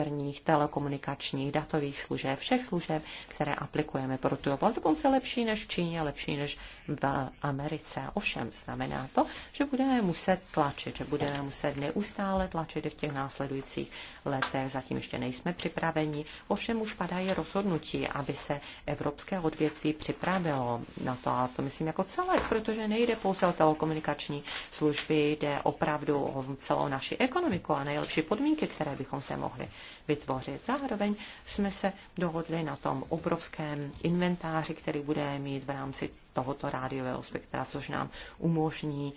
interních, telekomunikačních, datových služeb, všech služeb, které aplikujeme pro tu oblast. Dokonce lepší než v Číně, lepší než v Americe. Ovšem znamená to, že budeme muset tlačit, že budeme muset neustále tlačit v těch následujících letech. Zatím ještě nejsme připraveni. Ovšem už padají rozhodnutí, aby se evropské odvětví připravilo na to, a to myslím jako celé, protože nejde pouze o telekomunikační služby, jde opravdu o celou naši ekonomiku a nejlepší podmínky, které bychom se mohli vytvořit. Zároveň jsme se dohodli na tom obrovském inventáři, který budeme mít v rámci tohoto rádiového spektra, což nám umožní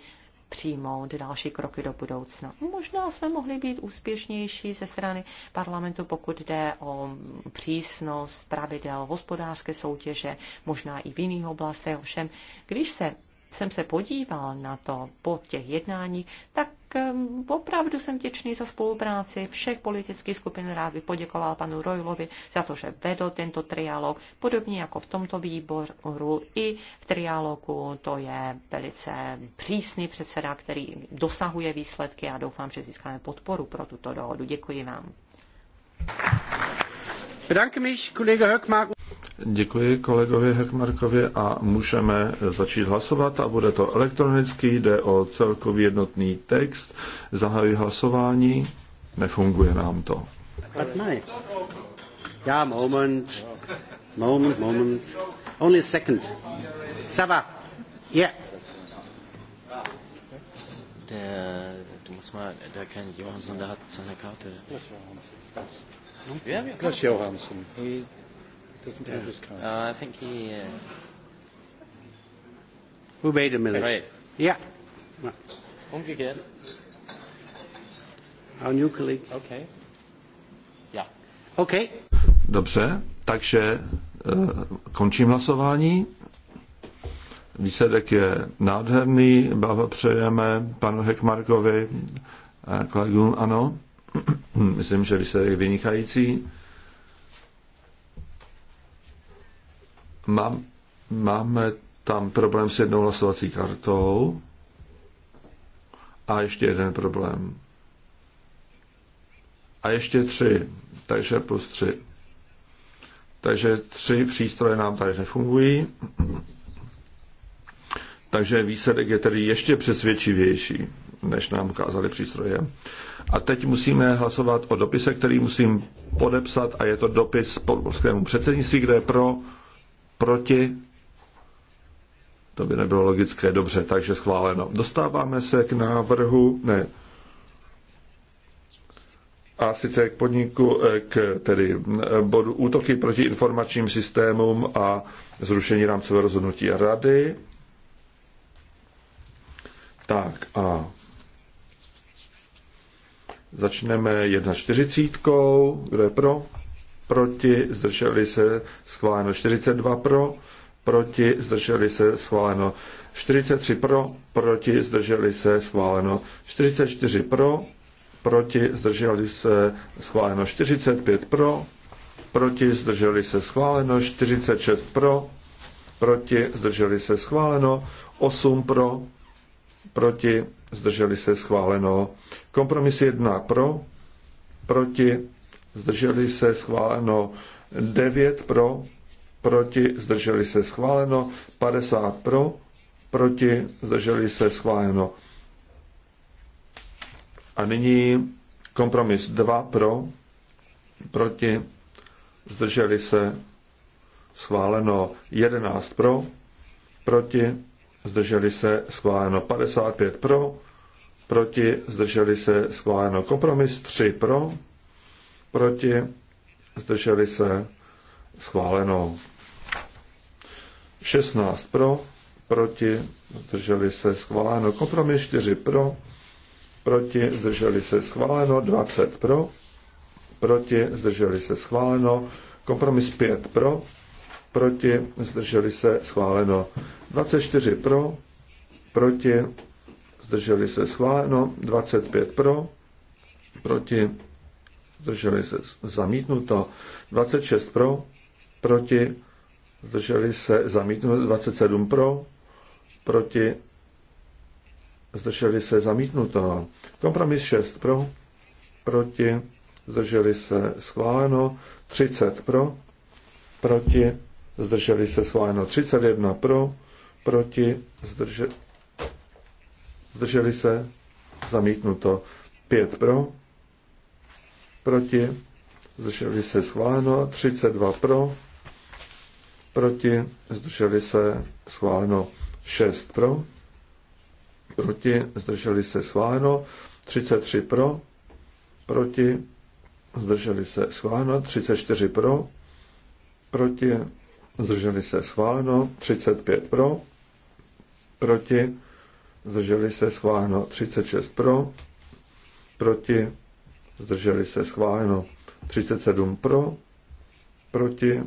přijmout další kroky do budoucna. Možná jsme mohli být úspěšnější ze strany parlamentu, pokud jde o přísnost pravidel hospodářské soutěže, možná i v jiných oblastech. Ovšem, když se jsem se podíval na to po těch jednání, tak um, opravdu jsem těčný za spolupráci všech politických skupin. Rád bych poděkoval panu Rojlovi za to, že vedl tento trialog, podobně jako v tomto výboru i v trialogu. To je velice přísný předseda, který dosahuje výsledky a doufám, že získáme podporu pro tuto dohodu. Děkuji vám. Bedanke mich, kolega Höckmark. Děkuji kolegovi Hekmarkovi a můžeme začít hlasovat a bude to elektronicky, jde o celkový jednotný text. Zahajuji hlasování, nefunguje nám to. Já, moment, moment, moment, only second. Sava, yeah. Der, du musst mal, der kennt Johansson, der hat seine Karte. Klaus Johansson. Ja, Klaus Johansson. Doesn't have his card. Uh, I think he. Uh... Who made a minute? Right. Yeah. again. Our new colleague. Okay. Yeah. Okay. Dobře, takže eh, končím hlasování. Výsledek je nádherný, blahopřejeme panu Hekmarkovi, kolegům ano. Myslím, že výsledek je vynikající. Mám, máme tam problém s jednou hlasovací kartou a ještě jeden problém. A ještě tři, takže plus tři. Takže tři přístroje nám tady nefungují. Takže výsledek je tedy ještě přesvědčivější, než nám ukázali přístroje. A teď musíme hlasovat o dopise, který musím podepsat a je to dopis polskému předsednictví, kde je pro proti, to by nebylo logické, dobře, takže schváleno. Dostáváme se k návrhu, ne, a sice k podniku, eh, k tedy bodu útoky proti informačním systémům a zrušení rámcové rozhodnutí rady. Tak a začneme 1.40, kdo je pro? proti, zdrželi se, schváleno 42 pro, proti, zdrželi se, schváleno 43 pro, proti, zdrželi se, schváleno 44 pro, proti, zdrželi se, schváleno 45 pro, proti, zdrželi se, schváleno 46 pro, proti, zdrželi se, schváleno 8 pro, proti, zdrželi se, schváleno kompromis 1 pro, proti, zdrželi se schváleno 9 pro, proti, zdrželi se schváleno 50 pro, proti, zdrželi se schváleno. A nyní kompromis 2 pro, proti, zdrželi se schváleno 11 pro, proti, zdrželi se schváleno 55 pro, proti, zdrželi se schváleno kompromis 3 pro, proti, zdrželi se, schváleno. 16 pro, proti, zdrželi se, schváleno. Kompromis 4 pro, proti, zdrželi se, schváleno. 20 pro, proti, zdrželi se, schváleno. Kompromis 5 pro, proti, zdrželi se, schváleno. 24 pro, proti, zdrželi se, schváleno. 25 pro, proti, zdrželi se zamítnuto, 26 pro, proti, zdrželi se zamítnuto, 27 pro, proti, zdrželi se zamítnuto, kompromis 6 pro, proti, zdrželi se schváleno, 30 pro, proti, zdrželi se schváleno, 31 pro, proti, zdrželi se zamítnuto, 5 pro, proti, zdrželi se schváleno, 32 pro, proti, zdrželi se schváleno, 6 pro, proti, zdrželi se schváleno, 33 pro, proti, zdrželi se schváleno, 34 pro, proti, zdrželi se schváleno, 35 pro, proti, zdrželi se schváleno, 36 pro, proti, zdrželi se schváleno 37 pro, proti,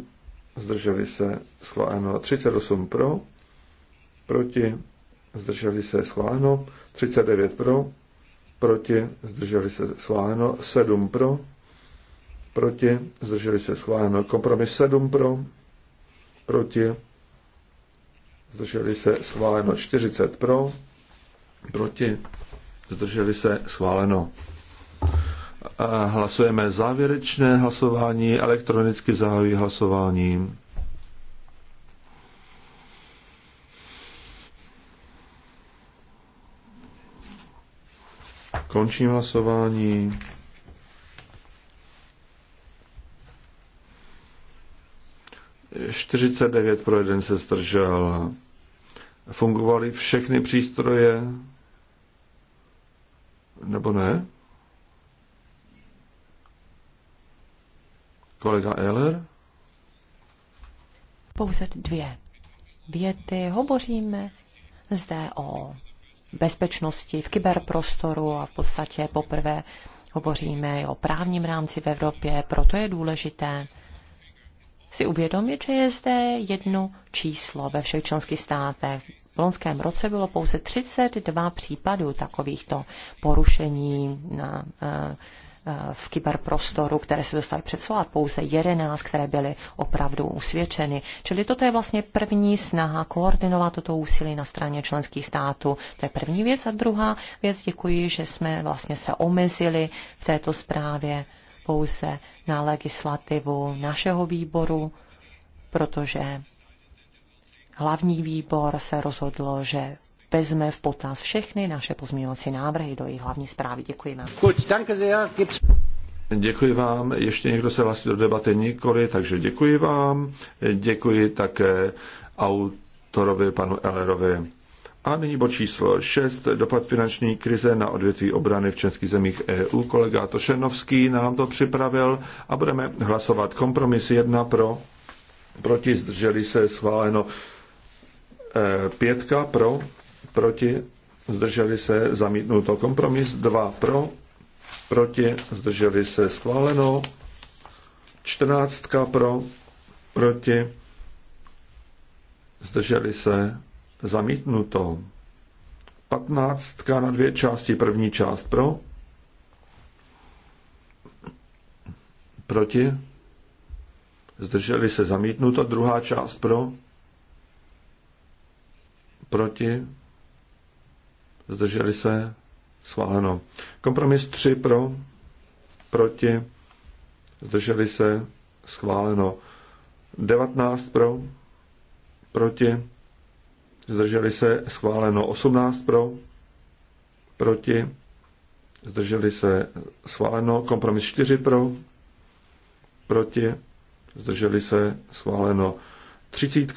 zdrželi se schváleno 38 pro, proti, zdrželi se schváleno 39 pro, proti, zdrželi se schváleno 7 pro, proti, zdrželi se schváleno kompromis 7 pro, proti, zdrželi se schváleno 40 pro, proti, zdrželi se schváleno Hlasujeme závěrečné hlasování, elektronicky zahájí hlasování. Končím hlasování. Čtyřicet devět pro jeden se zdržel. Fungovaly všechny přístroje? Nebo ne? Kolega Eller? Pouze dvě věty. Hovoříme zde o bezpečnosti v kyberprostoru a v podstatě poprvé hovoříme i o právním rámci v Evropě, proto je důležité si uvědomit, že je zde jedno číslo ve všech členských státech. V loňském roce bylo pouze 32 případů takovýchto porušení na eh, Eh, v kyberprostoru, které se dostaly před solar, pouze 11, které byly opravdu usvědčeny. Čili toto je vlastně první snaha koordinovat toto úsilí na straně členských států. To je první věc. A druhá věc, děkuji, že jsme vlastně se omezili v této zprávě pouze na legislativu našeho výboru, protože hlavní výbor se rozhodl, že vezme v potaz všechny naše pozměňovací návrhy do jejich hlavní zprávy. Děkuji vám. Děkuji vám. Ještě někdo se hlásí do debaty nikoli, takže děkuji vám. Děkuji také autorovi panu Ellerovi. A nyní bod číslo 6, dopad finanční krize na odvětví obrany v českých zemích EU. Kolega Tošenovský nám to připravil a budeme hlasovat. Kompromis 1 pro, proti zdrželi se schváleno e, pětka pro, proti, zdrželi se, zamítnuto. Kompromis 2 pro, proti, zdrželi se, schváleno. 14 pro, proti, zdrželi se, zamítnuto. 15 na dvě části, první část pro, proti, zdrželi se, zamítnuto. Druhá část pro, proti, zdrželi se, schváleno. Kompromis 3 pro, proti, zdrželi se, schváleno. 19 pro, proti, zdrželi se, schváleno. 18 pro, proti, zdrželi se, schváleno. Kompromis 4 pro, proti, zdrželi se, schváleno. 30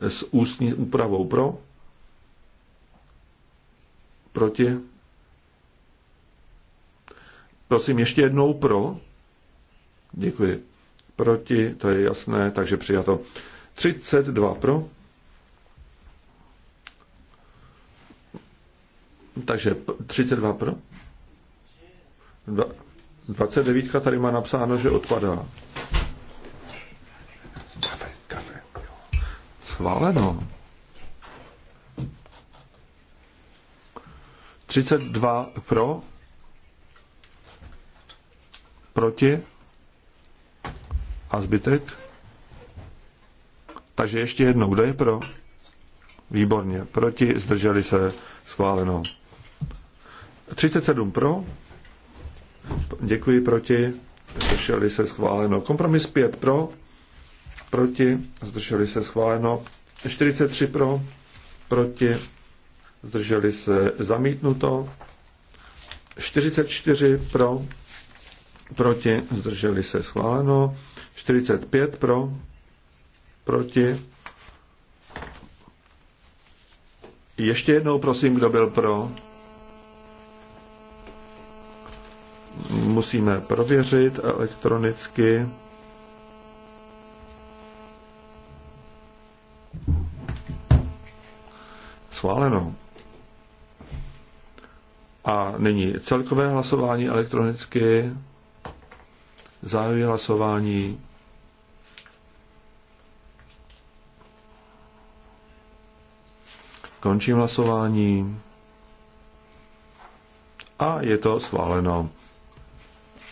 s ústní úpravou pro, Proti? Prosím, ještě jednou pro. Děkuji. Proti, to je jasné, takže přijato. 32 pro. Takže 32 pro. 29 tady má napsáno, že odpadá. Kafe, kafe. Schváleno. 32 pro, proti a zbytek. Takže ještě jednou, kdo je pro? Výborně. Proti, zdrželi se, schváleno. 37 pro. Děkuji, proti. Zdrželi se, schváleno. Kompromis 5 pro. Proti, zdrželi se, schváleno. 43 pro. Proti, zdrželi se zamítnuto, 44 pro, proti, zdrželi se schváleno, 45 pro, proti. Ještě jednou prosím, kdo byl pro. Musíme prověřit elektronicky. Schváleno. A nyní celkové hlasování elektronicky. Zahajuji hlasování. Končím hlasování. A je to schváleno.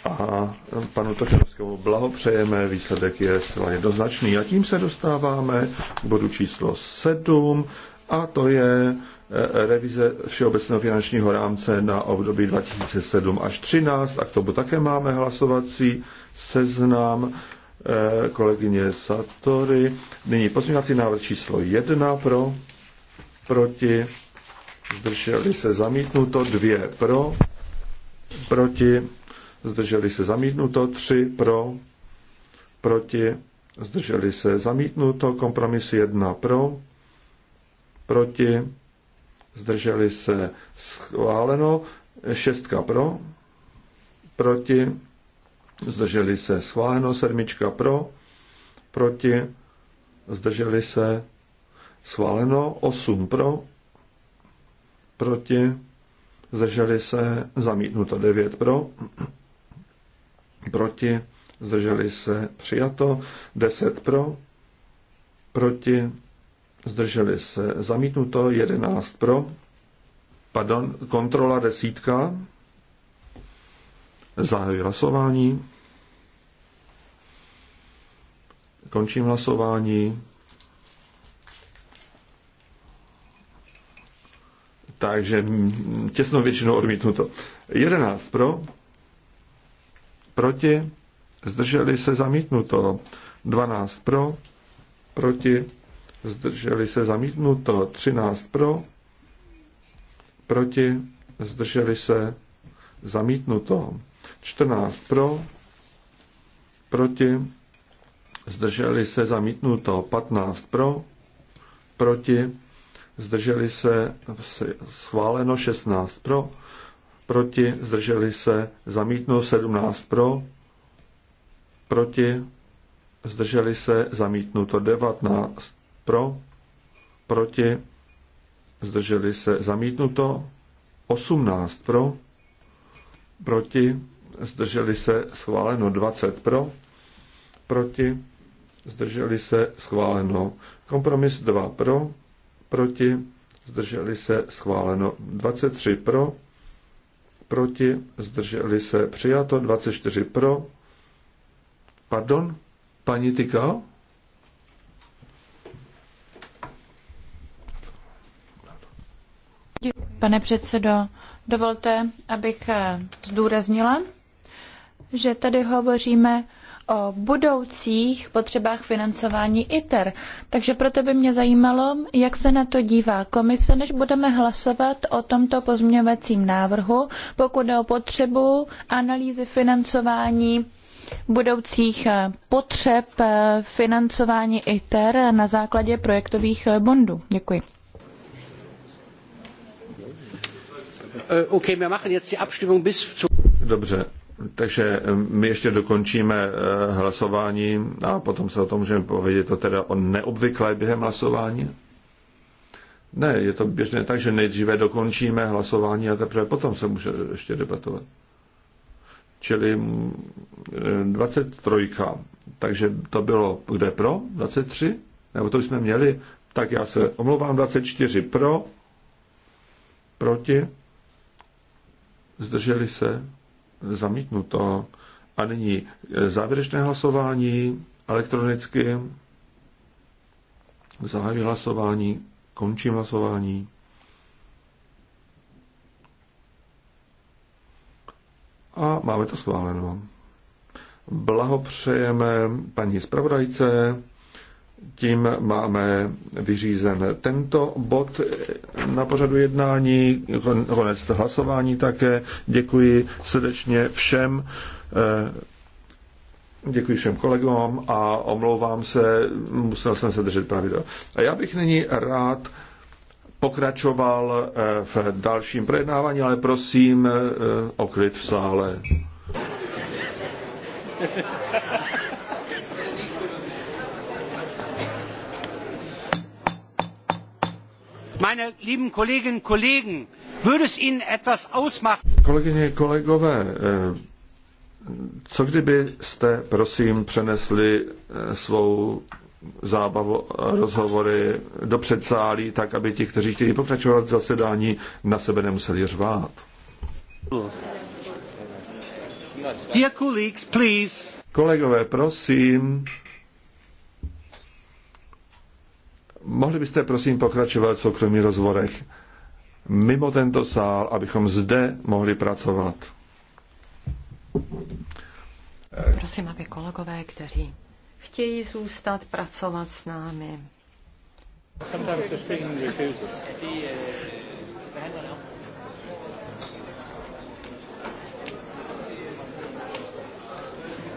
A panu Tokarskému blahopřejeme, výsledek je zcela jednoznačný. A tím se dostáváme k bodu číslo 7, a to je Eh, revize Všeobecného finančního rámce na období 2007 až 2013. A k tomu také máme hlasovací seznam eh, kolegyně Satory. Nyní pozměňovací návrh číslo 1 pro, proti, zdrželi se zamítnuto, 2 pro, proti, zdrželi se zamítnuto, 3 pro, proti, zdrželi se zamítnuto, kompromis 1 pro, proti, zdrželi se schváleno, šestka pro, proti, zdrželi se schváleno, sedmička pro, proti, zdrželi se schváleno, osm pro, proti, zdrželi se zamítnuto, devět pro, proti, zdrželi se přijato, deset pro, proti, zdrželi se, zamítnuto 11 pro, pardon, kontrola desítka, zahajuji hlasování, končím hlasování, takže těsnou většinou odmítnuto. 11 pro, proti, zdrželi se zamítnuto, 12 pro, proti, zdrželi se zamítnuto 13 pro, proti, zdrželi se zamítnuto 14 pro, proti, zdrželi se zamítnuto 15 pro, proti, zdrželi se schváleno 16 pro, proti, zdrželi se zamítnuto 17 pro, proti, zdrželi se zamítnuto 19 pro, proti, zdrželi se zamítnuto, 18 pro, proti, zdrželi se schváleno 20 pro, proti, zdrželi se schváleno kompromis 2 pro, proti, zdrželi se schváleno 23 pro, proti, zdrželi se přijato 24 pro, pardon, paní Tykal? Pane předsedo, dovolte, abych eh, zdůraznila, že tady hovoříme o budoucích potřebách financování ITER. Takže proto by mě zajímalo, jak se na to dívá komise, než budeme hlasovat o tomto pozměňovacím návrhu, pokud je o potřebu analýzy financování budoucích eh, potřeb eh, financování ITER na základě projektových bondů. Děkuji. Eh, Dobře, takže eh, my ještě dokončíme eh, hlasování a potom se o tom můžeme povědět, to teda o neobvyklé během hlasování. Ne, je to běžné tak, že nejdříve dokončíme hlasování a teprve potom se může ještě debatovat. Čili 23. Mm, takže to bylo kde pro? 23? Nebo to jsme měli? Tak já se omlouvám, 24 pro, proti, zdrželi se, zamítnuto. A nyní e, závěrečné hlasování elektronicky. Zahajuji hlasování, končím hlasování. A máme to schváleno. Blahopřejeme paní zpravodajce tím máme vyřízen tento bod na pořadu jednání, konec hlasování také. Děkuji srdečně všem. Eh, děkuji všem kolegům a omlouvám se, musel jsem se držet pravidel. A já bych nyní rád pokračoval eh, v dalším projednávání, ale prosím eh, o klid v sále. Meine lieben Kolleginnen und Kollegen, würde es Ihnen etwas ausmachen? Kolegyně, kolegové, eh, co kdybyste, prosím, přenesli eh, svou zábavu, rozhovory do předsálí, tak aby ti, kteří chtějí pokračovat v zasedání, na sebe nemuseli řvát. Dear colleagues, please. Kolegové, prosím. Mohli byste prosím pokračovat v soukromých rozvorech mimo tento sál, abychom zde mohli pracovat. Prosím, aby kolegové, kteří chtějí zůstat pracovat s námi.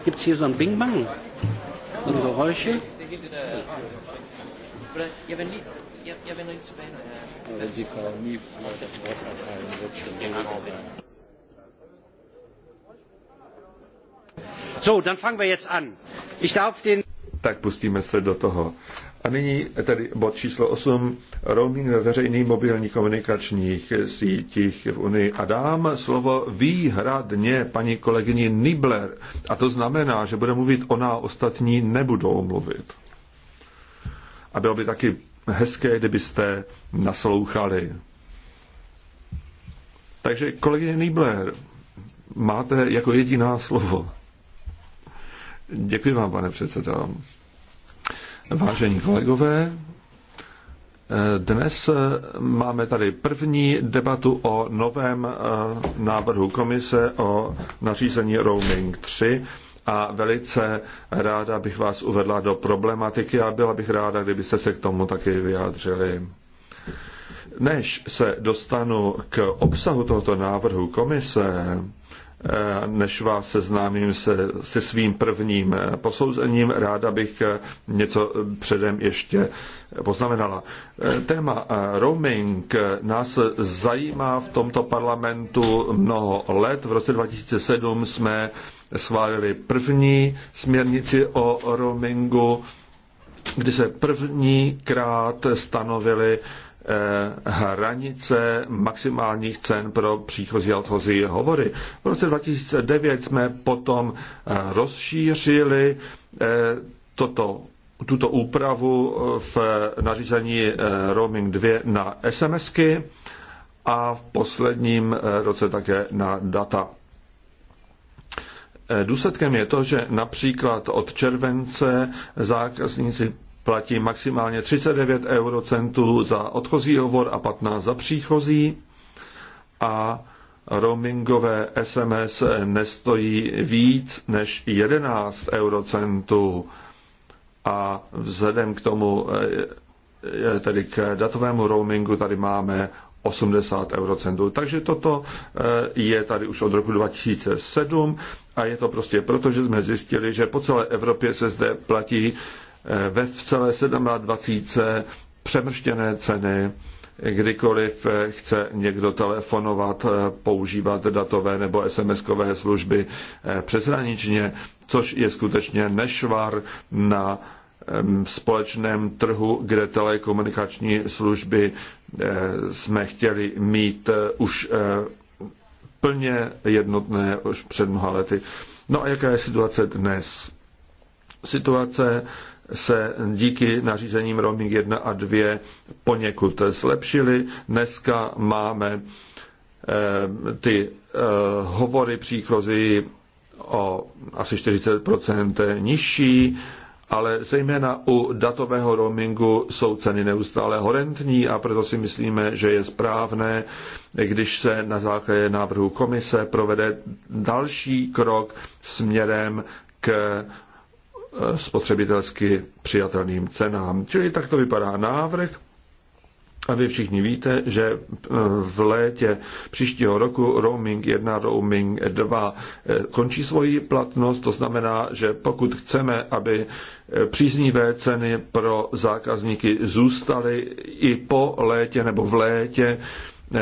Gibt es hier so ein Bing-Bang? Und Geräusche? Ja, sie nie das Wort So, dann fangen wir jetzt an. Ich darf den... Tak pustíme se do toho. A nyní tedy bod číslo 8, roaming ve veřejných mobilních komunikačních sítích v Unii. A dám slovo výhradně paní kolegyni Nibler. A to znamená, že bude mluvit ona, ostatní nebudou mluvit. A bylo by taky hezké, kdybyste naslouchali. Takže kolegyně Nýbler, máte jako jediná slovo. Děkuji vám, pane předsedo. Vážení kolegové, dnes máme tady první debatu o novém eh, návrhu komise o nařízení Roaming 3 a velice ráda bych vás uvedla do problematiky a byla bych ráda, kdybyste se k tomu taky vyjádřili. Než se dostanu k obsahu tohoto návrhu komise, Eh, než vás seznámím se, se svým prvním eh, posouzením, ráda bych eh, něco předem ještě poznamenala. Téma roaming nás zajímá v tomto parlamentu mnoho let. V roce 2007 jsme schválili první směrnici o roamingu, kdy se prvníkrát stanovily Eh, hranice maximálních cen pro příchozí a odchozí hovory. V roce 2009 jsme potom eh, rozšířili eh, toto, tuto úpravu v nařízení Roaming 2 na SMSky a v posledním roce také na data. Důsledkem je to, že například od července zákazníci platí maximálně 39 eurocentů za odchozí hovor a 15 za příchozí a roamingové SMS nestojí víc než 11 eurocentů a vzhledem k tomu, eh, eh, tedy k datovému roamingu, tady máme 80 eurocentů. Takže toto eh, je tady už od roku 2007 a je to prostě proto, že jsme zjistili, že po celé Evropě se zde platí ve celé 27 přemrštěné ceny, kdykoliv chce někdo telefonovat, eh, používat datové nebo SMS-kové služby eh, přeshraničně, což je skutečně nešvar na společném trhu, kde telekomunikační služby eh, jsme chtěli mít už plně jednotné už před mnoha lety. No a jaká je situace dnes? Situace se díky nařízením roaming 1 a 2 poněkud zlepšily. Dneska máme eh, ty eh, hovory příchozí o asi 40% nižší, ale zejména u datového roamingu jsou ceny neustále horentní a proto si myslíme, že je správné, když se na základě návrhu komise provede další krok směrem k Eh, spotřebitelsky přijatelným cenám. Čili tak to vypadá návrh. A vy všichni víte, že eh, v létě příštího roku roaming 1, roaming 2 eh, končí svoji platnost. To znamená, že pokud chceme, aby příznivé ceny pro zákazníky zůstaly i po létě nebo v létě,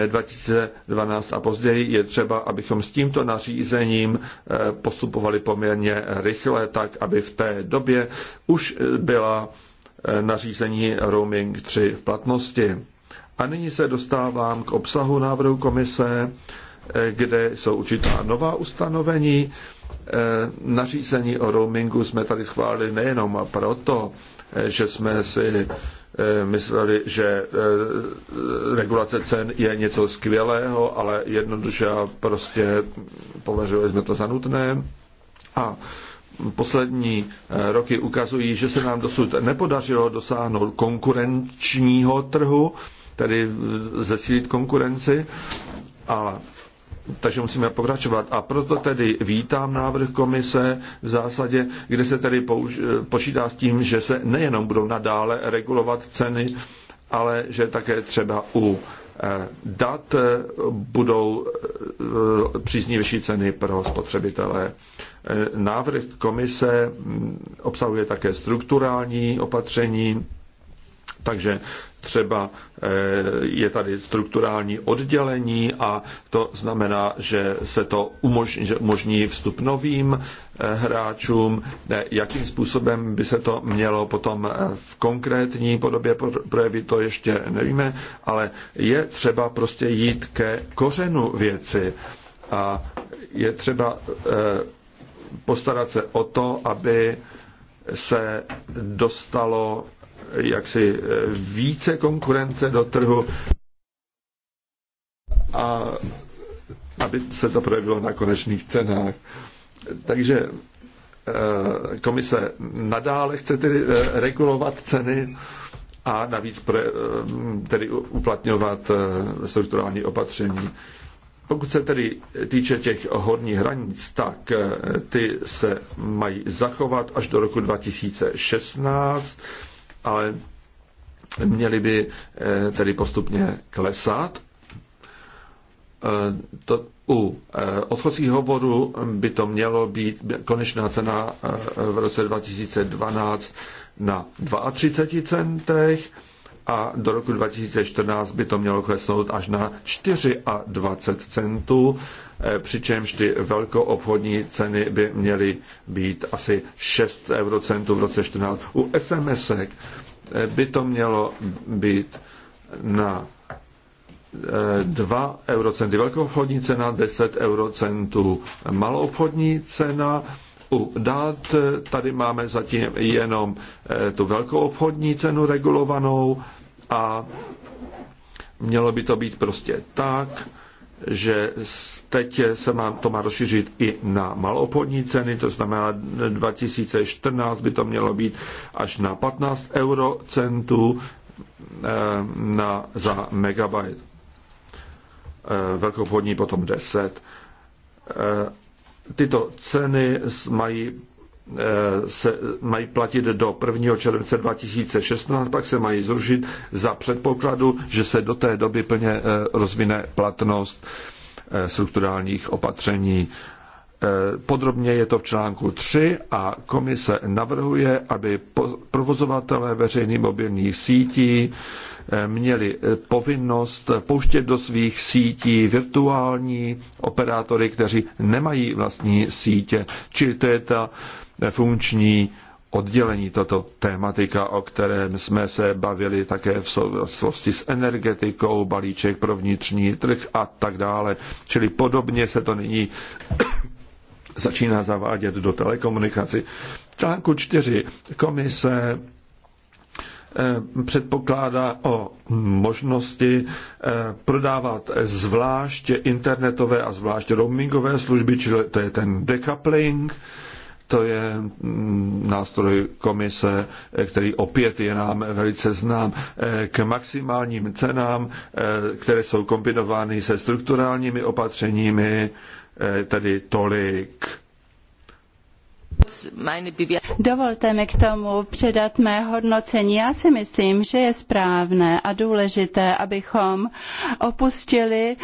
2012 eh, a později, je třeba, abychom s tímto nařízením eh, postupovali poměrně rychle, tak aby v té době už eh, byla nařízení roaming 3 v platnosti. A nyní se dostávám k obsahu návrhu komise, kde jsou určitá nová ustanovení. Nařízení o roamingu jsme tady schválili nejenom proto, že jsme si eh, mysleli, že eh, regulace cen je něco skvělého, ale jednoduše prostě považovali jsme to za nutné. A poslední eh, roky ukazují, že se nám dosud nepodařilo dosáhnout konkurenčního trhu, tedy zesílit konkurenci. A takže musíme pokračovat. A proto tedy vítám návrh komise v zásadě, kde se tedy použ- počítá s tím, že se nejenom budou nadále regulovat ceny, ale že také třeba u eh, dat eh, budou eh, příznivější ceny pro spotřebitele. Návrh komise hm, obsahuje také strukturální opatření, takže třeba eh, je tady strukturální oddělení a to znamená, že se to umožní, že umožní vstup novým eh, hráčům, eh, jakým způsobem by se to mělo potom v konkrétní podobě projevit, to ještě nevíme, ale je třeba prostě jít ke kořenu věci a je třeba postarat se o to, aby se dostalo jaksi eh, více konkurence do trhu a aby se to projevilo na konečných cenách. Takže eh, komise nadále chce tedy eh, regulovat ceny a navíc pre, tedy uplatňovat strukturální opatření. Pokud se tedy týče těch horních hranic, tak ty se mají zachovat až do roku 2016 ale měly by eh, tedy postupně klesat. Eh, to, u eh, odchozího hovoru by to mělo být konečná cena v roce 2012 na 32 centech a do roku 2014 by to mělo klesnout až na 24 centů Eh, přičemž ty velkoobchodní ceny by měly být asi 6 eurocentů v roce 14. U sms eh, by to mělo být na 2 eh, eurocenty velkoobchodní cena, 10 eurocentů maloobchodní cena. U dát tady máme zatím jenom tu velkoobchodní cenu regulovanou a mělo by to být prostě tak, že teď se má, to má rozšířit i na maloobchodní ceny, to znamená 2014 by to mělo být až na 15 eurocentů eh, na, za megabyte. Eh, Velkou potom 10. Eh, tyto ceny mají Eh, se mají platit do 1. července 2016, pak se mají zrušit za předpokladu, že se do té doby plně eh, rozvine platnost eh, strukturálních opatření. Eh, podrobně je to v článku 3 a komise navrhuje, aby provozovatelé veřejných mobilních sítí eh, měli eh, povinnost pouštět do svých sítí virtuální operátory, kteří nemají vlastní sítě. Čili to je ta funkční oddělení, tato tématika, o kterém jsme se bavili také v souvislosti s energetikou, balíček pro vnitřní trh a tak dále. Čili podobně se to nyní začíná zavádět do telekomunikaci. článku 4 komise eh, předpokládá o možnosti eh, prodávat zvlášť internetové a zvlášť roamingové služby, čili to je ten decoupling, to je mm, nástroj komise, eh, který opět je nám velice znám, k maximálním cenám, které jsou kombinovány se strukturálními opatřeními Eh, tedy tolik. Dovolte mi k tomu předat mé hodnocení. Já si myslím, že je správné a důležité, abychom opustili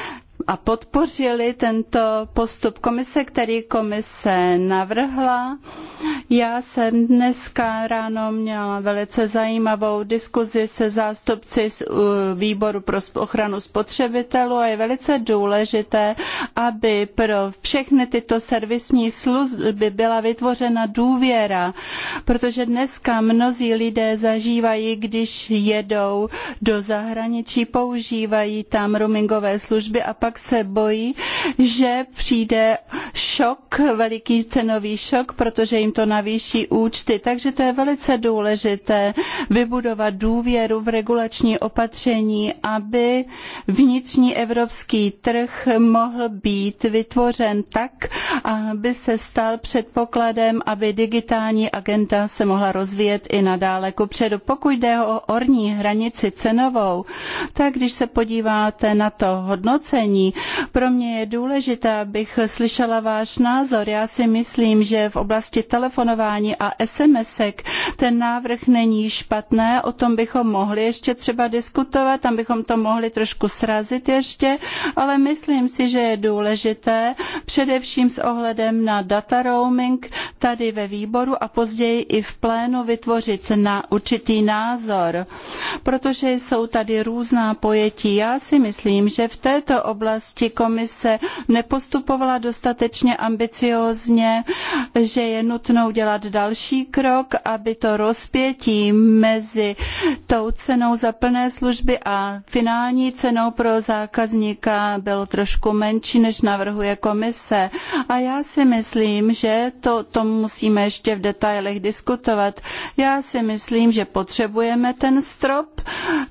a podpořili tento postup komise, který komise navrhla. Já jsem dneska ráno měla velice zajímavou diskuzi se zástupci z výboru pro ochranu spotřebitelů a je velice důležité, aby pro všechny tyto servisní služby byla vytvořena důvěra, protože dneska mnozí lidé zažívají, když jedou do zahraničí, používají tam roamingové služby a pak se bojí, že přijde šok, veliký cenový šok, protože jim to navýší účty. Takže to je velice důležité vybudovat důvěru v regulační opatření, aby vnitřní evropský trh mohl být vytvořen tak, aby se stal předpokladem, aby digitální agenda se mohla rozvíjet i nadále kupředu. Pokud jde o orní hranici cenovou, tak když se podíváte na to hodnocení, pro mě je důležité, abych slyšela váš názor. Já si myslím, že v oblasti telefonování a SMSek ten návrh není špatné, o tom bychom mohli ještě třeba diskutovat, tam bychom to mohli trošku srazit ještě, ale myslím si, že je důležité, především s ohledem na data roaming tady ve výboru a později i v plénu vytvořit na určitý názor, protože jsou tady různá pojetí. Já si myslím, že v této oblasti části komise nepostupovala dostatečně ambiciózně, že je nutno udělat další krok, aby to rozpětí mezi tou cenou za plné služby a finální cenou pro zákazníka bylo trošku menší, než navrhuje komise. A já si myslím, že to, to musíme ještě v detailech diskutovat. Já si myslím, že potřebujeme ten strop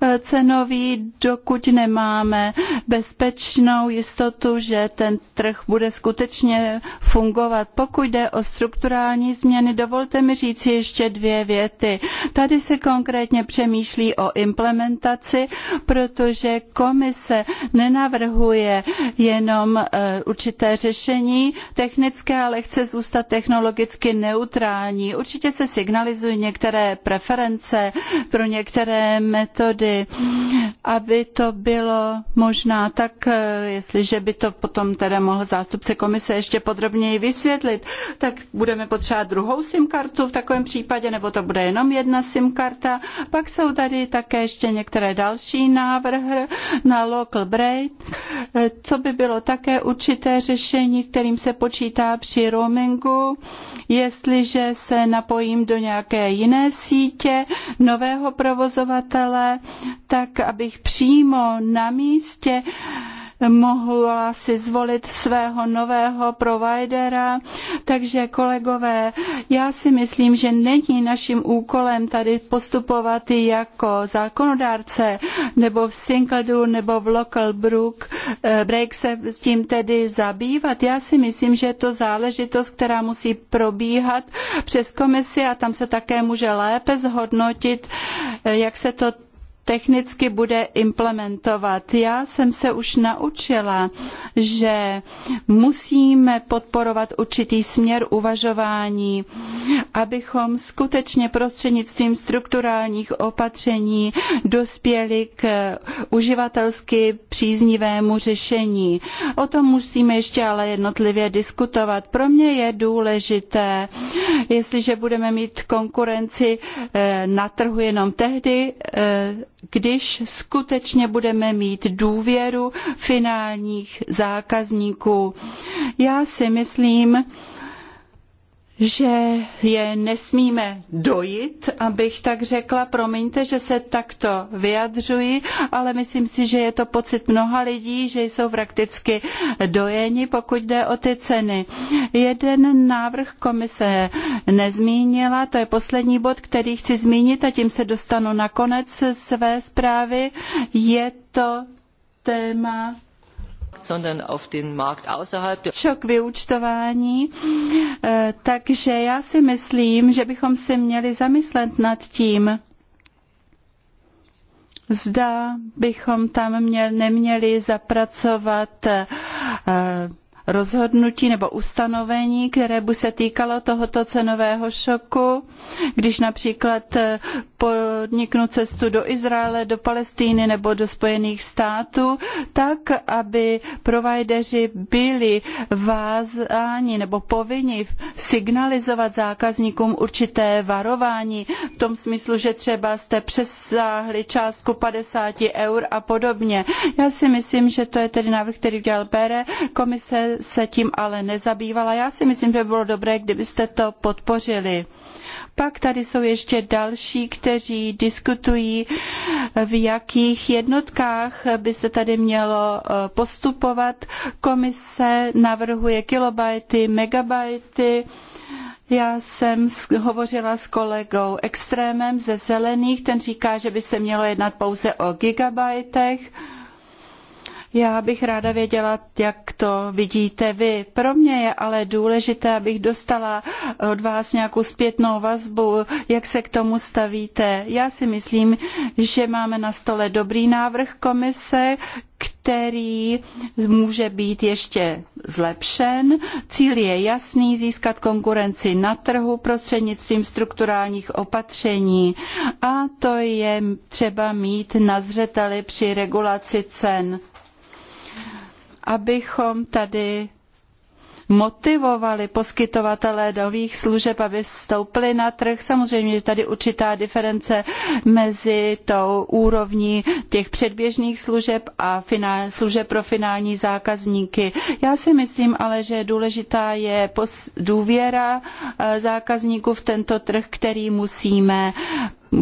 eh, cenový, dokud nemáme bezpečný možnou jistotu, že ten trh bude skutečně fungovat. Pokud jde o strukturální změny, dovolte mi říci ještě dvě věty. Tady se konkrétně přemýšlí o implementaci, protože komise nenavrhuje jenom eh, určité řešení technické, ale chce zůstat technologicky neutrální. Určitě se signalizují některé preference pro některé metody, aby to bylo možná tak eh, Eh, jestliže by to potom teda mohl zástupce komise ještě podrobněji vysvětlit, tak budeme potřebovat druhou SIM kartu v takovém případě, nebo to bude jenom jedna SIM karta. Pak jsou tady také ještě některé další návrhy na local break, eh, co by bylo také určité řešení, s kterým se počítá při roamingu, jestliže se napojím do nějaké jiné sítě nového provozovatele, tak abych přímo na místě mohla si zvolit svého nového providera. Takže kolegové, já si myslím, že není naším úkolem tady postupovat jako zákonodárce nebo v Sinkledu nebo v Local Brook, eh, Break se s tím tedy zabývat. Já si myslím, že je to záležitost, která musí probíhat přes komisi a tam se také může lépe zhodnotit, eh, jak se to technicky bude implementovat. Já jsem se už naučila, že musíme podporovat určitý směr uvažování, abychom skutečně prostřednictvím strukturálních opatření dospěli k uživatelsky příznivému řešení. O tom musíme ještě ale jednotlivě diskutovat. Pro mě je důležité, jestliže budeme mít konkurenci eh, na trhu jenom tehdy, eh, když skutečně budeme mít důvěru finálních zákazníků. Já si myslím, že je nesmíme dojít, abych tak řekla. Promiňte, že se takto vyjadřuji, ale myslím si, že je to pocit mnoha lidí, že jsou prakticky dojeni, pokud jde o ty ceny. Jeden návrh komise nezmínila, to je poslední bod, který chci zmínit a tím se dostanu na konec své zprávy. Je to téma Šok vyúčtování, eh, takže já si myslím, že bychom se měli zamyslet nad tím, zda bychom tam měl, neměli zapracovat uh, rozhodnutí nebo ustanovení, které by se týkalo tohoto cenového šoku, když například eh, podniknu cestu do Izraele, do Palestíny nebo do Spojených států, tak, aby provajdeři byli vázáni nebo povinni signalizovat zákazníkům určité varování v tom smyslu, že třeba jste přesáhli částku 50 eur a podobně. Já si myslím, že to je tedy návrh, který udělal Pere. Komise se tím ale nezabývala. Já si myslím, že by bylo dobré, kdybyste to podpořili. Pak tady jsou ještě další, kteří diskutují, v jakých jednotkách by se tady mělo eh, postupovat. Komise navrhuje kilobajty, megabajty. Já jsem hovořila s kolegou Extrémem ze Zelených, ten říká, že by se mělo jednat pouze o gigabajtech. Já bych ráda věděla, jak to vidíte vy. Pro mě je ale důležité, abych dostala od vás nějakou zpětnou vazbu, jak se k tomu stavíte. Já si myslím, že máme na stole dobrý návrh komise, který může být ještě zlepšen. Cíl je jasný, získat konkurenci na trhu prostřednictvím strukturálních opatření a to je třeba mít na zřeteli při regulaci cen abychom tady motivovali poskytovatele nových služeb, aby vstoupili na trh. Samozřejmě, že tady určitá diference mezi tou úrovní těch předběžných služeb a finál, služeb pro finální zákazníky. Já si myslím ale, že důležitá je důvěra eh, zákazníků v tento trh, který musíme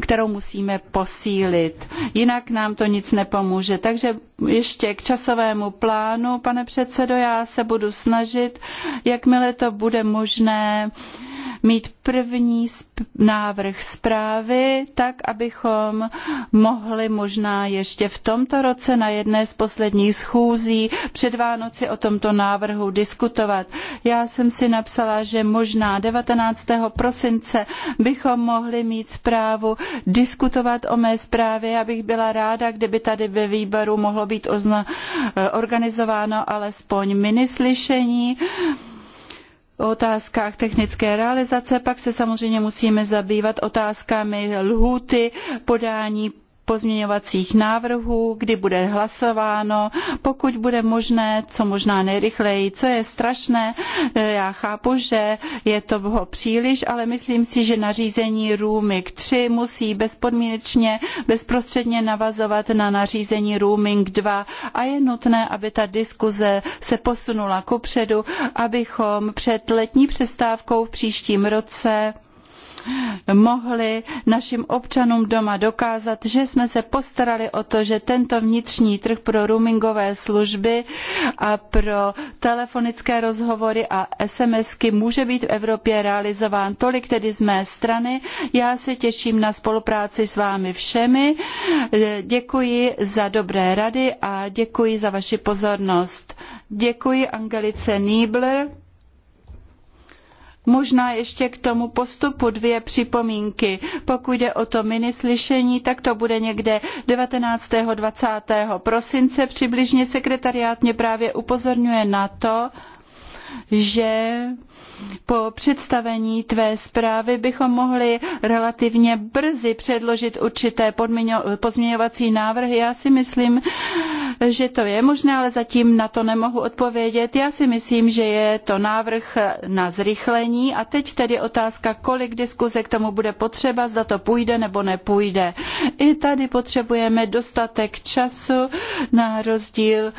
kterou musíme posílit. Jinak nám to nic nepomůže. Takže ještě k časovému plánu, pane předsedo, já se budu snažit, jakmile to bude možné, uh, mít první návrh zprávy, tak abychom mohli možná ještě v tomto roce na jedné z posledních schůzí před Vánoci o tomto návrhu diskutovat. Já jsem si napsala, že možná 19. prosince bychom mohli mít zprávu, diskutovat o mé zprávě, abych byla ráda, kdyby tady ve výboru mohlo být eh, organizováno alespoň minislyšení. slyšení o otázkách technické realizace, pak se samozřejmě musíme zabývat otázkami lhůty podání pozměňovacích návrhů, kdy bude hlasováno, pokud bude možné, co možná nejrychleji, co je strašné. E, Já chápu, že je toho příliš, ale myslím si, že nařízení Rooming 3 musí bezpodmínečně, bezprostředně navazovat na nařízení Rooming 2 a je nutné, aby ta diskuze se posunula kupředu, abychom před letní přestávkou v příštím roce mohli našim občanům doma dokázat, že jsme se postarali o to, že tento vnitřní trh pro roamingové služby a pro telefonické rozhovory a SMSky může být v Evropě realizován. Tolik tedy z mé strany. Já se těším na spolupráci s vámi všemi. Děkuji za dobré rady a děkuji za vaši pozornost. Děkuji Angelice Niebler. Možná ještě k tomu postupu dvě připomínky. Pokud jde o to minislyšení, tak to bude někde 19. 20. prosince. Přibližně sekretariát mě právě upozorňuje na to, že po představení tvé zprávy bychom mohli relativně brzy předložit určité pozměňovací návrhy. Já si myslím, že to je možné, ale zatím na to nemohu odpovědět. Já si myslím, že je to návrh na zrychlení a teď tedy otázka, kolik diskuze k tomu bude potřeba, zda to půjde nebo nepůjde. I tady potřebujeme dostatek času na rozdíl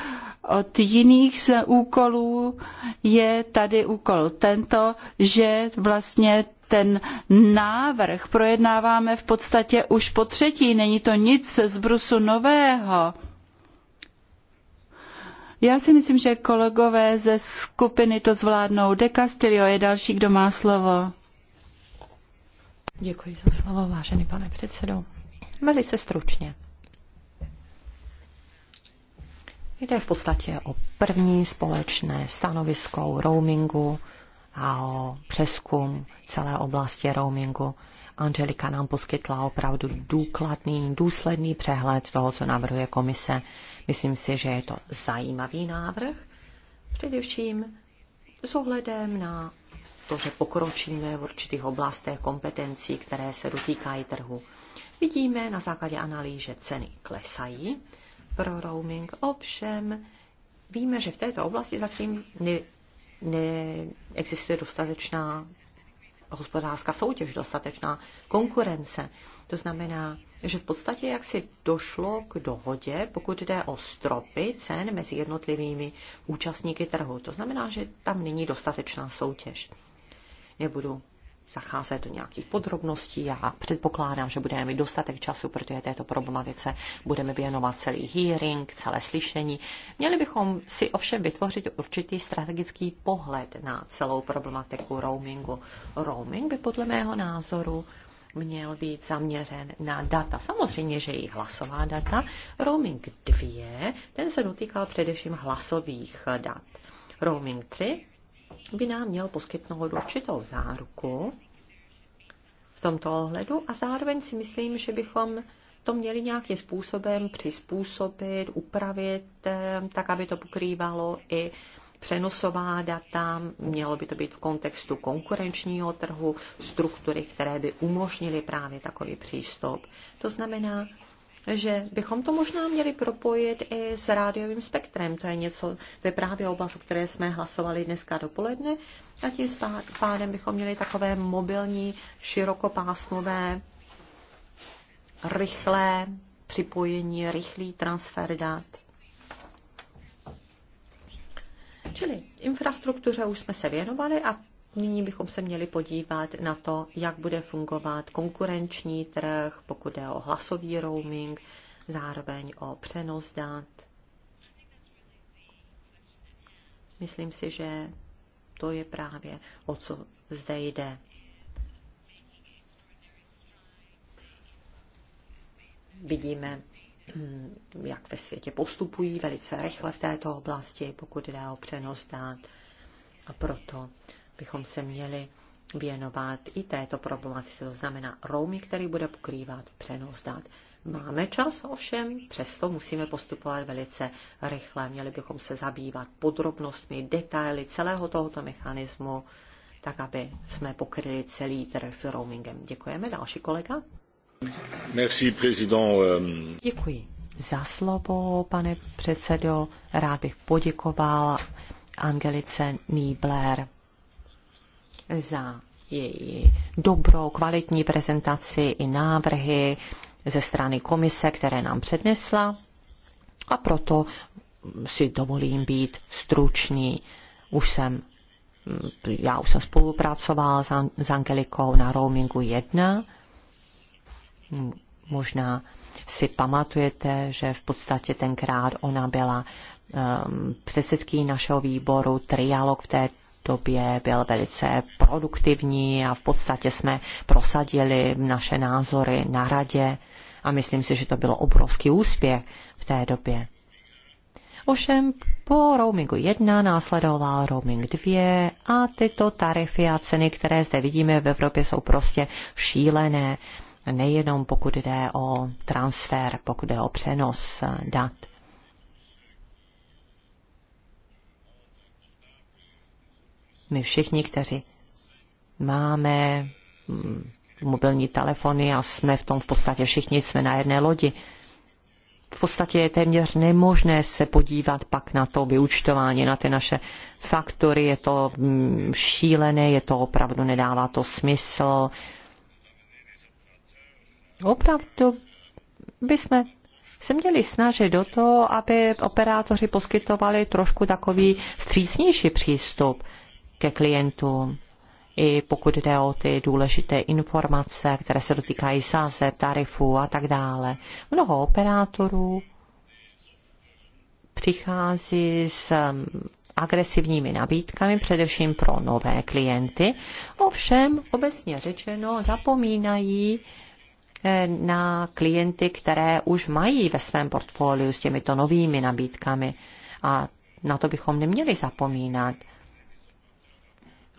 od jiných z úkolů je tady úkol tento, že vlastně ten návrh projednáváme v podstatě už po třetí. Není to nic z brusu nového. Já si myslím, že kolegové ze skupiny to zvládnou. De Castillo je další, kdo má slovo. Děkuji za slovo, vážený pane předsedo. Velice stručně. Jde v podstatě o první společné stanovisko roamingu a o přeskum celé oblasti roamingu. Angelika nám poskytla opravdu důkladný, důsledný přehled toho, co navrhuje komise. Myslím si, že je to zajímavý návrh, především s ohledem na to, že pokročíme v určitých oblastech kompetencí, které se dotýkají trhu. Vidíme na základě analýzy, že ceny klesají pro roaming. Ovšem, víme, že v této oblasti zatím ne, neexistuje dostatečná hospodářská soutěž, dostatečná konkurence. To znamená, že v podstatě jak si došlo k dohodě, pokud jde o stropy cen mezi jednotlivými účastníky trhu. To znamená, že tam není dostatečná soutěž. Nebudu zacházet do nějakých podrobností. a předpokládám, že budeme mít dostatek času, protože této problematice budeme věnovat celý hearing, celé slyšení. Měli bychom si ovšem vytvořit určitý strategický pohled na celou problematiku roamingu. Roaming by podle mého názoru měl být zaměřen na data. Samozřejmě, že i hlasová data. Roaming 2, ten se dotýkal především hlasových dat. Roaming 3 by nám měl poskytnout určitou záruku v tomto ohledu a zároveň si myslím, že bychom to měli nějakým způsobem přizpůsobit, upravit, eh, tak aby to pokrývalo i přenosová data, mělo by to být v kontextu konkurenčního trhu, struktury, které by umožnily právě takový přístup. To znamená, že bychom to možná měli propojit i s rádiovým spektrem. To je něco, to je právě oblast, o které jsme hlasovali dneska dopoledne a tím pádem bychom měli takové mobilní, širokopásmové, rychlé připojení, rychlý transfer dat. Čili infrastruktuře už jsme se věnovali a nyní bychom se měli podívat na to, jak bude fungovat konkurenční trh, pokud je o hlasový roaming, zároveň o přenos dat. Myslím si, že to je právě o co zde jde. Vidíme, hm, jak ve světě postupují velice rychle v této oblasti, pokud jde o přenos dát. A proto bychom se měli věnovat i této problematice, to znamená roaming, který bude pokrývat přenos dat. Máme čas, ovšem přesto musíme postupovat velice rychle. Měli bychom se zabývat podrobnostmi, detaily celého tohoto mechanismu, tak aby jsme pokryli celý trh s roamingem. Děkujeme. Další kolega. Merci, président. Děkuji za slovo, pane předsedo. Rád bych poděkoval Angelice Niebler za její dobrou, kvalitní prezentaci i návrhy ze strany komise, které nám přednesla. A proto si dovolím být stručný. Už jsem, mm, já už jsem spolupracoval s, An- s Angelikou na roamingu 1. Možná si pamatujete, že v podstatě tenkrát ona byla um, předsedkyní našeho výboru, trialog v té době byl velice produktivní a v podstatě jsme prosadili naše názory na radě a myslím si, že to bylo obrovský úspěch v té době. Ovšem po roamingu 1 následoval roaming 2 a tyto tarify a ceny, které zde vidíme v Evropě, jsou prostě šílené. Nejenom pokud jde o transfer, pokud jde o přenos dat. My všichni, kteří máme mm, mobilní telefony a jsme v tom v podstatě všichni, jsme na jedné lodi. V podstatě je téměř nemožné se podívat pak na to vyučtování, na ty naše faktory. Je to mm, šílené, je to opravdu, nedává to smysl. Opravdu bychom se měli snažit do toho, aby operátoři poskytovali trošku takový střícnější přístup ke klientům, i pokud jde o ty důležité informace, které se dotýkají sázeb, tarifů a tak dále. Mnoho operátorů přichází s um, agresivními nabídkami, především pro nové klienty. Ovšem, obecně řečeno, zapomínají eh, na klienty, které už mají ve svém portfoliu s těmito novými nabídkami. A na to bychom neměli zapomínat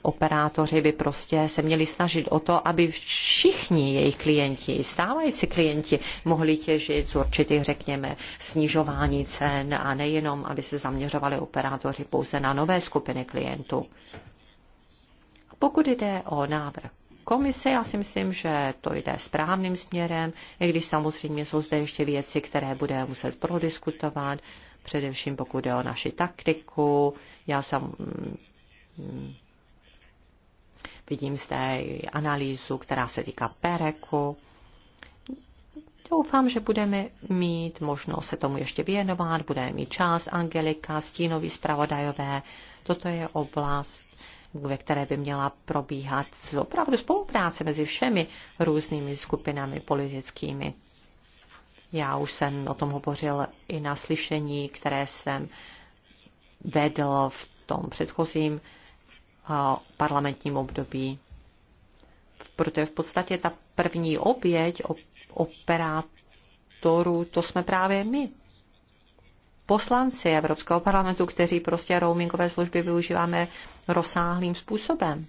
operátoři by prostě se měli snažit o to, aby všichni jejich klienti, stávající klienti, mohli těžit z určitých, řekněme, snižování cen a nejenom, aby se zaměřovali operátoři pouze na nové skupiny klientů. Pokud jde o návrh komise, já si myslím, že to jde správným směrem, i když samozřejmě jsou zde ještě věci, které budeme muset prodiskutovat, především pokud jde o naši taktiku. Já jsem mm, Vidím zde analýzu, která se týká Pereku. Doufám, že budeme mít možnost se tomu ještě věnovat, budeme mít čas Angelika, stínový zpravodajové. Toto je oblast, ve které by měla probíhat opravdu spolupráce mezi všemi různými skupinami politickými. Já už jsem o tom hovořil i na slyšení, které jsem vedl v tom předchozím parlamentním období. Protože v podstatě ta první oběť operátorů, to jsme právě my, poslanci Evropského parlamentu, kteří prostě roamingové služby využíváme rozsáhlým způsobem.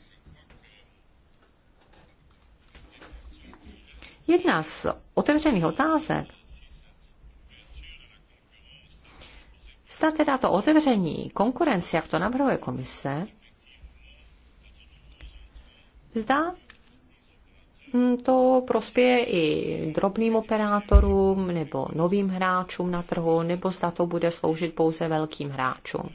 Jedna z otevřených otázek, zda teda to otevření konkurence, jak to navrhuje komise, Zda hm, to prospěje i drobným operátorům nebo novým hráčům na trhu, nebo zda to bude sloužit pouze velkým hráčům.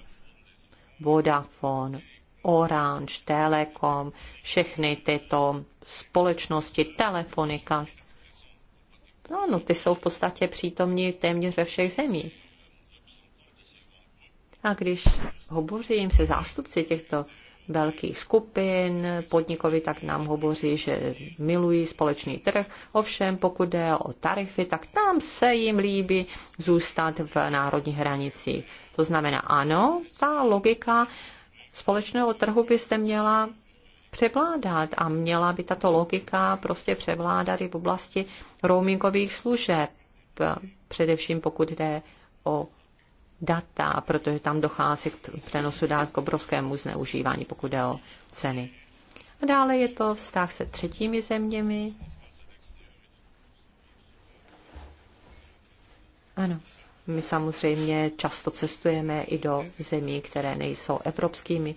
Vodafone, Orange, Telekom, všechny tyto společnosti, telefonika. No, no, ty jsou v podstatě přítomní téměř ve všech zemích. A když hovořím se zástupci těchto velkých skupin, podnikovi tak nám hovoří, že milují společný trh. Ovšem, pokud jde o tarify, tak tam se jim líbí zůstat v národních hranicích. To znamená, ano, ta logika společného trhu byste měla převládat a měla by tato logika prostě převládat i v oblasti roamingových služeb, především pokud jde o data, protože tam dochází k přenosu dát k obrovskému zneužívání, pokud jde o ceny. A dále je to vztah se třetími zeměmi. Ano, my samozřejmě často cestujeme i do zemí, které nejsou evropskými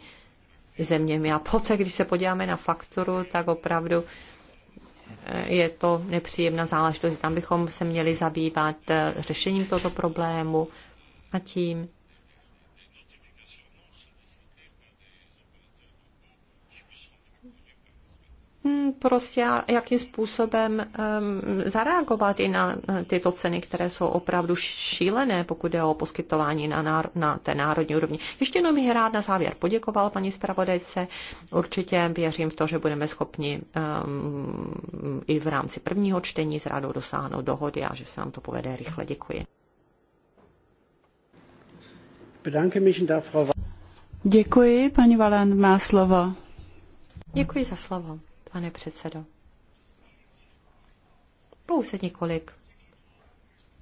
zeměmi. A poté, když se podíváme na fakturu, tak opravdu eh, je to nepříjemná záležitost. Tam bychom se měli zabývat eh, řešením tohoto problému, a tím hmm, prostě jakým způsobem ehm, zareagovat i na tyto ceny, které jsou opravdu šílené, pokud je o poskytování na, náro, na té národní úrovni. Ještě jenom bych rád na závěr poděkoval paní zpravodajce. Určitě věřím v to, že budeme schopni um, i v rámci prvního čtení s radou dosáhnout dohody a že se nám to povede rychle. Děkuji. Děkuji, paní Valen má slovo. Děkuji za slovo, pane předsedo. Pouze několik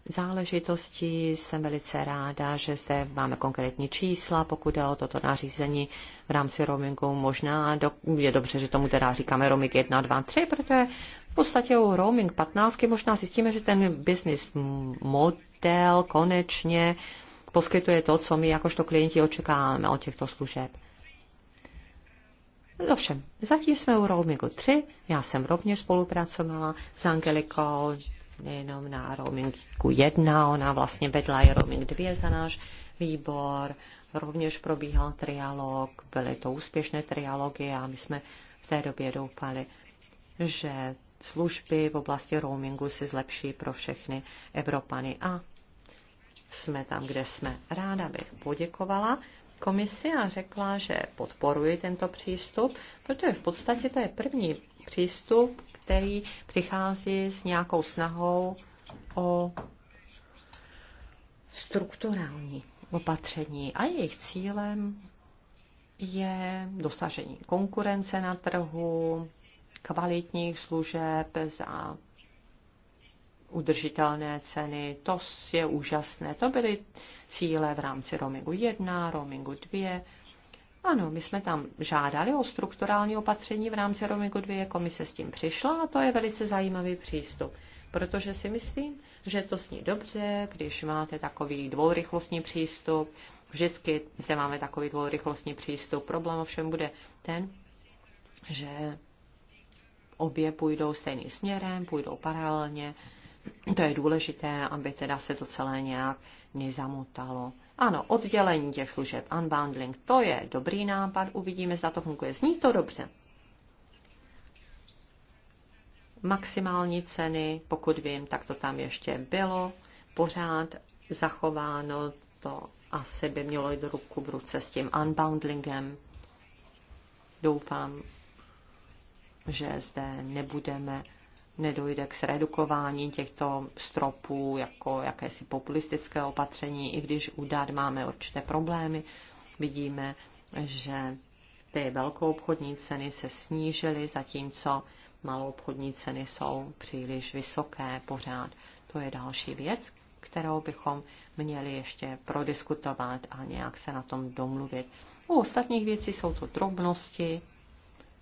záležitostí. Jsem velice ráda, že zde máme konkrétní čísla, pokud je o toto nařízení v rámci roamingu. Možná do, je dobře, že tomu teda říkáme roaming 1, 2, 3, protože v podstatě u roaming 15 možná zjistíme, že ten business model konečně poskytuje to, co my jakožto klienti očekáváme od těchto služeb. Ovšem, zatím jsme u roamingu 3, já jsem rovněž spolupracovala s Angelikou, nejenom na roamingu 1, ona vlastně vedla i roaming 2 za náš výbor, rovněž probíhal trialog, byly to úspěšné trialogy a my jsme v té době doufali, že služby v oblasti roamingu se zlepší pro všechny Evropany a jsme tam, kde jsme. Ráda bych poděkovala komisi a řekla, že podporuji tento přístup, protože v podstatě to je první přístup, který přichází s nějakou snahou o strukturální opatření a jejich cílem je dosažení konkurence na trhu, kvalitních služeb za udržitelné ceny, to je úžasné. To byly cíle v rámci roamingu 1, roamingu 2. Ano, my jsme tam žádali o strukturální opatření v rámci roamingu 2, komise s tím přišla a to je velice zajímavý přístup protože si myslím, že to sní dobře, když máte takový dvourychlostní přístup. Vždycky zde máme takový dvourychlostní přístup. Problém ovšem bude ten, že obě půjdou stejným směrem, půjdou paralelně to je důležité, aby teda se to celé nějak nezamotalo. Ano, oddělení těch služeb, unbundling, to je dobrý nápad, uvidíme, zda to funguje. Zní to dobře. Maximální ceny, pokud vím, tak to tam ještě bylo, pořád zachováno, to asi by mělo jít ruku v ruce s tím unbundlingem. Doufám, že zde nebudeme nedojde k zredukování těchto stropů jako jakési populistické opatření, i když u dát máme určité problémy. Vidíme, že ty velkou obchodní ceny se snížily, zatímco malou obchodní ceny jsou příliš vysoké pořád. To je další věc, kterou bychom měli ještě prodiskutovat a nějak se na tom domluvit. U ostatních věcí jsou to drobnosti,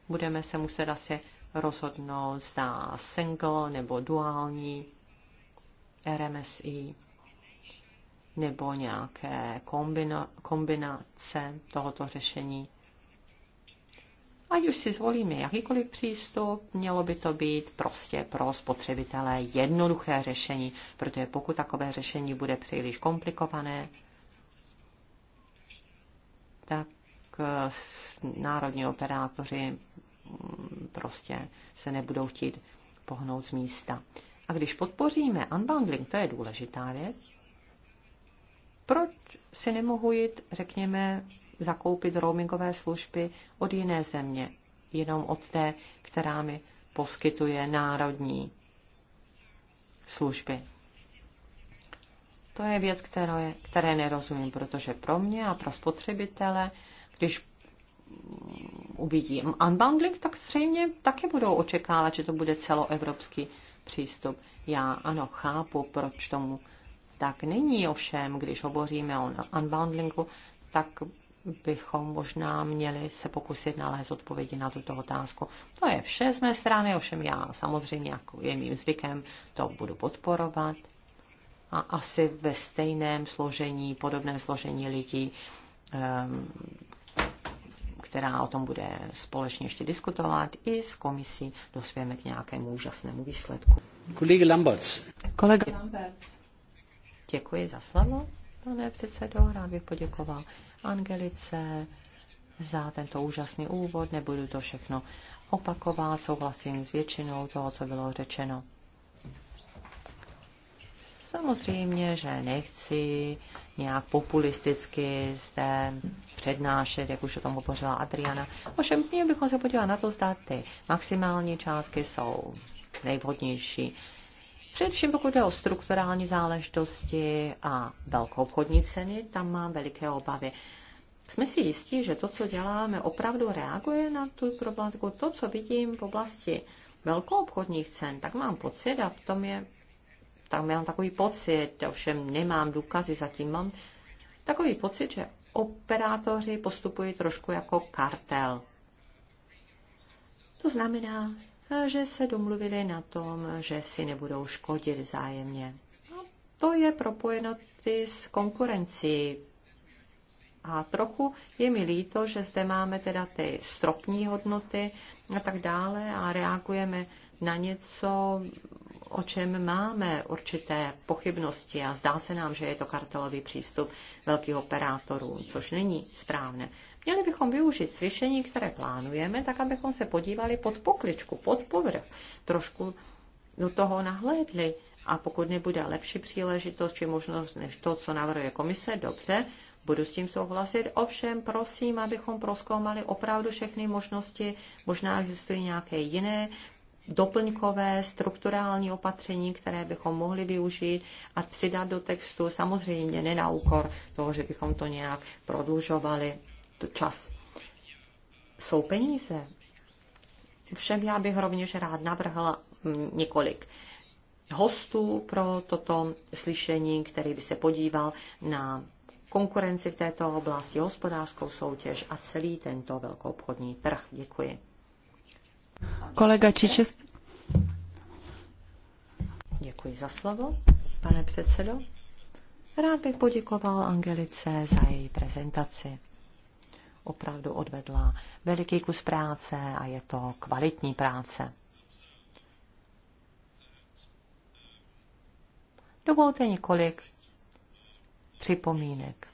budeme se muset asi rozhodnout, zda single nebo duální RMSI nebo nějaké kombina, kombinace tohoto řešení. Ať už si zvolíme jakýkoliv přístup, mělo by to být prostě pro spotřebitele jednoduché řešení, protože pokud takové řešení bude příliš komplikované, tak eh, národní operátoři prostě se nebudou chtít pohnout z místa. A když podpoříme unbundling, to je důležitá věc, proč si nemohu jít, řekněme, zakoupit roamingové služby od jiné země, jenom od té, která mi poskytuje národní služby. To je věc, které, které nerozumím, protože pro mě a pro spotřebitele, když uvidí unbundling, tak zřejmě taky budou očekávat, že to bude celoevropský přístup. Já ano, chápu, proč tomu tak není. Ovšem, když hovoříme o unbundlingu, tak bychom možná měli se pokusit nalézt odpovědi na tuto otázku. To je vše z mé strany, ovšem já samozřejmě, jako je mým zvykem, to budu podporovat. A asi ve stejném složení, podobném složení lidí, ehm, která o tom bude společně ještě diskutovat, i s komisí dospějeme k nějakému úžasnému výsledku. Kolega Lamberts. Kolega Lamberts. Děkuji za slovo, pane předsedo. Rád bych poděkoval Angelice za tento úžasný úvod. Nebudu to všechno opakovat, souhlasím s většinou toho, co bylo řečeno. Samozřejmě, že nechci nějak populisticky zde přednášet, jak už o tom hovořila Adriana. Ovšem, měli bychom se podívat na to, zda ty maximální částky jsou nejvhodnější. Především pokud jde o strukturální záležitosti a velkou obchodní ceny, tam mám veliké obavy. Jsme si jistí, že to, co děláme, opravdu reaguje na tu problematiku. To, co vidím v oblasti velkou obchodních cen, tak mám pocit, a v tom je tak mám takový pocit, ovšem nemám důkazy zatím, mám takový pocit, že operátoři postupují trošku jako kartel. To znamená, že se domluvili na tom, že si nebudou škodit zájemně. No, to je propojeno ty s konkurencí. A trochu je mi líto, že zde máme teda ty stropní hodnoty a tak dále a reagujeme na něco, o čem máme určité pochybnosti a zdá se nám, že je to kartelový přístup velkých operátorů, což není správné. Měli bychom využít slyšení, které plánujeme, tak abychom se podívali pod pokličku, pod povrch, trošku do toho nahlédli. A pokud nebude lepší příležitost či možnost než to, co navrhuje komise, dobře, budu s tím souhlasit. Ovšem, prosím, abychom proskoumali opravdu všechny možnosti. Možná existují nějaké jiné doplňkové strukturální opatření, které bychom mohli využít a přidat do textu, samozřejmě ne na úkor toho, že bychom to nějak prodlužovali to čas. Jsou peníze. Všem já bych rovněž rád navrhl mm, několik hostů pro toto slyšení, který by se podíval na konkurenci v této oblasti, hospodářskou soutěž a celý tento obchodní trh. Děkuji. Kolega Čičest. Děkuji za slovo, pane předsedo. Rád bych poděkoval Angelice za její prezentaci. Opravdu odvedla veliký kus práce a je to kvalitní práce. Dovolte několik připomínek.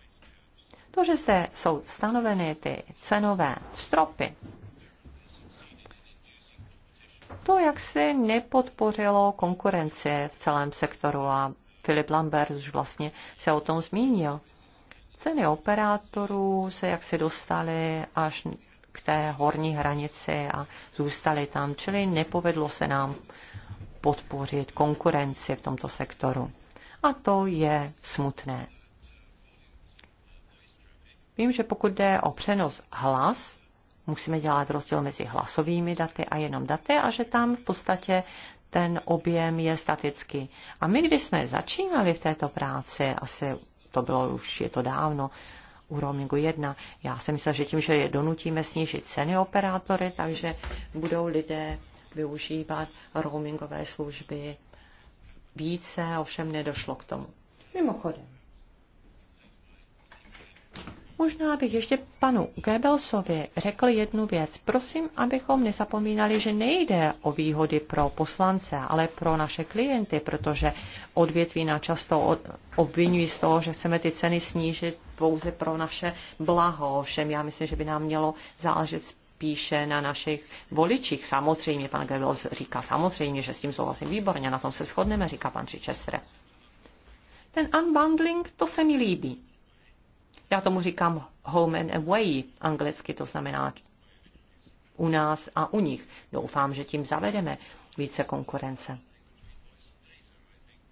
To, že zde jsou stanoveny ty cenové stropy, to jaksi nepodpořilo konkurenci v celém sektoru a Filip Lambert už vlastně se o tom zmínil. Ceny operátorů se jaksi dostaly až k té horní hranici a zůstaly tam, čili nepovedlo se nám podpořit konkurenci v tomto sektoru. A to je smutné. Vím, že pokud jde o přenos hlas, musíme dělat rozdíl mezi hlasovými daty a jenom daty a že tam v podstatě ten objem je statický. A my, když jsme začínali v této práci, asi to bylo už, je to dávno, u roamingu 1. Já jsem myslel, že tím, že je donutíme snížit ceny operátory, takže budou lidé využívat roamingové služby více, ovšem nedošlo k tomu. Mimochodem, Možná bych ještě panu Goebbelsovi řekl jednu věc. Prosím, abychom nezapomínali, že nejde o výhody pro poslance, ale pro naše klienty, protože odvětví nás často obvinují z toho, že chceme ty ceny snížit pouze pro naše blaho. Všem já myslím, že by nám mělo záležet spíše na našich voličích. Samozřejmě, pan Goebbels říká samozřejmě, že s tím souhlasím výborně, na tom se shodneme, říká pan Chichester. Ten unbundling, to se mi líbí. Já tomu říkám home and away anglicky, to znamená u nás a u nich. Doufám, že tím zavedeme více konkurence.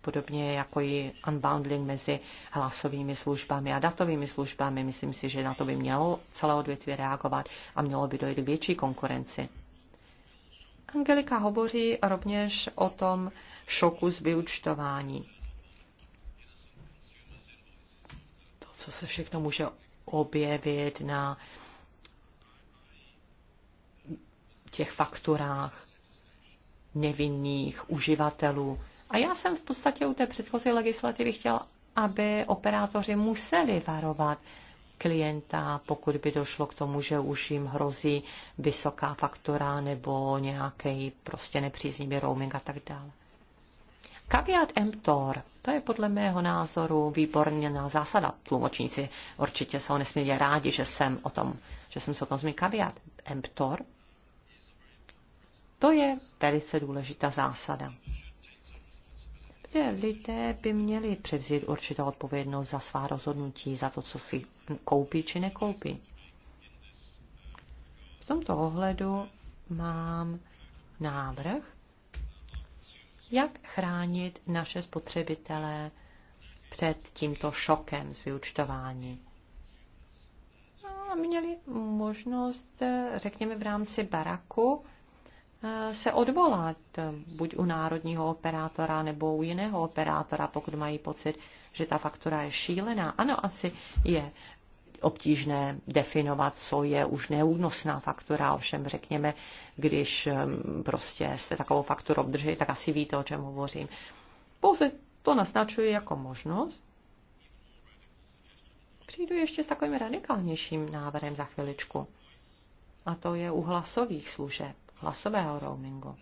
Podobně jako i unbundling mezi hlasovými službami a datovými službami. Myslím si, že na to by mělo celé odvětví reagovat a mělo by dojít k větší konkurenci. Angelika hovoří rovněž o tom šoku z vyučtování. co se všechno může objevit na těch fakturách nevinných uživatelů. A já jsem v podstatě u té předchozí legislativy chtěl, aby operátoři museli varovat klienta, pokud by došlo k tomu, že už jim hrozí vysoká faktura nebo nějaký prostě nepříznivý roaming a tak dále. Caveat emptor to je podle mého názoru výborná zásada. Tlumočníci určitě jsou nesmírně rádi, že jsem o tom, že jsem se o tom zmínil Emptor. To je velice důležitá zásada. Že lidé by měli převzít určitou odpovědnost za svá rozhodnutí, za to, co si koupí či nekoupí. V tomto ohledu mám návrh, jak chránit naše spotřebitele před tímto šokem z vyučtování. A měli možnost, eh, řekněme, v rámci baraku eh, se odvolat eh, buď u národního operátora nebo u jiného operátora, pokud mají pocit, že ta faktura je šílená. Ano, asi je obtížné definovat, co je už neúnosná faktura, ovšem řekněme, když prostě jste takovou fakturu obdrželi, tak asi víte, o čem hovořím. Pouze to naznačuji jako možnost. Přijdu ještě s takovým radikálnějším návrhem za chviličku. A to je u hlasových služeb, hlasového roamingu.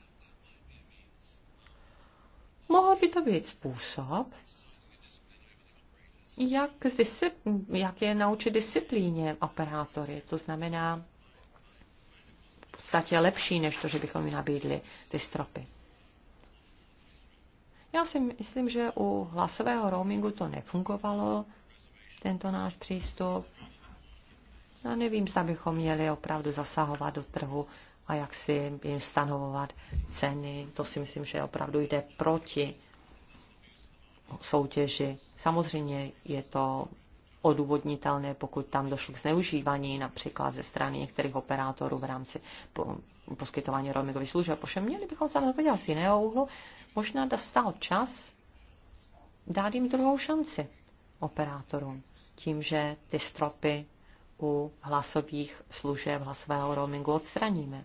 Mohl by to být způsob, jak, zdisip, jak je naučit disciplíně operátory. To znamená v podstatě lepší, než to, že bychom jim nabídli ty stropy. Já si myslím, že u hlasového roamingu to nefungovalo, tento náš přístup. Já nevím, zda bychom měli opravdu zasahovat do trhu a jak si jim stanovovat ceny. To si myslím, že opravdu jde proti soutěži. Samozřejmě je to odůvodnitelné, pokud tam došlo k zneužívání například ze strany některých operátorů v rámci poskytování roamingových služeb. Ovšem měli bychom se na to podívat z jiného úhlu. Možná dostal čas dát jim druhou šanci operátorům tím, že ty stropy u hlasových služeb hlasového roamingu odstraníme.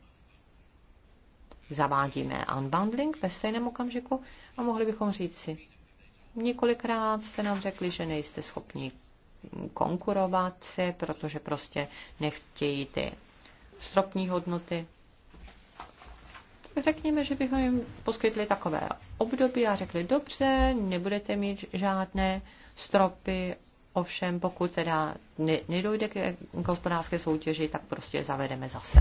Zavádíme unbundling ve stejném okamžiku a mohli bychom říct si, Několikrát jste nám řekli, že nejste schopni konkurovat si, protože prostě nechtějí ty stropní hodnoty. Tak řekněme, že bychom jim poskytli takové období a řekli, dobře, nebudete mít žádné stropy, ovšem pokud teda nedojde k hospodářské soutěži, tak prostě zavedeme zase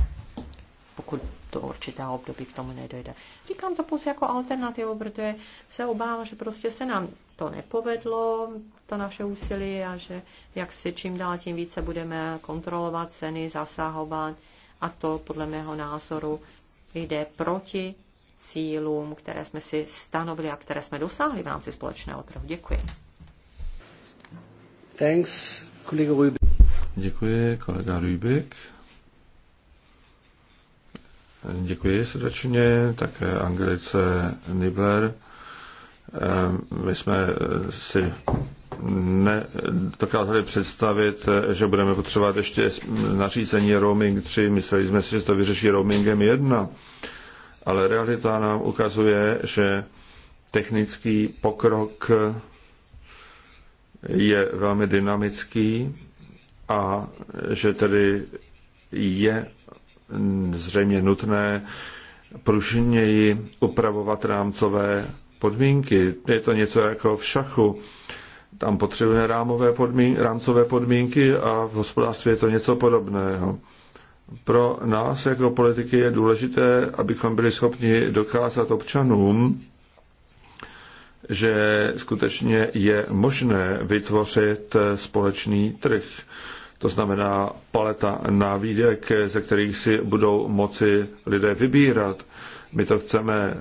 pokud do určitého období k tomu nedojde. Říkám to pouze jako alternativu, protože se obávám, že prostě se nám to nepovedlo, to naše úsilí a že jak si čím dál tím více budeme kontrolovat ceny, zasahovat a to podle mého názoru jde proti cílům, které jsme si stanovili a které jsme dosáhli v rámci společného trhu. Děkuji. Thanks, kolega Rubik. Děkuji, kolega Rubik. Děkuji srdečně, také Angelice Nibler. Ehm, my jsme eh, si nedokázali představit, eh, že budeme potřebovat ještě nařízení roaming 3. Mysleli jsme si, že to vyřeší roamingem 1, ale realita nám ukazuje, že technický pokrok je velmi dynamický a že tedy je zřejmě nutné pružněji upravovat rámcové podmínky. Je to něco jako v šachu. Tam potřebujeme rámové podmín, rámcové podmínky a v hospodářství je to něco podobného. Pro nás jako politiky je důležité, abychom byli schopni dokázat občanům, že skutečně je možné vytvořit společný trh. To znamená paleta návídek, ze kterých si budou moci lidé vybírat. My to chceme eh,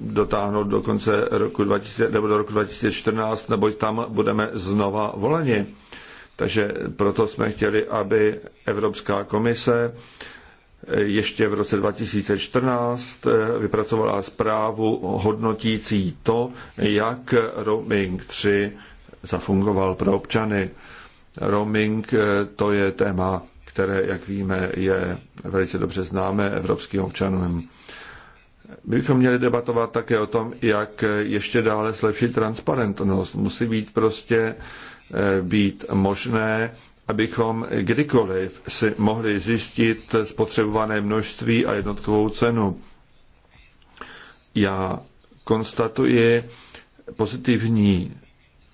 dotáhnout do konce roku 2000, nebo do roku 2014, nebo tam budeme znova voleni. Takže proto jsme chtěli, aby Evropská komise eh, ještě v roce 2014 eh, vypracovala zprávu hodnotící to, jak roaming 3 zafungoval pro občany. Roaming eh, to je téma, které, jak víme, je velice dobře známé evropským občanům. My bychom měli debatovat také o tom, jak eh, ještě dále zlepšit transparentnost. Musí být prostě eh, být možné, abychom kdykoliv si mohli zjistit spotřebované množství a jednotkovou cenu. Já konstatuji pozitivní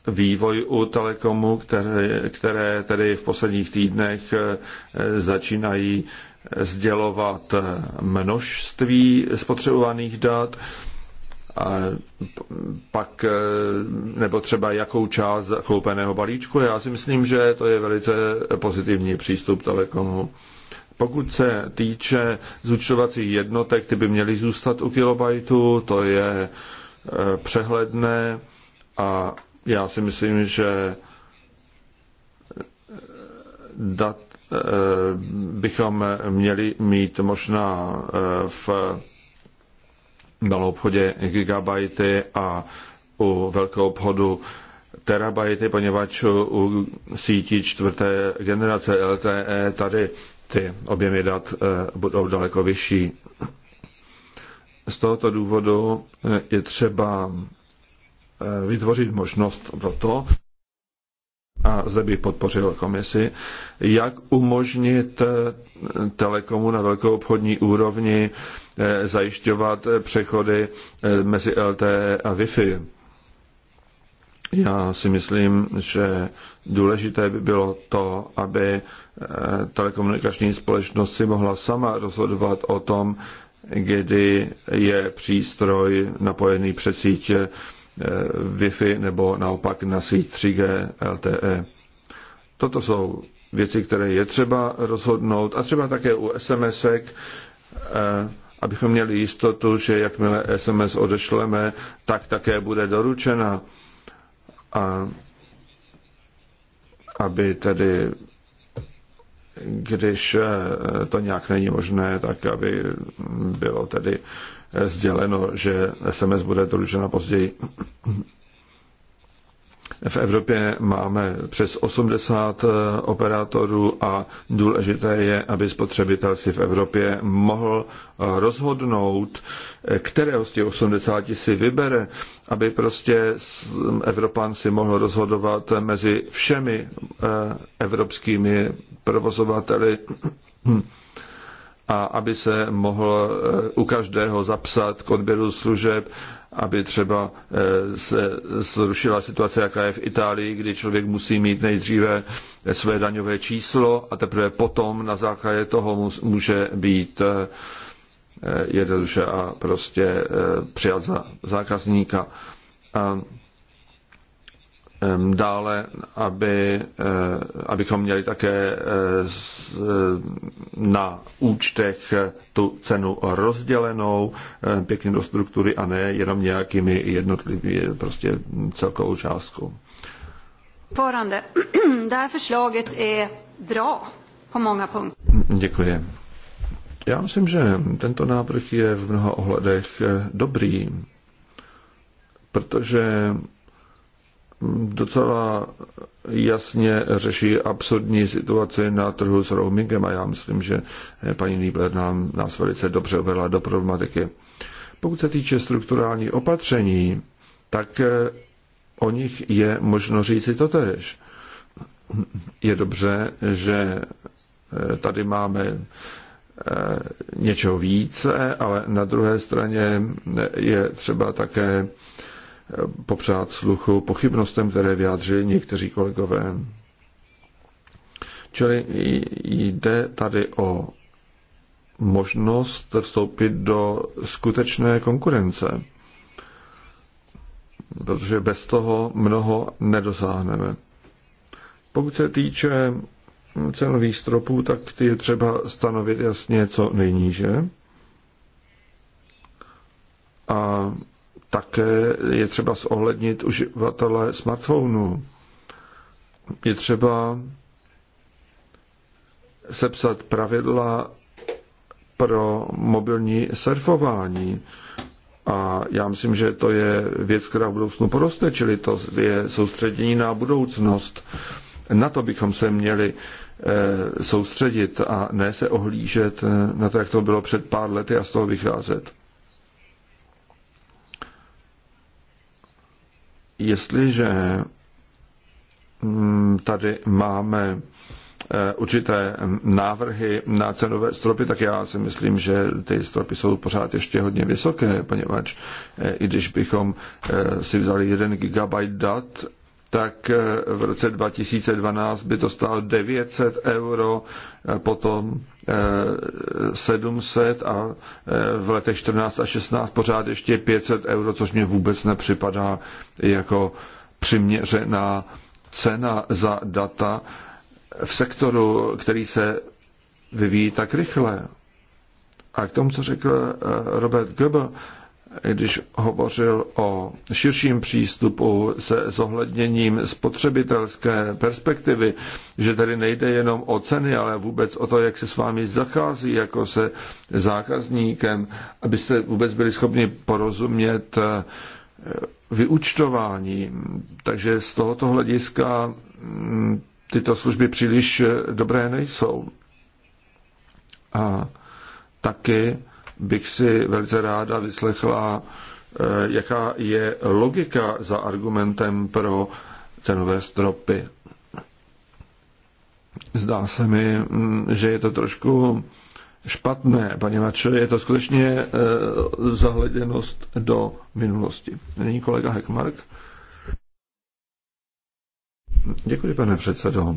vývoj u Telekomu, které, které tedy v posledních týdnech eh, začínají sdělovat eh, množství spotřebovaných dat, a pak eh, nebo třeba jakou část choupeného balíčku. Já si myslím, že to je velice pozitivní přístup Telekomu. Pokud se týče zúčtovacích jednotek, ty by měly zůstat u kilobajtu, to je přehledné a já si myslím, že dat eh, bychom měli mít možná eh, v malou obchodě gigabajty a u velkého obchodu terabajty, poněvadž u sítí čtvrté generace LTE tady ty objemy dat eh, budou daleko vyšší. Z tohoto důvodu je třeba Eh, vytvořit možnost pro to, a zde bych podpořil komisi, jak umožnit eh, telekomu na velkou obchodní úrovni eh, zajišťovat přechody mezi LTE a Wi-Fi. Já si myslím, že důležité by bylo to, aby telekomunikační společnost si mohla sama rozhodovat o tom, kdy je přístroj napojený přes sítě Eh, Wi-Fi nebo naopak na síť 3G LTE. Toto jsou věci, které je třeba rozhodnout a třeba také u sms eh, abychom měli jistotu, že jakmile SMS odešleme, tak také bude doručena a aby tedy když eh, to nějak není možné, tak aby bylo tedy sděleno, že SMS bude doručena později. V Evropě máme přes 80 eh, operátorů a důležité je, aby spotřebitel si v Evropě mohl rozhodnout, eh, kterého z těch 80 si vybere, aby prostě mm, Evropan si mohl rozhodovat mezi všemi eh, evropskými provozovateli a aby se mohl eh, u každého zapsat k odběru služeb, aby třeba eh, se zrušila situace, jaká je v Itálii, kdy člověk musí mít nejdříve své daňové číslo a teprve potom na základě toho může být eh, jednoduše a prostě přijat za zákazníka. A Ehm, dále, aby, eh, abychom měli také eh, eh, na účtech tu cenu rozdělenou pěkně do struktury a ne jenom nějakými jednotlivými, prostě celkovou částkou. Forande, det här förslaget är bra på många Děkuji. Já myslím, že tento návrh je v mnoha ohledech dobrý, protože docela jasně řeší absurdní situaci na trhu s roamingem a já myslím, že eh, paní Niebler nám, nás velice dobře uvedla do problematiky. Pokud se týče strukturální opatření, tak eh, o nich je možno říci tež. Je dobře, že eh, tady máme něčeho více, ale na druhé straně je třeba také popřát sluchu pochybnostem, které vyjádřili někteří kolegové. Čili jde tady o možnost vstoupit do skutečné konkurence, protože bez toho mnoho nedosáhneme. Pokud se týče cenových stropů, tak ty je třeba stanovit jasně co nejníže. A také je třeba zohlednit uživatele smartphonu. Je třeba sepsat pravidla pro mobilní surfování. A já myslím, že to je věc, která v budoucnu poroste, čili to je soustředění na budoucnost. Na to bychom se měli eh, soustředit a ne se ohlížet eh, na to, jak to bylo před pár lety a z toho vycházet. jestliže mm, tady máme eh, určité návrhy na cenové stropy, tak já si myslím, že ty stropy jsou pořád ještě hodně vysoké, poněvadž eh, i když bychom eh, si vzali jeden gigabyte dat tak eh, v roce 2012 by to stálo 900 euro, potom 700 eh, a eh, v letech 14 a 16 pořád ještě 500 euro, což mě vůbec nepřipadá jako přiměřená cena za data v sektoru, který se vyvíjí tak rychle. A k tomu, co řekl Robert Goebbels, když hovořil o širším přístupu se zohledněním spotřebitelské perspektivy, že tady nejde jenom o ceny, ale vůbec o to, jak se s vámi zachází, jako se zákazníkem, abyste vůbec byli schopni porozumět eh, vyučtování. Takže z tohoto hlediska mm, tyto služby příliš eh, dobré nejsou. A taky bych si velice ráda vyslechla, eh, jaká je logika za argumentem pro cenové stropy. Zdá se mi, mm, že je to trošku špatné, poněvadž je to skutečně eh, zahleděnost do minulosti. Není kolega Hekmark? Děkuji, pane předsedo.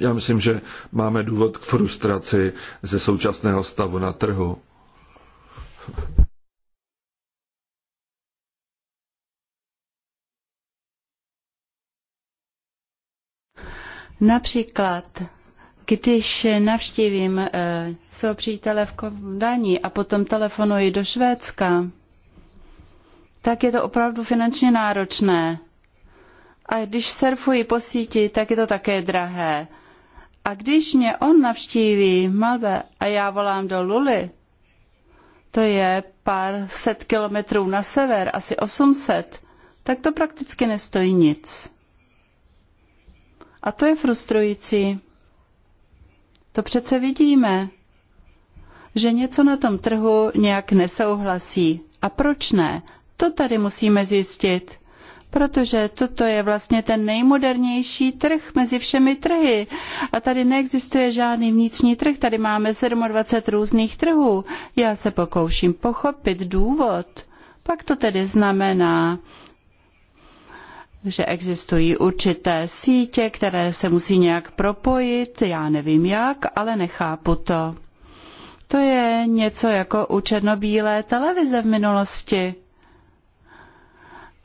Já myslím, že máme důvod k frustraci ze současného stavu na trhu. Například, když navštívím uh, svého přítele v Kodaní a potom telefonuji do Švédska, tak je to opravdu finančně náročné. A když surfuji po síti, tak je to také drahé. A když mě on navštíví Malbe a já volám do Luli, to je pár set kilometrů na sever, asi 800, tak to prakticky nestojí nic. A to je frustrující. To přece vidíme, že něco na tom trhu nějak nesouhlasí. A proč ne? To tady musíme zjistit protože toto je vlastně ten nejmodernější trh mezi všemi trhy. A tady neexistuje žádný vnitřní trh, tady máme 27 různých trhů. Já se pokouším pochopit důvod. Pak to tedy znamená, že existují určité sítě, které se musí nějak propojit, já nevím jak, ale nechápu to. To je něco jako u černobílé televize v minulosti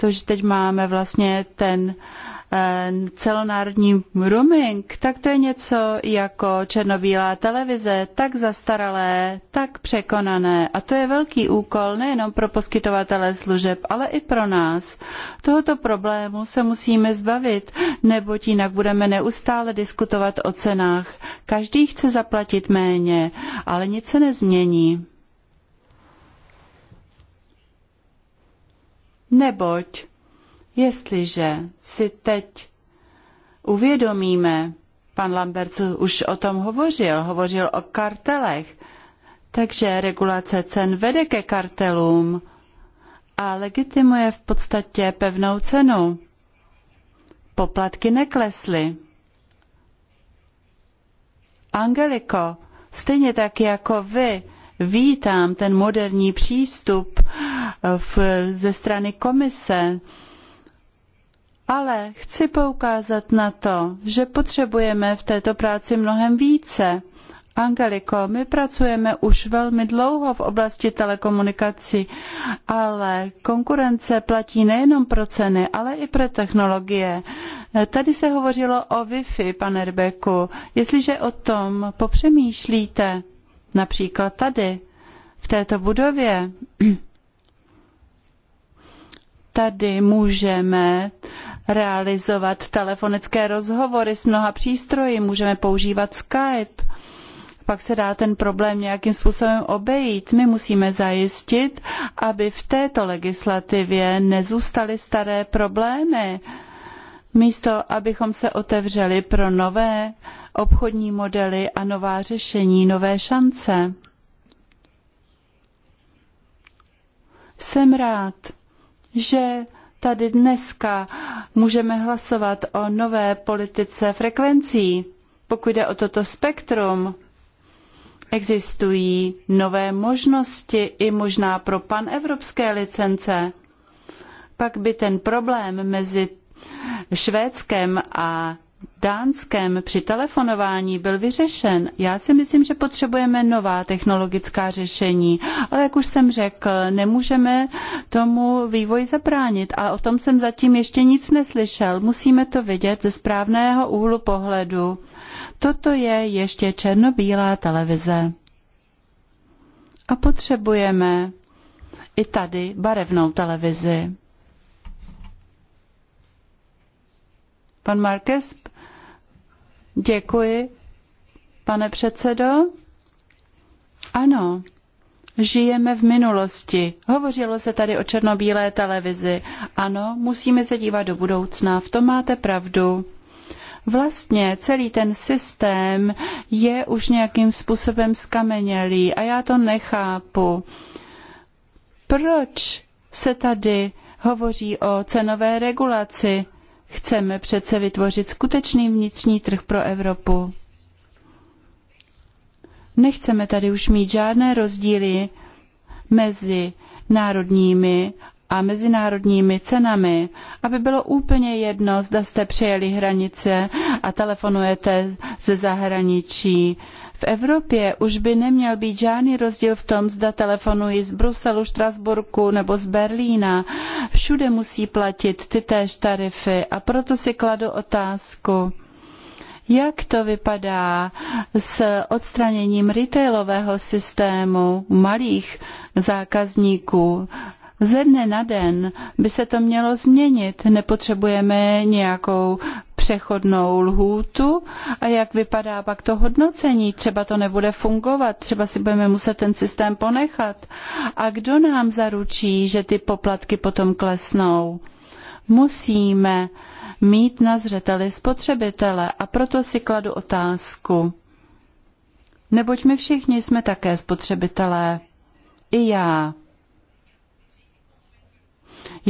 to, že teď máme vlastně ten eh, celonárodní roaming, tak to je něco jako černobílá televize, tak zastaralé, tak překonané. A to je velký úkol nejenom pro poskytovatele služeb, ale i pro nás. Tohoto problému se musíme zbavit, neboť jinak budeme neustále diskutovat o cenách. Každý chce zaplatit méně, ale nic se nezmění. Neboť jestliže si teď uvědomíme, pan Lambert už o tom hovořil, hovořil o kartelech, takže regulace cen vede ke kartelům a legitimuje v podstatě pevnou cenu. Poplatky neklesly. Angeliko, stejně tak jako vy, vítám ten moderní přístup eh, v, ze strany komise, ale chci poukázat na to, že potřebujeme v této práci mnohem více. Angeliko, my pracujeme už velmi dlouho v oblasti telekomunikací, ale konkurence platí nejenom pro ceny, ale i pro technologie. Eh, tady se hovořilo o Wi-Fi, pane Rebeku. Jestliže o tom popřemýšlíte, například tady, v této budově. Tady můžeme realizovat telefonické rozhovory s mnoha přístroji, můžeme používat Skype. Pak se dá ten problém nějakým způsobem obejít. My musíme zajistit, aby v této legislativě nezůstaly staré problémy Místo, abychom se otevřeli pro nové obchodní modely a nová řešení, nové šance. Jsem rád, že tady dneska můžeme hlasovat o nové politice frekvencí. Pokud jde o toto spektrum, existují nové možnosti i možná pro panevropské licence. Pak by ten problém mezi Švédskem a Dánskem při telefonování byl vyřešen. Já si myslím, že potřebujeme nová technologická řešení, ale jak už jsem řekl, nemůžeme tomu vývoj zabránit a o tom jsem zatím ještě nic neslyšel. Musíme to vidět ze správného úhlu pohledu. Toto je ještě černobílá televize. A potřebujeme i tady barevnou televizi. Pan Marques, děkuji, pane předsedo. Ano, žijeme v minulosti. Hovořilo se tady o černobílé televizi. Ano, musíme se dívat do budoucna, v tom máte pravdu. Vlastně celý ten systém je už nějakým způsobem skamenělý a já to nechápu. Proč se tady hovoří o cenové regulaci? Chceme přece vytvořit skutečný vnitřní trh pro Evropu. Nechceme tady už mít žádné rozdíly mezi národními a mezinárodními cenami, aby bylo úplně jedno, zda jste přejeli hranice a telefonujete ze zahraničí v Evropě už by neměl být žádný rozdíl v tom, zda telefonuji z Bruselu, Štrasburku nebo z Berlína. Všude musí platit ty též tarify a proto si kladu otázku. Jak to vypadá s odstraněním retailového systému malých zákazníků? Ze dne na den by se to mělo změnit. Nepotřebujeme nějakou přechodnou lhůtu a jak vypadá pak to hodnocení. Třeba to nebude fungovat, třeba si budeme muset ten systém ponechat. A kdo nám zaručí, že ty poplatky potom klesnou? Musíme mít na zřeteli spotřebitele a proto si kladu otázku. Neboť my všichni jsme také spotřebitelé. I já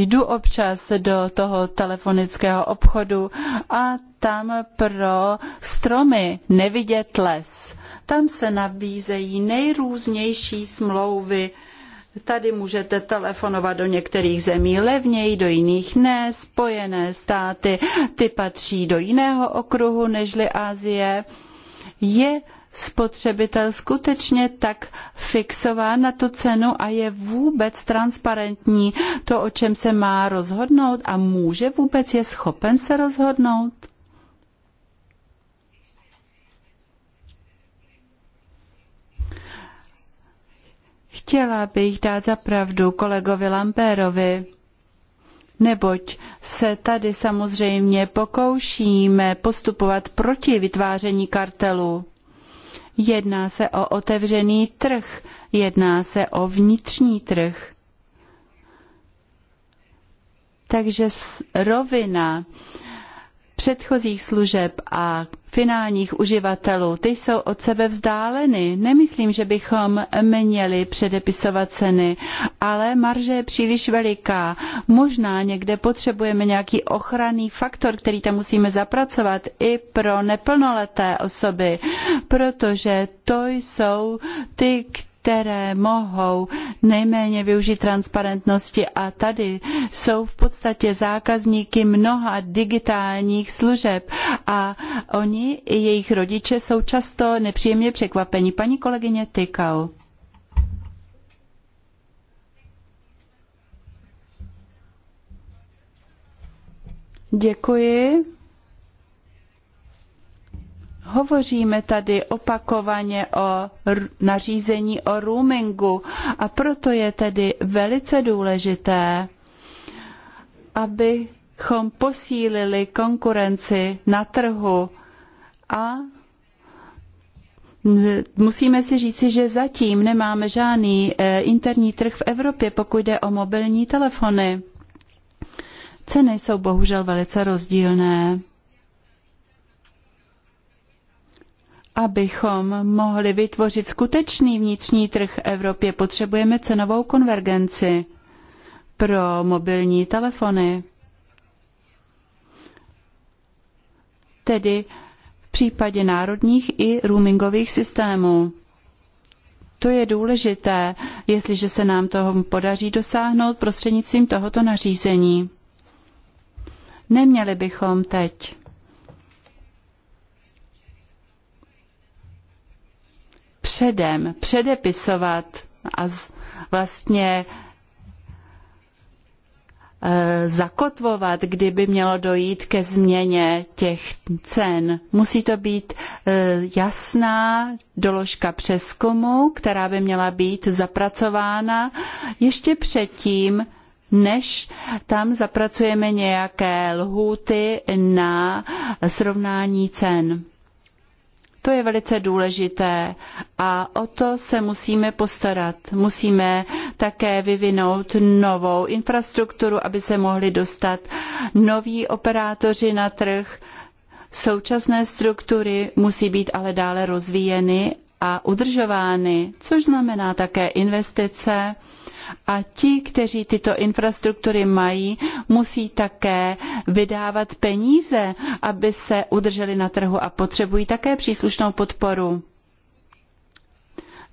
jdu občas do toho telefonického obchodu a tam pro stromy nevidět les. Tam se nabízejí nejrůznější smlouvy, Tady můžete telefonovat do některých zemí levněji, do jiných ne. Spojené státy, ty patří do jiného okruhu nežli Asie. Je spotřebitel skutečně tak fixován na tu cenu a je vůbec transparentní to, o čem se má rozhodnout a může vůbec, je schopen se rozhodnout? Chtěla bych dát za pravdu kolegovi Lampérovi, neboť se tady samozřejmě pokoušíme postupovat proti vytváření kartelu. Jedná se o otevřený trh, jedná se o vnitřní trh. Takže rovina předchozích služeb a finálních uživatelů, ty jsou od sebe vzdáleny. Nemyslím, že bychom měli předepisovat ceny, ale marže je příliš veliká. Možná někde potřebujeme nějaký ochranný faktor, který tam musíme zapracovat i pro neplnoleté osoby, protože to jsou ty, které které mohou nejméně využít transparentnosti a tady jsou v podstatě zákazníky mnoha digitálních služeb a oni i jejich rodiče jsou často nepříjemně překvapeni. Paní kolegyně Tykau. Děkuji. Hovoříme tady opakovaně o nařízení o roamingu a proto je tedy velice důležité, abychom posílili konkurenci na trhu a Musíme si říci, že zatím nemáme žádný e, interní trh v Evropě, pokud jde o mobilní telefony. Ceny jsou bohužel velice rozdílné. Abychom mohli vytvořit skutečný vnitřní trh v Evropě, potřebujeme cenovou konvergenci pro mobilní telefony. Tedy v případě národních i roamingových systémů. To je důležité, jestliže se nám toho podaří dosáhnout prostřednictvím tohoto nařízení. Neměli bychom teď předem předepisovat a vlastně e, zakotvovat, kdyby mělo dojít ke změně těch cen. Musí to být e, jasná doložka přeskumu, která by měla být zapracována ještě předtím, než tam zapracujeme nějaké lhůty na srovnání cen. To je velice důležité a o to se musíme postarat. Musíme také vyvinout novou infrastrukturu, aby se mohli dostat noví operátoři na trh. Současné struktury musí být ale dále rozvíjeny a udržovány, což znamená také investice a ti, kteří tyto infrastruktury mají, musí také vydávat peníze, aby se udrželi na trhu a potřebují také příslušnou podporu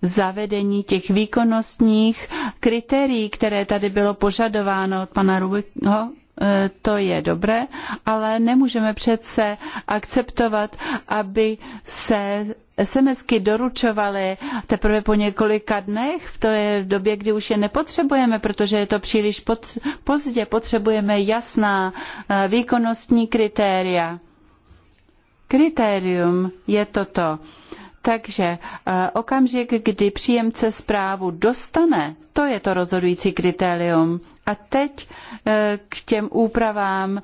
zavedení těch výkonnostních kritérií, které tady bylo požadováno od pana Rubikho, eh, to je dobré, ale nemůžeme přece akceptovat, aby se SMSky doručovaly teprve po několika dnech, v té době, kdy už je nepotřebujeme, protože je to příliš pod, pozdě, potřebujeme jasná eh, výkonnostní kritéria. Kritérium je toto. Takže eh, okamžik, kdy příjemce zprávu dostane, to je to rozhodující kritérium. A teď eh, k těm úpravám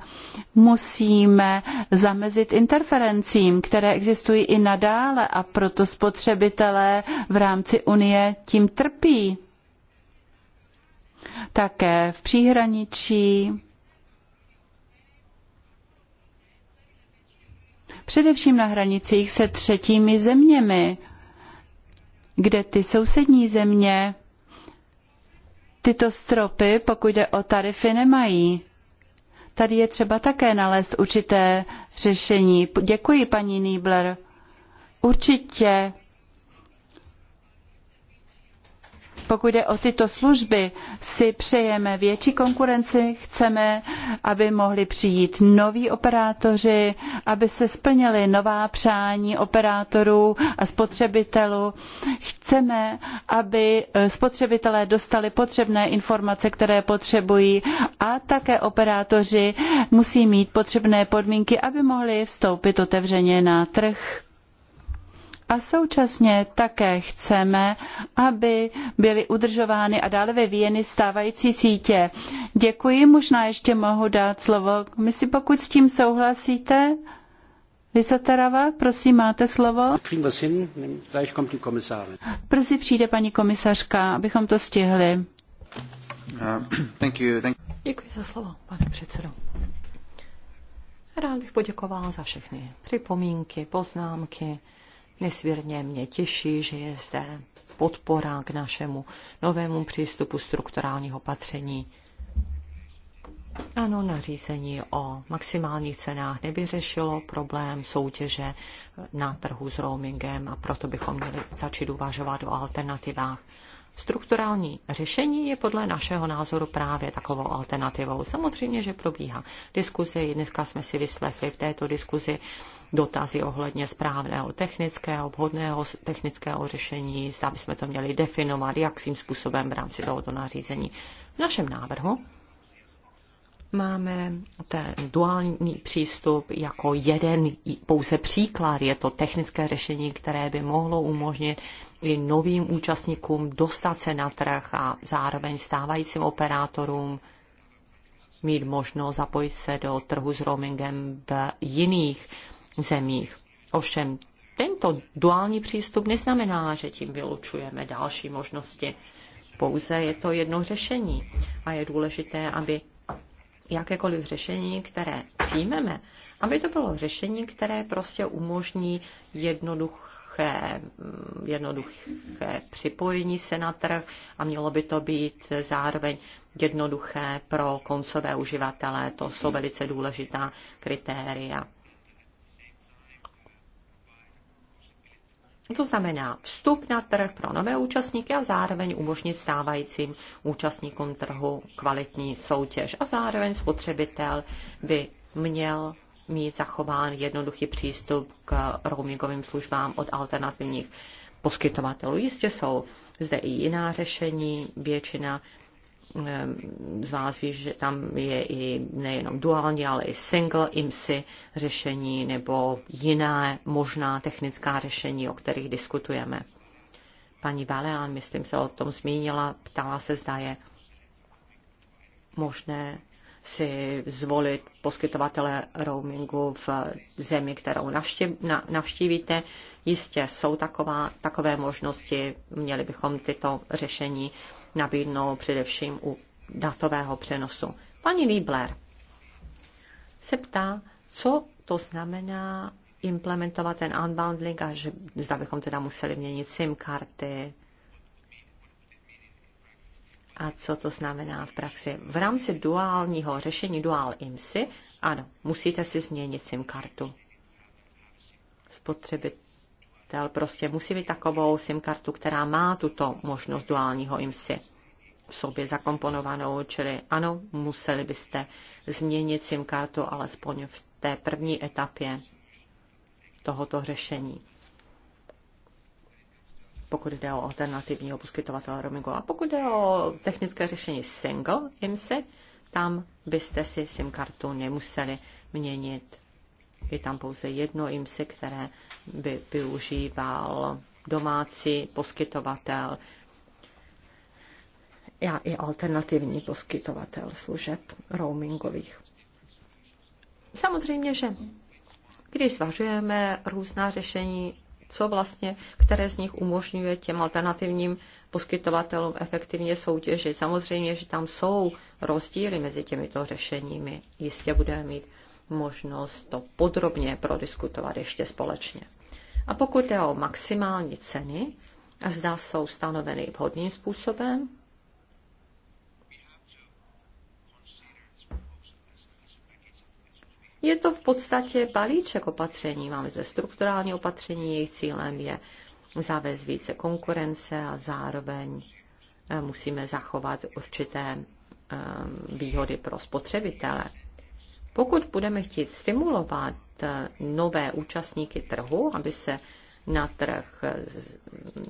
musíme zamezit interferencím, které existují i nadále a proto spotřebitelé v rámci Unie tím trpí. Také v příhraničí především na hranicích se třetími zeměmi, kde ty sousední země tyto stropy, pokud jde o tarify, nemají. Tady je třeba také nalézt určité řešení. Děkuji, paní Nýbler. Určitě pokud jde o tyto služby, si přejeme větší konkurenci, chceme, aby mohli přijít noví operátoři, aby se splnily nová přání operátorů a spotřebitelů. Chceme, aby eh, spotřebitelé dostali potřebné informace, které potřebují a také operátoři musí mít potřebné podmínky, aby mohli vstoupit otevřeně na trh a současně také chceme, aby byly udržovány a dále vyvíjeny stávající sítě. Děkuji, možná ještě mohu dát slovo komisi, pokud s tím souhlasíte. Vysatarava, prosím, máte slovo. Brzy přijde paní komisařka, abychom to stihli. Uh, Děkuji za slovo, pane předsedo. Rád bych poděkoval za všechny připomínky, poznámky, Nesmírně mě těší, že je zde podpora k našemu novému přístupu strukturálního patření. Ano, nařízení o maximálních cenách nevyřešilo problém soutěže na trhu s roamingem a proto bychom měli začít uvažovat o alternativách. Strukturální řešení je podle našeho názoru právě takovou alternativou. Samozřejmě, že probíhá diskuze. Dneska jsme si vyslechli v této diskuzi dotazy ohledně správného technického, vhodného technického řešení, zda bychom to měli definovat, jakým způsobem v rámci tohoto nařízení. V našem návrhu máme ten duální přístup jako jeden pouze příklad. Je to technické řešení, které by mohlo umožnit i novým účastníkům dostat se na trh a zároveň stávajícím operátorům mít možnost zapojit se do trhu s roamingem v jiných zemích. Ovšem, tento duální přístup neznamená, že tím vylučujeme další možnosti. Pouze je to jedno řešení a je důležité, aby jakékoliv řešení, které přijmeme, aby to bylo řešení, které prostě umožní jednoduché, mm, jednoduché připojení se na trh a mělo by to být zároveň jednoduché pro koncové uživatele. To jsou velice důležitá kritéria. To znamená vstup na trh pro nové účastníky a zároveň umožnit stávajícím účastníkům trhu kvalitní soutěž. A zároveň spotřebitel by měl mít zachován jednoduchý přístup k roamingovým službám od alternativních poskytovatelů. Jistě jsou zde i jiná řešení, většina Ehm, z vás ví, že tam je i nejenom duální, ale i single IMSI řešení nebo jiné možná technická řešení, o kterých diskutujeme. Paní Baleán, myslím, se o tom zmínila, ptala se, zda je možné si zvolit poskytovatele roamingu v zemi, kterou navštívíte. Jistě jsou taková, takové možnosti, měli bychom tyto řešení nabídnou především u datového přenosu. Paní Liebler se ptá, co to znamená implementovat ten unbundling a že zda bychom teda museli měnit SIM karty a co to znamená v praxi. V rámci duálního řešení dual IMSI, ano, musíte si změnit SIM kartu. Spotřebit žadatel prostě musí mít takovou SIM kartu, která má tuto možnost duálního IMSI v sobě zakomponovanou, čili ano, museli byste změnit SIM kartu alespoň v té první etapě tohoto řešení pokud jde o alternativního poskytovatele roamingu. A pokud jde o technické řešení single IMSI, tam byste si SIM kartu nemuseli měnit je tam pouze jedno IMSI, které by využíval domácí poskytovatel a i alternativní poskytovatel služeb roamingových. Samozřejmě, že když zvažujeme různá řešení, co vlastně, které z nich umožňuje těm alternativním poskytovatelům efektivně soutěžit. Samozřejmě, že tam jsou rozdíly mezi těmito řešeními. Jistě budeme mít možnost to podrobně prodiskutovat ještě společně. A pokud jde o maximální ceny, zda jsou stanoveny vhodným způsobem, Je to v podstatě balíček opatření. Máme zde strukturální opatření, jejich cílem je zavést více konkurence a zároveň eh, musíme zachovat určité eh, výhody pro spotřebitele. Pokud budeme chtít stimulovat eh, nové účastníky trhu, aby se na trh eh,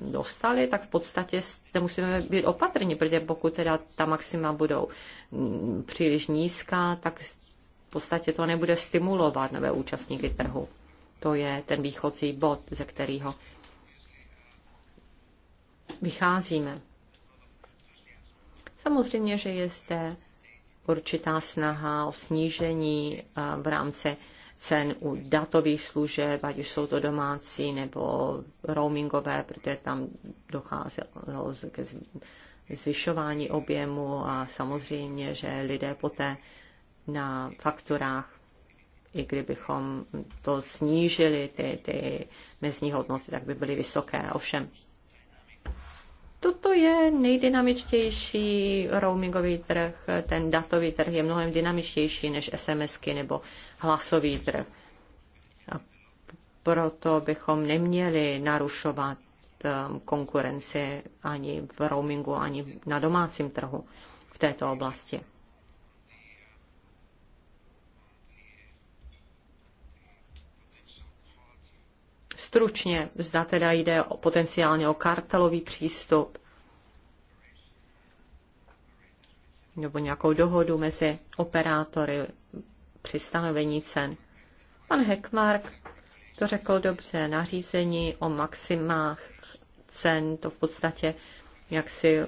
dostali, tak v podstatě musíme být opatrní, protože pokud teda ta maxima budou mm, příliš nízká, tak v podstatě to nebude stimulovat nové účastníky trhu. To je ten výchozí bod, ze kterého vycházíme. Samozřejmě, že je zde určitá snaha o snížení eh, v rámci cen u datových služeb, ať už jsou to domácí nebo roamingové, protože tam docházelo ke zvyšování objemu a samozřejmě, že lidé poté na fakturách, i kdybychom to snížili, ty, ty mezní hodnoty, tak by byly vysoké. Ovšem, Toto je nejdynamičtější roamingový trh. Ten datový trh je mnohem dynamičtější než SMSky nebo hlasový trh. A proto bychom neměli narušovat um, konkurenci ani v roamingu, ani na domácím trhu v této oblasti. stručně, zda teda jde o potenciálně o kartelový přístup nebo nějakou dohodu mezi operátory při stanovení cen. Pan Heckmark to řekl dobře, nařízení o maximách cen, to v podstatě jak si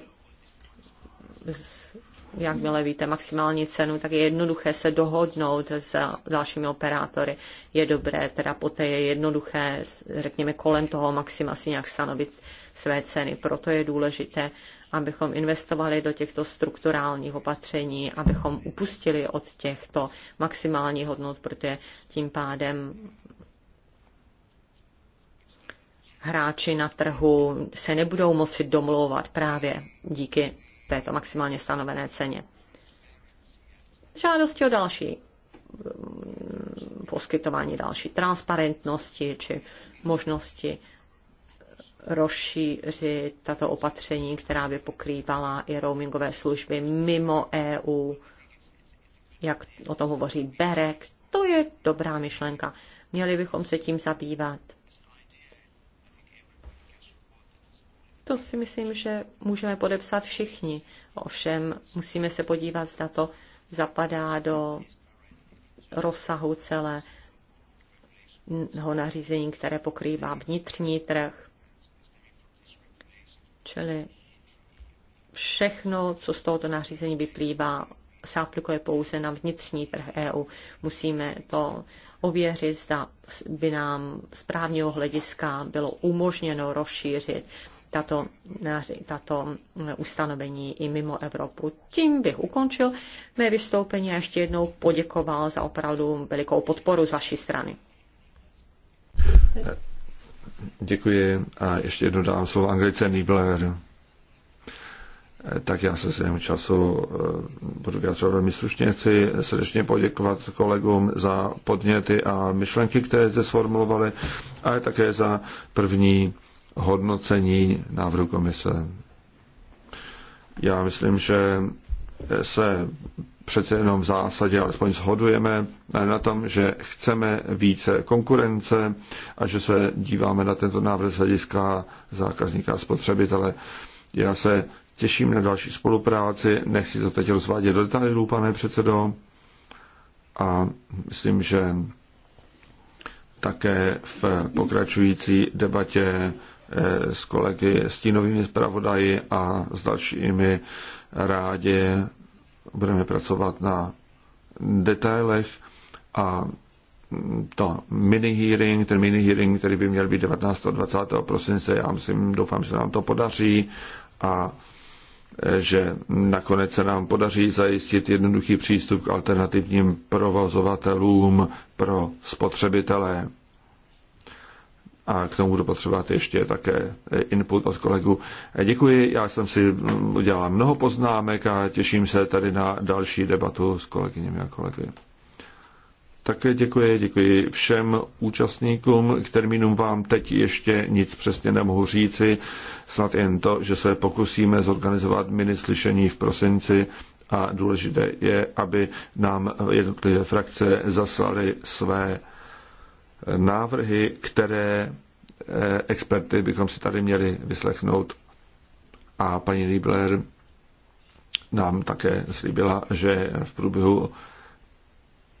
jakmile víte maximální cenu, tak je jednoduché se dohodnout s dalšími operátory. Je dobré, teda poté je jednoduché, řekněme, kolem toho maxima si nějak stanovit své ceny. Proto je důležité, abychom investovali do těchto strukturálních opatření, abychom upustili od těchto maximálních hodnot, protože tím pádem hráči na trhu se nebudou moci domlouvat právě díky této maximálně stanovené ceně. Žádosti o další mm, poskytování další transparentnosti či možnosti rozšířit tato opatření, která by pokrývala i roamingové služby mimo EU, jak o tom hovoří Berek. To je dobrá myšlenka. Měli bychom se tím zabývat. To si myslím, že můžeme podepsat všichni. Ovšem musíme se podívat, zda to zapadá do rozsahu celého nařízení, které pokrývá vnitřní trh. Čili všechno, co z tohoto nařízení vyplývá, se aplikuje pouze na vnitřní trh EU. Musíme to ověřit, zda by nám z právního hlediska bylo umožněno rozšířit tato, tato ustanovení i mimo Evropu. Tím bych ukončil mé vystoupení a ještě jednou poděkoval za opravdu velikou podporu z vaší strany. Děkuji a ještě jednou dám slovo Anglice Nibler. Tak já se svému času eh, budu vyjadřovat velmi slušně. Chci srdečně poděkovat kolegům za podněty a myšlenky, které jste sformulovali, ale také za první hodnocení návrhu komise. Já myslím, že se přece jenom v zásadě alespoň shodujeme na tom, že chceme více konkurence a že se díváme na tento návrh z hlediska zákazníka a spotřebitele. Já se těším na další spolupráci, nechci to teď rozvádět do detailů, pane předsedo, a myslím, že také v pokračující debatě Eh, s kolegy, s tínovými zpravodaji a s dalšími rádi budeme pracovat na detailech a to mini hearing, ten mini hearing, který by měl být 19. a 20. prosince, já myslím, doufám, že nám to podaří a eh, že nakonec se nám podaří zajistit jednoduchý přístup k alternativním provozovatelům pro spotřebitele a k tomu budu potřebovat ještě také eh, input od kolegu. Eh, děkuji, já jsem si mm, udělal mnoho poznámek a těším se tady na další debatu s kolegyněmi a kolegy. Také eh, děkuji, děkuji všem účastníkům. K termínům vám teď ještě nic přesně nemohu říci, snad jen to, že se pokusíme zorganizovat minislyšení v prosinci a důležité je, aby nám jednotlivé frakce zaslali své návrhy, které eh, experty bychom si tady měli vyslechnout. A paní Liebler nám také slíbila, že v průběhu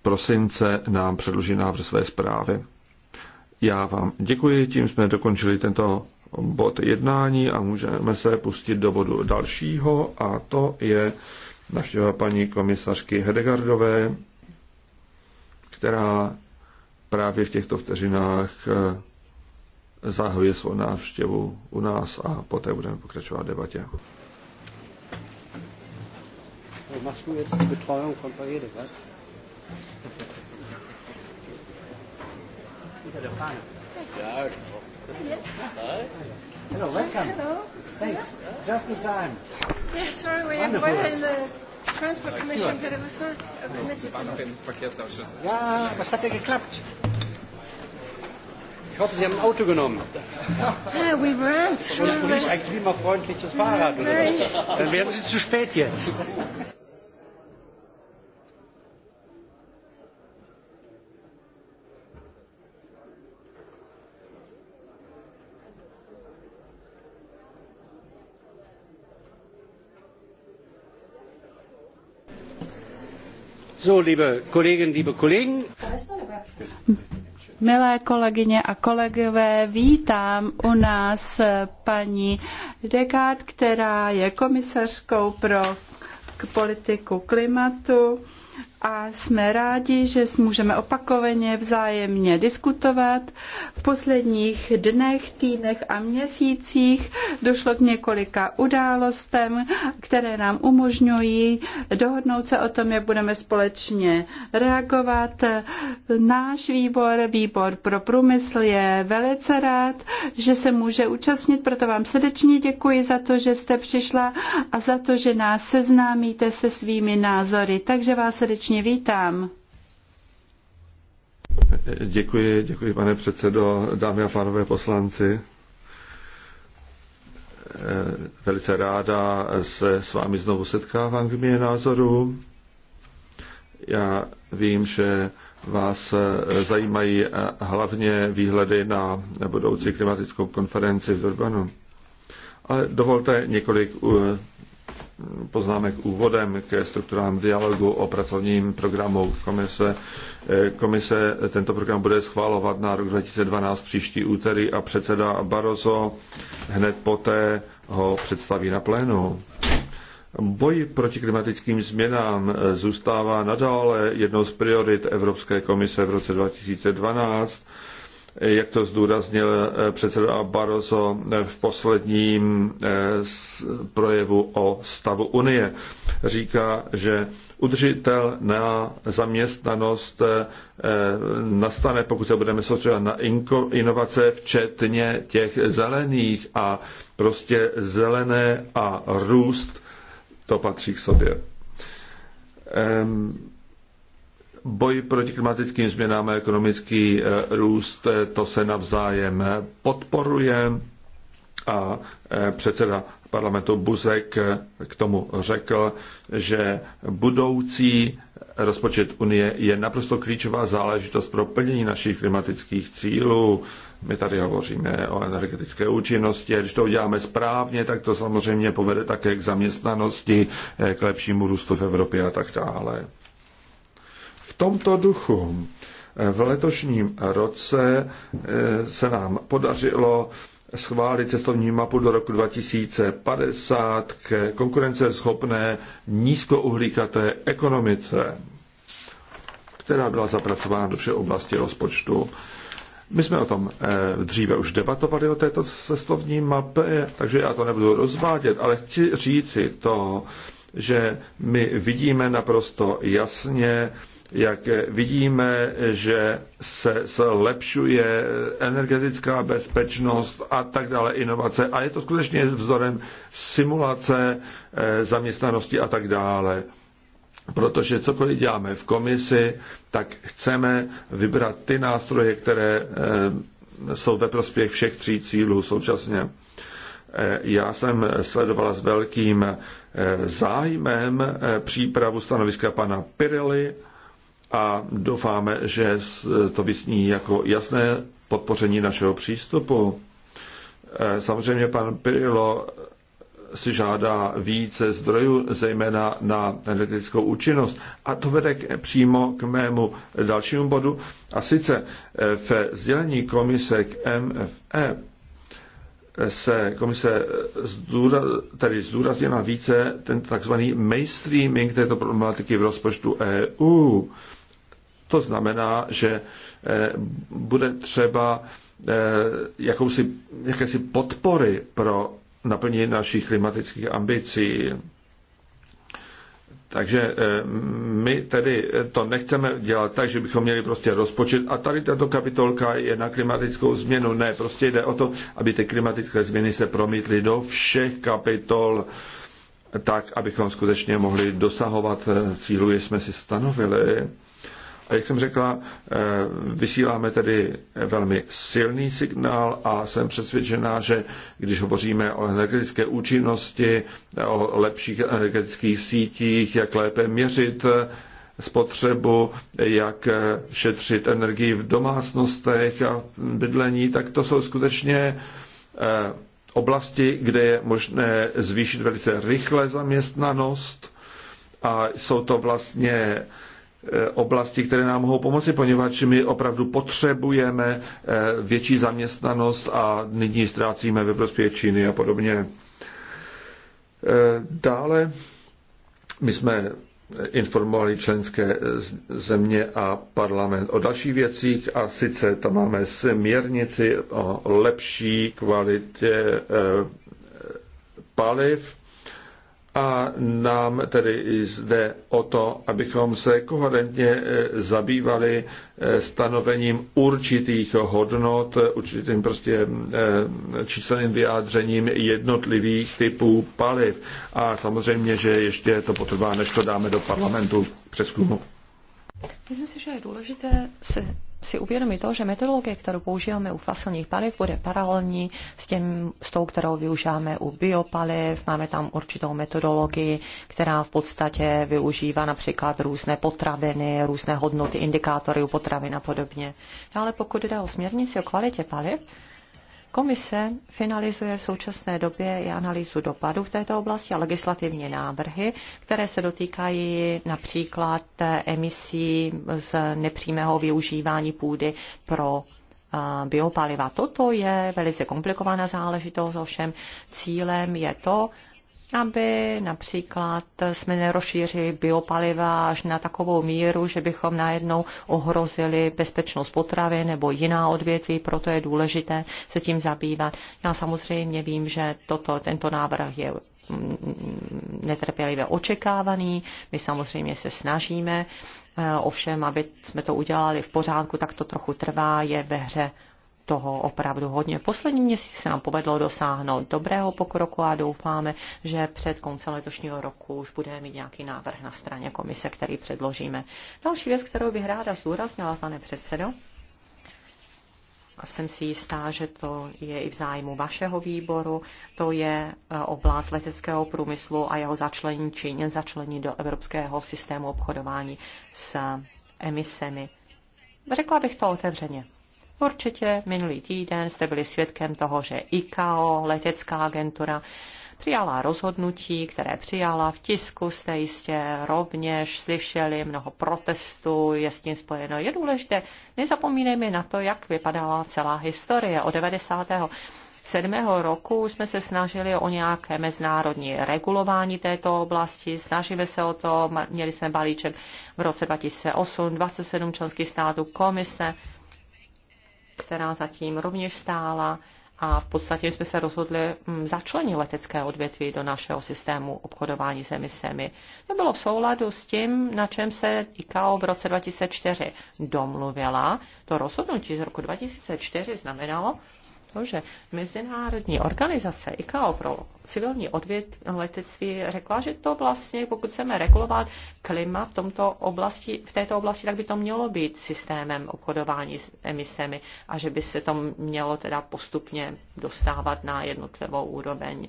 prosince nám předloží návrh své zprávy. Já vám děkuji, tím jsme dokončili tento bod jednání a můžeme se pustit do bodu dalšího a to je naštěva paní komisařky Hedegardové, která právě v těchto vteřinách eh, zahajuje svou návštěvu u nás a poté budeme pokračovat v debatě. Machst Hello, welcome. Hello. Thanks. Just in time. Yeah, sorry, we are in the Transport Commission, but it was not a committee. No. Ja, was hat ja er geklappt? Ich hoffe, Sie haben ein Auto genommen. Yeah, we ran through Und ein klimafreundliches Fahrrad. Oder Dann werden Sie zu spät jetzt. Milé kolegyně a kolegové, vítám u nás paní Degard, která je komisařkou pro politiku klimatu a jsme rádi, že můžeme opakovaně vzájemně diskutovat. V posledních dnech, týdnech a měsících došlo k několika událostem, které nám umožňují dohodnout se o tom, jak budeme společně reagovat. Náš výbor, výbor pro průmysl, je velice rád, že se může účastnit, proto vám srdečně děkuji za to, že jste přišla a za to, že nás seznámíte se svými názory. Takže vás srdečně srdečně vítám. Děkuji, děkuji pane předsedo, dámy a pánové poslanci. Eh, velice ráda se s vámi znovu setkávám k mě názoru. Já vím, že vás zajímají hlavně výhledy na budoucí klimatickou konferenci v Durbanu. Ale dovolte několik eh, poznámek úvodem ke strukturám dialogu o pracovním programu komise. Komise tento program bude schválovat na rok 2012 příští úterý a předseda Barroso hned poté ho představí na plénu. Boj proti klimatickým změnám zůstává nadále jednou z priorit Evropské komise v roce 2012 jak to zdůraznil eh, předseda Barroso eh, v posledním eh, projevu o stavu Unie. Říká, že udržitelná zaměstnanost nastane, pokud se budeme soustředit na inovace, včetně těch zelených a prostě zelené a růst, to patří k sobě. Um, Boj proti klimatickým změnám a ekonomický eh, růst, eh, to se navzájem eh, podporuje a předseda parlamentu Buzek k tomu řekl, že budoucí rozpočet Unie je naprosto klíčová záležitost pro plnění našich klimatických cílů. My tady hovoříme o energetické účinnosti a když to uděláme správně, tak to samozřejmě povede také k zaměstnanosti, k lepšímu růstu v Evropě a tak dále tomto duchu v letošním roce eh, se nám podařilo schválit cestovní mapu do roku 2050 k konkurenceschopné nízkouhlíkaté ekonomice, která byla zapracována do všech oblasti rozpočtu. My jsme o tom eh, dříve už debatovali o této cestovní mapě, takže já to nebudu rozvádět, ale chci říci to, že my vidíme naprosto jasně, jak vidíme, že se zlepšuje energetická bezpečnost a tak dále, inovace. A je to skutečně vzorem simulace eh, zaměstnanosti a tak dále. Protože cokoliv děláme v komisi, tak chceme vybrat ty nástroje, které eh, jsou ve prospěch všech tří cílů současně. Eh, já jsem sledovala s velkým zájmem přípravu stanoviska pana Pirelli, a doufáme, že to vysní jako jasné podpoření našeho přístupu. Eh, samozřejmě pan Pirilo si žádá více zdrojů, zejména na energetickou účinnost. A to vede k, přímo k mému dalšímu bodu. A sice eh, v sdělení komise k MFE se komise zdůra, tedy zdůraznila více ten takzvaný mainstreaming této problematiky v rozpočtu EU. To znamená, že eh, bude třeba eh, jakousi, jakési podpory pro naplnění našich klimatických ambicí. Takže eh, my tedy to nechceme dělat tak, že bychom měli prostě rozpočet a tady tato kapitolka je na klimatickou změnu. Ne, prostě jde o to, aby ty klimatické změny se promítly do všech kapitol tak, abychom skutečně mohli dosahovat cílů, jež jsme si stanovili. A jak jsem řekla, eh, vysíláme tedy velmi silný signál a jsem přesvědčená, že když hovoříme o energetické účinnosti, o lepších energetických sítích, jak lépe měřit eh, spotřebu, jak eh, šetřit energii v domácnostech a bydlení, tak to jsou skutečně oblasti, kde je možné zvýšit velice rychle zaměstnanost a jsou to vlastně Eh, oblasti, které nám mohou pomoci, poněvadž my opravdu potřebujeme eh, větší zaměstnanost a nyní ztrácíme ve prospěch Číny a podobně. Eh, dále my jsme informovali členské země a parlament o dalších věcích a sice tam máme směrnici o lepší kvalitě paliv a nám tedy jde o to, abychom se koherentně e, zabývali e, stanovením určitých hodnot, určitým prostě e, číselným vyjádřením jednotlivých typů paliv. A samozřejmě, že ještě to potrvá, než to dáme do parlamentu přeskumu. Myslím si, že je důležité se si uvědomí to, že metodologie, kterou používáme u fosilních paliv, bude paralelní s, těm, s tou, kterou využíváme u biopaliv. Máme tam určitou metodologii, která v podstatě využívá například různé potraviny, různé hodnoty, indikátory u potravin a podobně. Ale pokud jde o směrnici o kvalitě paliv, Komise finalizuje v současné době i analýzu dopadu v této oblasti a legislativní návrhy, které se dotýkají například emisí z nepřímého využívání půdy pro eh, biopaliva. Toto je velice komplikovaná záležitost, ovšem cílem je to, aby například jsme nerozšířili biopaliva až na takovou míru, že bychom najednou ohrozili bezpečnost potravy nebo jiná odvětví, proto je důležité se tím zabývat. Já samozřejmě vím, že toto, tento návrh je mm, netrpělivě očekávaný. My samozřejmě se snažíme, eh, ovšem, aby jsme to udělali v pořádku, tak to trochu trvá, je ve hře toho opravdu hodně. Poslední měsíc se nám povedlo dosáhnout dobrého pokroku a doufáme, že před koncem letošního roku už budeme mít nějaký návrh na straně komise, který předložíme. Další věc, kterou bych ráda zúraznila, pane předsedo, a jsem si jistá, že to je i v zájmu vašeho výboru, to je eh, oblast leteckého průmyslu a jeho začlení či začlení do evropského systému obchodování s emisemi. Řekla bych to otevřeně. Určitě minulý týden jste byli svědkem toho, že ICAO, letecká agentura, přijala rozhodnutí, které přijala. V tisku jste jistě rovněž slyšeli mnoho protestů, je s tím spojeno. Je důležité, nezapomínejme na to, jak vypadala celá historie od 90. 7. roku jsme se snažili o nějaké mezinárodní regulování této oblasti, snažíme se o to, měli jsme balíček v roce 2008, 27 členských států, komise, která zatím rovněž stála a v podstatě jsme se rozhodli mm, začlenit letecké odvětví do našeho systému obchodování s emisemi. To bylo v souladu s tím, na čem se ICAO v roce 2004 domluvila. To rozhodnutí z roku 2004 znamenalo, to, že mezinárodní organizace ICAO pro civilní odvět letectví řekla, že to vlastně, pokud chceme regulovat klima v, tomto oblasti, v této oblasti, tak by to mělo být systémem obchodování s emisemi a že by se to mělo teda postupně dostávat na jednotlivou úroveň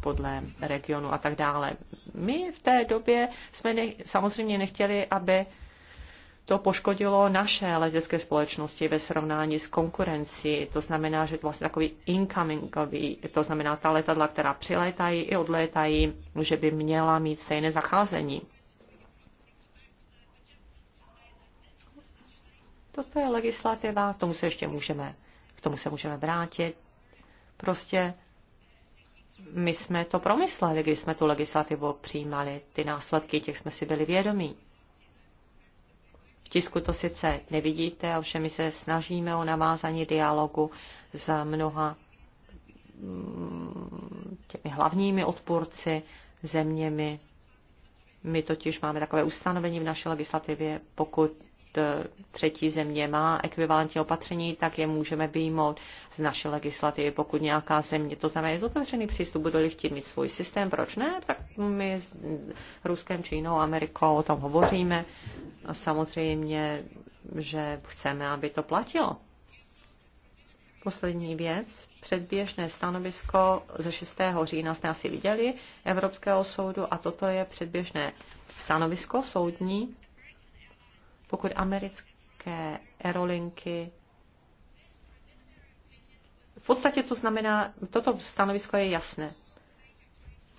podle regionu a tak dále. My v té době jsme ne, samozřejmě nechtěli, aby to poškodilo naše letecké společnosti ve srovnání s konkurencí. To znamená, že to vlastně takový incomingový, to znamená ta letadla, která přilétají i odlétají, že by měla mít stejné zacházení. Toto je legislativa, tomu se ještě můžeme, k tomu se můžeme vrátit. Prostě my jsme to promysleli, když jsme tu legislativu přijímali. Ty následky těch jsme si byli vědomí tisku to sice nevidíte, ovšem my se snažíme o navázání dialogu s mnoha mm, těmi hlavními odpůrci zeměmi. My totiž máme takové ustanovení v naší legislativě, pokud e, třetí země má ekvivalentní opatření, tak je můžeme výjmout z naší legislativy, pokud nějaká země, to znamená, je otevřený přístup, budou chtít mít svůj systém, proč ne, tak my s Ruskem, Čínou, Amerikou o tom hovoříme a samozřejmě, že chceme, aby to platilo. Poslední věc. Předběžné stanovisko ze 6. října jste asi viděli Evropského soudu a toto je předběžné stanovisko soudní, pokud americké aerolinky v podstatě to znamená, toto stanovisko je jasné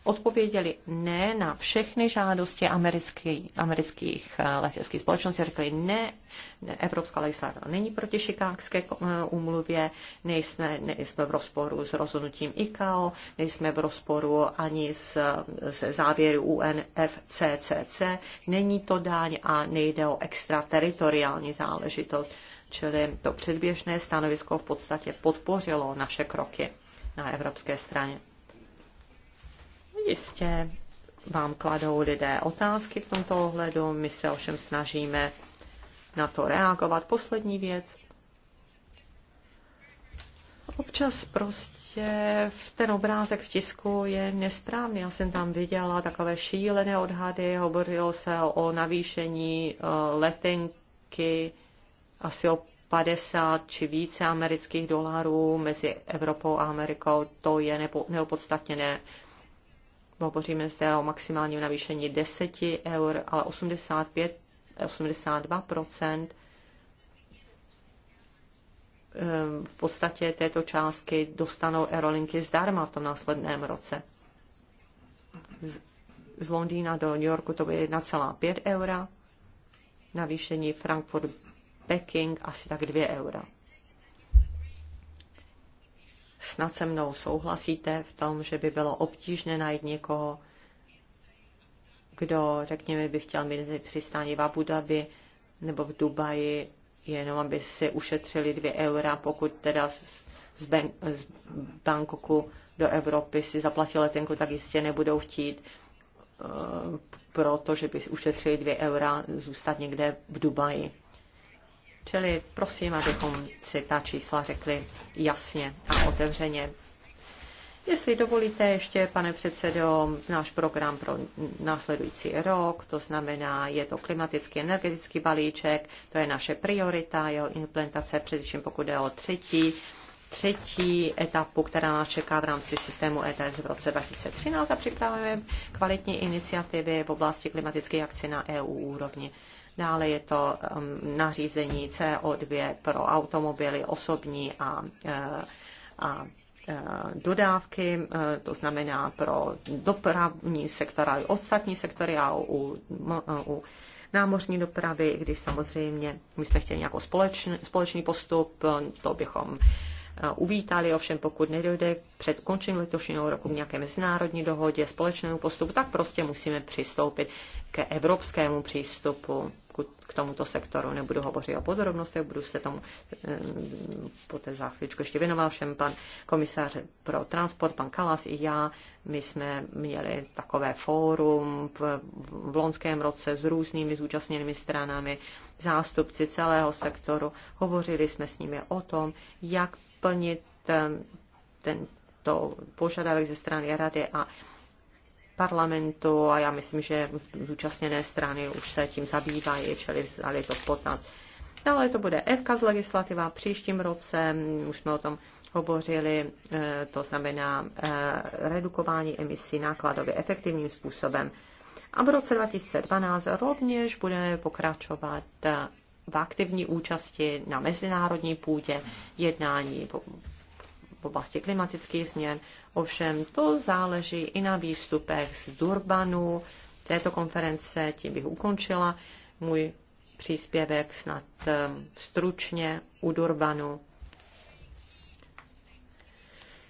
odpověděli ne na všechny žádosti americký, amerických eh, leteckých společností. Řekli ne, ne evropská legislativa není proti šikákské eh, úmluvě, nejsme, nejsme v rozporu s rozhodnutím ICAO, nejsme v rozporu ani s, s závěry UNFCCC, není to dáň a nejde o extrateritoriální záležitost. Čili to předběžné stanovisko v podstatě podpořilo naše kroky na evropské straně. Jistě vám kladou lidé otázky v tomto ohledu, my se ovšem snažíme na to reagovat. Poslední věc. Občas prostě v ten obrázek v tisku je nesprávný. Já jsem tam viděla takové šílené odhady, hovorilo se o navýšení eh, letenky asi o 50 či více amerických dolarů mezi Evropou a Amerikou. To je neopodstatněné hovoříme zde o maximálním navýšení 10 eur, ale 85, 82 eh, v podstatě této částky dostanou aerolinky zdarma v tom následném roce. Z Londýna do New Yorku to bude 1,5 eura, navýšení Frankfurt Peking asi tak 2 eura snad se mnou souhlasíte v tom, že by bylo obtížné najít někoho, kdo, řekněme, by chtěl mít přistání v Abu Dhabi nebo v Dubaji, jenom aby si ušetřili dvě eura, pokud teda z, ben, z Bangkoku do Evropy si zaplatí letenku, tak jistě nebudou chtít, eh, protože by ušetřili dvě eura, zůstat někde v Dubaji. Čili prosím, abychom si ta čísla řekli jasně a otevřeně. Jestli dovolíte ještě, pane předsedo, náš program pro následující rok, to znamená, je to klimatický energetický balíček, to je naše priorita, jeho implementace, především pokud je o třetí, třetí etapu, která nás čeká v rámci systému ETS v roce 2013 a připravujeme kvalitní iniciativy v oblasti klimatické akce na EU úrovni. Dále je to um, nařízení CO2 pro automobily osobní a, eh, a eh, dodávky, eh, to znamená pro dopravní sektor a ostatní sektory a u, u námořní dopravy, když samozřejmě my jsme chtěli nějaký společný, společný postup, to bychom uvítali, ovšem pokud nedojde před ukončením letošního roku v nějaké mezinárodní dohodě, společnému postupu, tak prostě musíme přistoupit k evropskému přístupu k tomuto sektoru. Nebudu hovořit o podrobnostech, budu se tomu eh, poté za chvíličku ještě věnoval všem pan komisář pro transport, pan Kalas i já. My jsme měli takové fórum v, v loňském roce s různými zúčastněnými stranami, zástupci celého sektoru. Hovořili jsme s nimi o tom, jak plnit ehm, tento požadavek ze strany Rady a parlamentu a já myslím, že zúčastněné strany už se tím zabývají, čili vzali to pod nás. Dále to bude z legislativa příštím roce, už jsme o tom hovořili, eh, to znamená eh, redukování emisí nákladově efektivním způsobem. A v roce 2012 rovněž budeme pokračovat eh, v aktivní účasti na mezinárodní půdě jednání v oblasti klimatických změn. Ovšem to záleží i na výstupech z Durbanu této konference. Tím bych ukončila můj příspěvek snad ehm, stručně u Durbanu.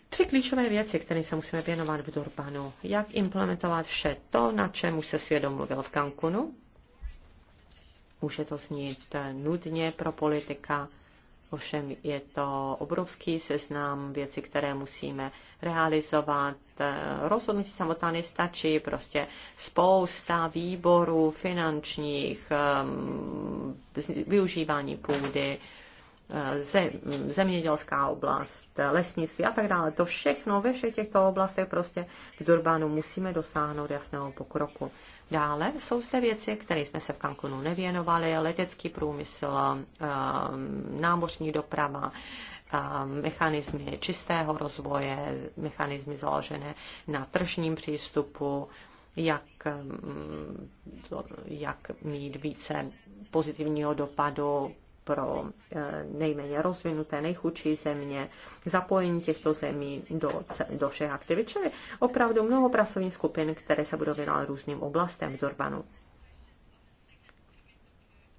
Tři klíčové věci, které se musíme věnovat v Durbanu. Jak implementovat vše to, na čem už se svědom mluvil v Cancunu, Může to znít nudně pro politika, ovšem je to obrovský seznam věcí, které musíme realizovat. Rozhodnutí samotná nestačí, prostě spousta výborů finančních, um, využívání půdy, zemědělská oblast, lesnictví a tak dále. To všechno ve všech těchto oblastech prostě v Durbánu musíme dosáhnout jasného pokroku. Dále jsou zde věci, které jsme se v Cancunu nevěnovali, letecký průmysl, um, námořní doprava, um, mechanismy čistého rozvoje, mechanismy založené na tržním přístupu, jak, um, jak mít více pozitivního dopadu pro eh, nejméně rozvinuté, nejchudší země, zapojení těchto zemí do, do všech aktivit, čili opravdu mnoho pracovních skupin, které se budou věnovat různým oblastem v Durbanu.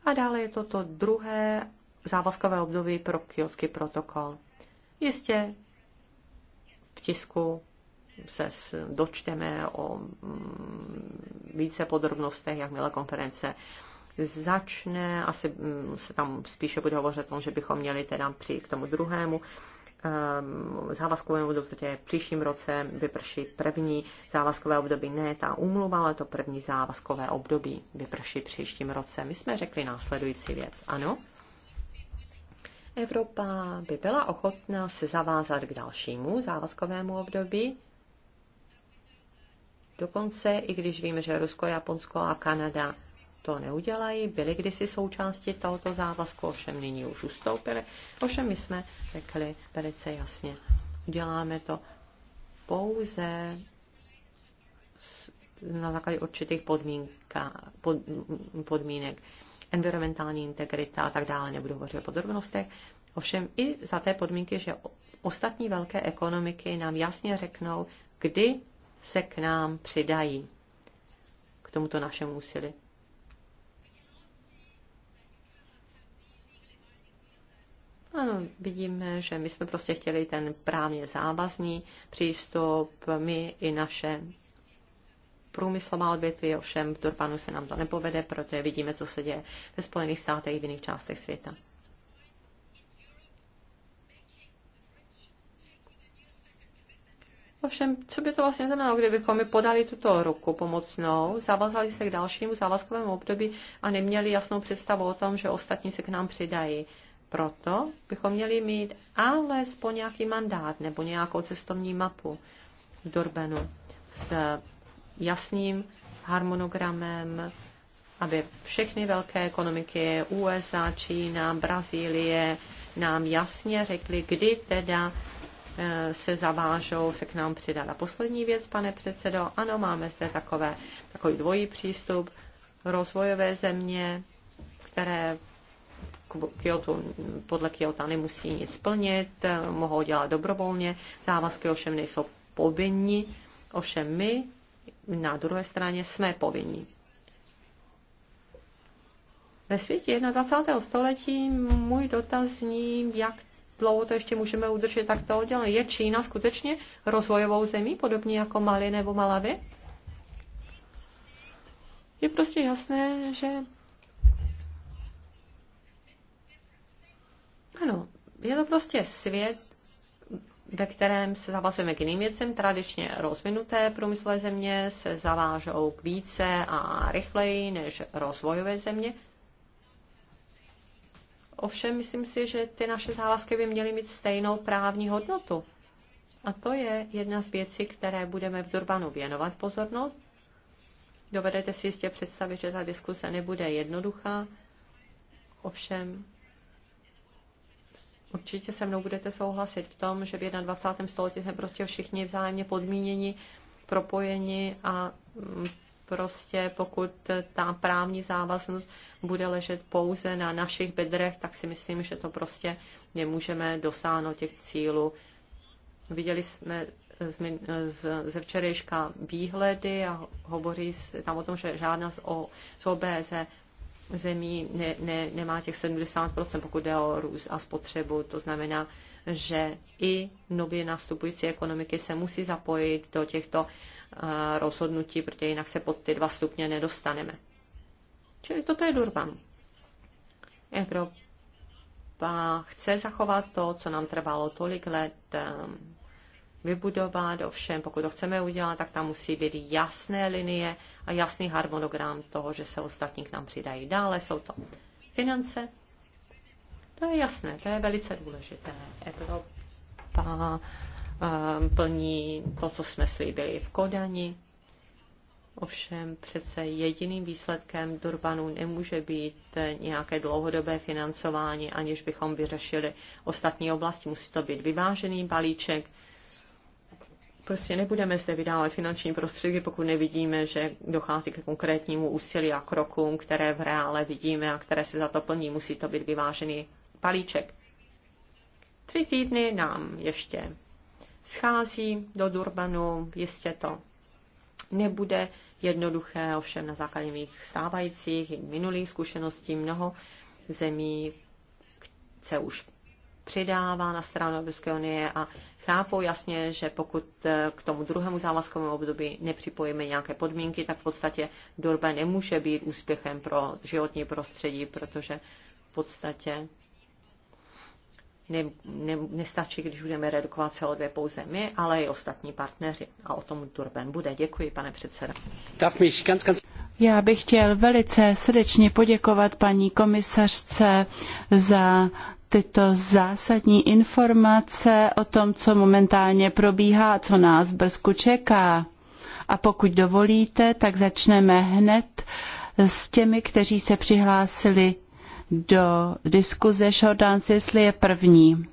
A dále je toto druhé závazkové období pro Kyotský protokol. Jistě v tisku se dočteme o mm, více podrobnostech, jakmile konference začne, asi mm, se tam spíše bude hovořit o tom, že bychom měli teda přijít k tomu druhému ehm, závazkovému závazkové období, protože příštím roce vyprší první závazkové období, ne ta úmluva, ale to první závazkové období vyprší příštím roce. My jsme řekli následující věc, ano. Evropa by byla ochotná se zavázat k dalšímu závazkovému období, dokonce i když víme, že Rusko, Japonsko a Kanada to neudělají, byli kdysi součástí tohoto závazku, ovšem nyní už ustoupili. Ovšem my jsme řekli velice jasně, uděláme to pouze na základě určitých podmínka, pod, podmínek, environmentální integrita a tak dále, nebudu hovořit o podrobnostech. Ovšem i za té podmínky, že ostatní velké ekonomiky nám jasně řeknou, kdy se k nám přidají k tomuto našemu úsilí. Ano, vidíme, že my jsme prostě chtěli ten právně závazný přístup, my i naše průmyslová odvětví, ovšem v Durbanu se nám to nepovede, protože vidíme, co se děje ve Spojených státech i v jiných částech světa. Ovšem, co by to vlastně znamenalo, kdybychom mi podali tuto ruku pomocnou, zavazali se k dalšímu závazkovému období a neměli jasnou představu o tom, že ostatní se k nám přidají? proto bychom měli mít alespoň nějaký mandát nebo nějakou cestovní mapu v Durbenu s jasným harmonogramem, aby všechny velké ekonomiky USA, Čína, Brazílie nám jasně řekly, kdy teda eh, se zavážou se k nám přidat. A poslední věc, pane předsedo, ano, máme zde takové, takový dvojí přístup. Rozvojové země, které Kyoto, podle Kyoto nemusí nic splnit, mohou dělat dobrovolně, závazky ovšem nejsou povinni, ovšem my na druhé straně jsme povinni. Ve světě 21. století můj dotaz zní, jak dlouho to ještě můžeme udržet takto oddělené. Je Čína skutečně rozvojovou zemí, podobně jako Mali nebo Malavy? Je prostě jasné, že Ano, je to prostě svět, ve kterém se zavazujeme k jiným věcem. Tradičně rozvinuté průmyslové země se zavážou k více a rychleji než rozvojové země. Ovšem, myslím si, že ty naše závazky by měly mít stejnou právní hodnotu. A to je jedna z věcí, které budeme v Durbanu věnovat pozornost. Dovedete si jistě představit, že ta diskuse nebude jednoduchá. Ovšem, určitě se mnou budete souhlasit v tom, že v 21. století jsme prostě všichni vzájemně podmíněni, propojeni a mm, prostě pokud ta právní závaznost bude ležet pouze na našich bedrech, tak si myslím, že to prostě nemůžeme dosáhnout těch cílů. Viděli jsme z, z, ze včerejška výhledy a hovoří tam o tom, že žádná z, o, z OBZ e zemí ne, ne, nemá těch 70%, pokud jde o růst a spotřebu. To znamená, že i nově nastupující ekonomiky se musí zapojit do těchto eh, rozhodnutí, protože jinak se pod ty dva stupně nedostaneme. Čili toto je Durban. Evropa chce zachovat to, co nám trvalo tolik let, eh, vybudovat, ovšem pokud to chceme udělat, tak tam musí být jasné linie a jasný harmonogram toho, že se ostatní k nám přidají. Dále jsou to finance. To je jasné, to je velice důležité. Evropa eh, plní to, co jsme slíbili v Kodani. Ovšem přece jediným výsledkem Durbanu nemůže být nějaké dlouhodobé financování, aniž bychom vyřešili ostatní oblasti. Musí to být vyvážený balíček, Prostě nebudeme zde vydávat finanční prostředky, pokud nevidíme, že dochází ke konkrétnímu úsilí a krokům, které v reále vidíme a které se za to plní. Musí to být vyvážený palíček. Tři týdny nám ještě schází do Durbanu, jistě to nebude jednoduché, ovšem na základě mých stávajících i minulých zkušeností mnoho zemí se už přidává na stranu Evropské unie a chápou jasně, že pokud eh, k tomu druhému závazkovému období nepřipojíme nějaké podmínky, tak v podstatě Durban nemůže být úspěchem pro životní prostředí, protože v podstatě ne, ne, nestačí, když budeme redukovat CO2 pouze my, ale i ostatní partneři. A o tom Durban bude. Děkuji, pane předseda. Já bych chtěl velice srdečně poděkovat paní komisařce za tyto zásadní informace o tom, co momentálně probíhá a co nás v Brzku čeká. A pokud dovolíte, tak začneme hned s těmi, kteří se přihlásili do diskuze. Jordan jestli je první.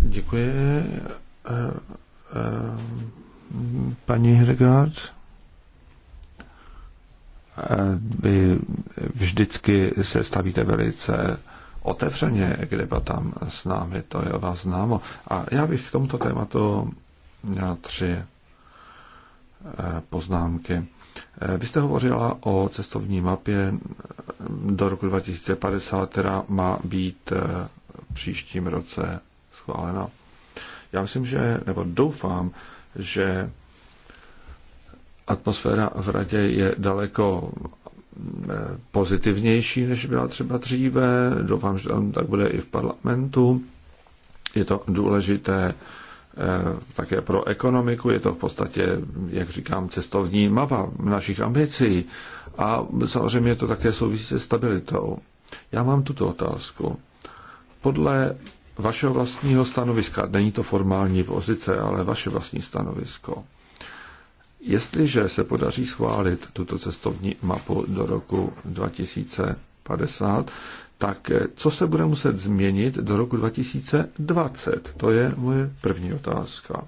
Děkuji. Eh, eh, paní Hregard vy vždycky se stavíte velice otevřeně k debatám s námi, to je o vás známo. A já bych k tomuto tématu měl tři eh, poznámky. Eh, vy jste hovořila o cestovní mapě eh, do roku 2050, která má být příštím roce schválena. Já myslím, že, nebo doufám, že atmosféra v radě je daleko eh, pozitivnější, než byla třeba dříve. Doufám, že tam tak bude i v parlamentu. Je to důležité eh, také pro ekonomiku, je to v podstatě, jak říkám, cestovní mapa našich ambicí a samozřejmě to také souvisí se stabilitou. Já mám tuto otázku. Podle vašeho vlastního stanoviska, není to formální pozice, ale vaše vlastní stanovisko, Jestliže se podaří schválit tuto cestovní mapu do roku 2050, tak co se bude muset změnit do roku 2020? To je moje první otázka.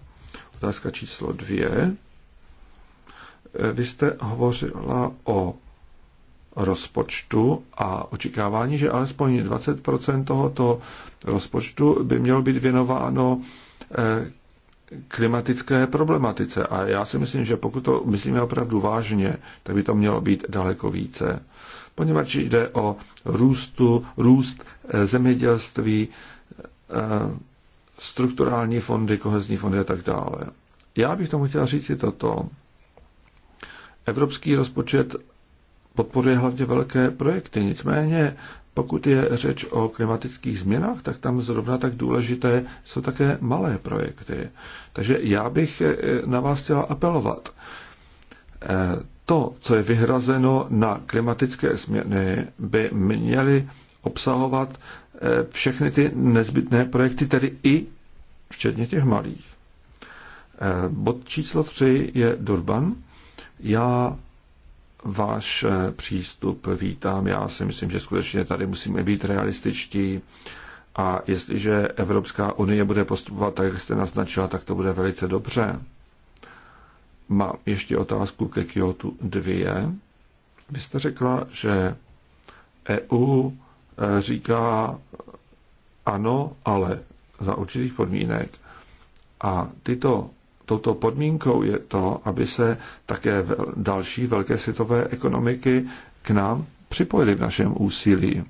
Otázka číslo dvě. Vy jste hovořila o rozpočtu a očekávání, že alespoň 20 tohoto rozpočtu by mělo být věnováno eh, klimatické problematice. A já si myslím, že pokud to myslíme opravdu vážně, tak by to mělo být daleko více. Poněvadž jde o růstu, růst eh, zemědělství, eh, strukturální fondy, kohezní fondy a tak dále. Já bych tomu chtěl říct i toto. Evropský rozpočet podporuje hlavně velké projekty, nicméně pokud je řeč o klimatických změnách, tak tam zrovna tak důležité jsou také malé projekty. Takže já bych eh, na vás chtěla apelovat. Eh, to, co je vyhrazeno na klimatické změny, by měly obsahovat eh, všechny ty nezbytné projekty, tedy i včetně těch malých. Bod číslo 3 je Durban. Já váš eh, přístup vítám. Já si myslím, že skutečně tady musíme být realističtí a jestliže Evropská unie bude postupovat tak, jak jste naznačila, tak to bude velice dobře. Mám ještě otázku ke Kyoto 2. Vy jste řekla, že EU eh, říká ano, ale za určitých podmínek. A tyto Touto podmínkou je to, aby se také další velké světové ekonomiky k nám připojily v našem úsilí.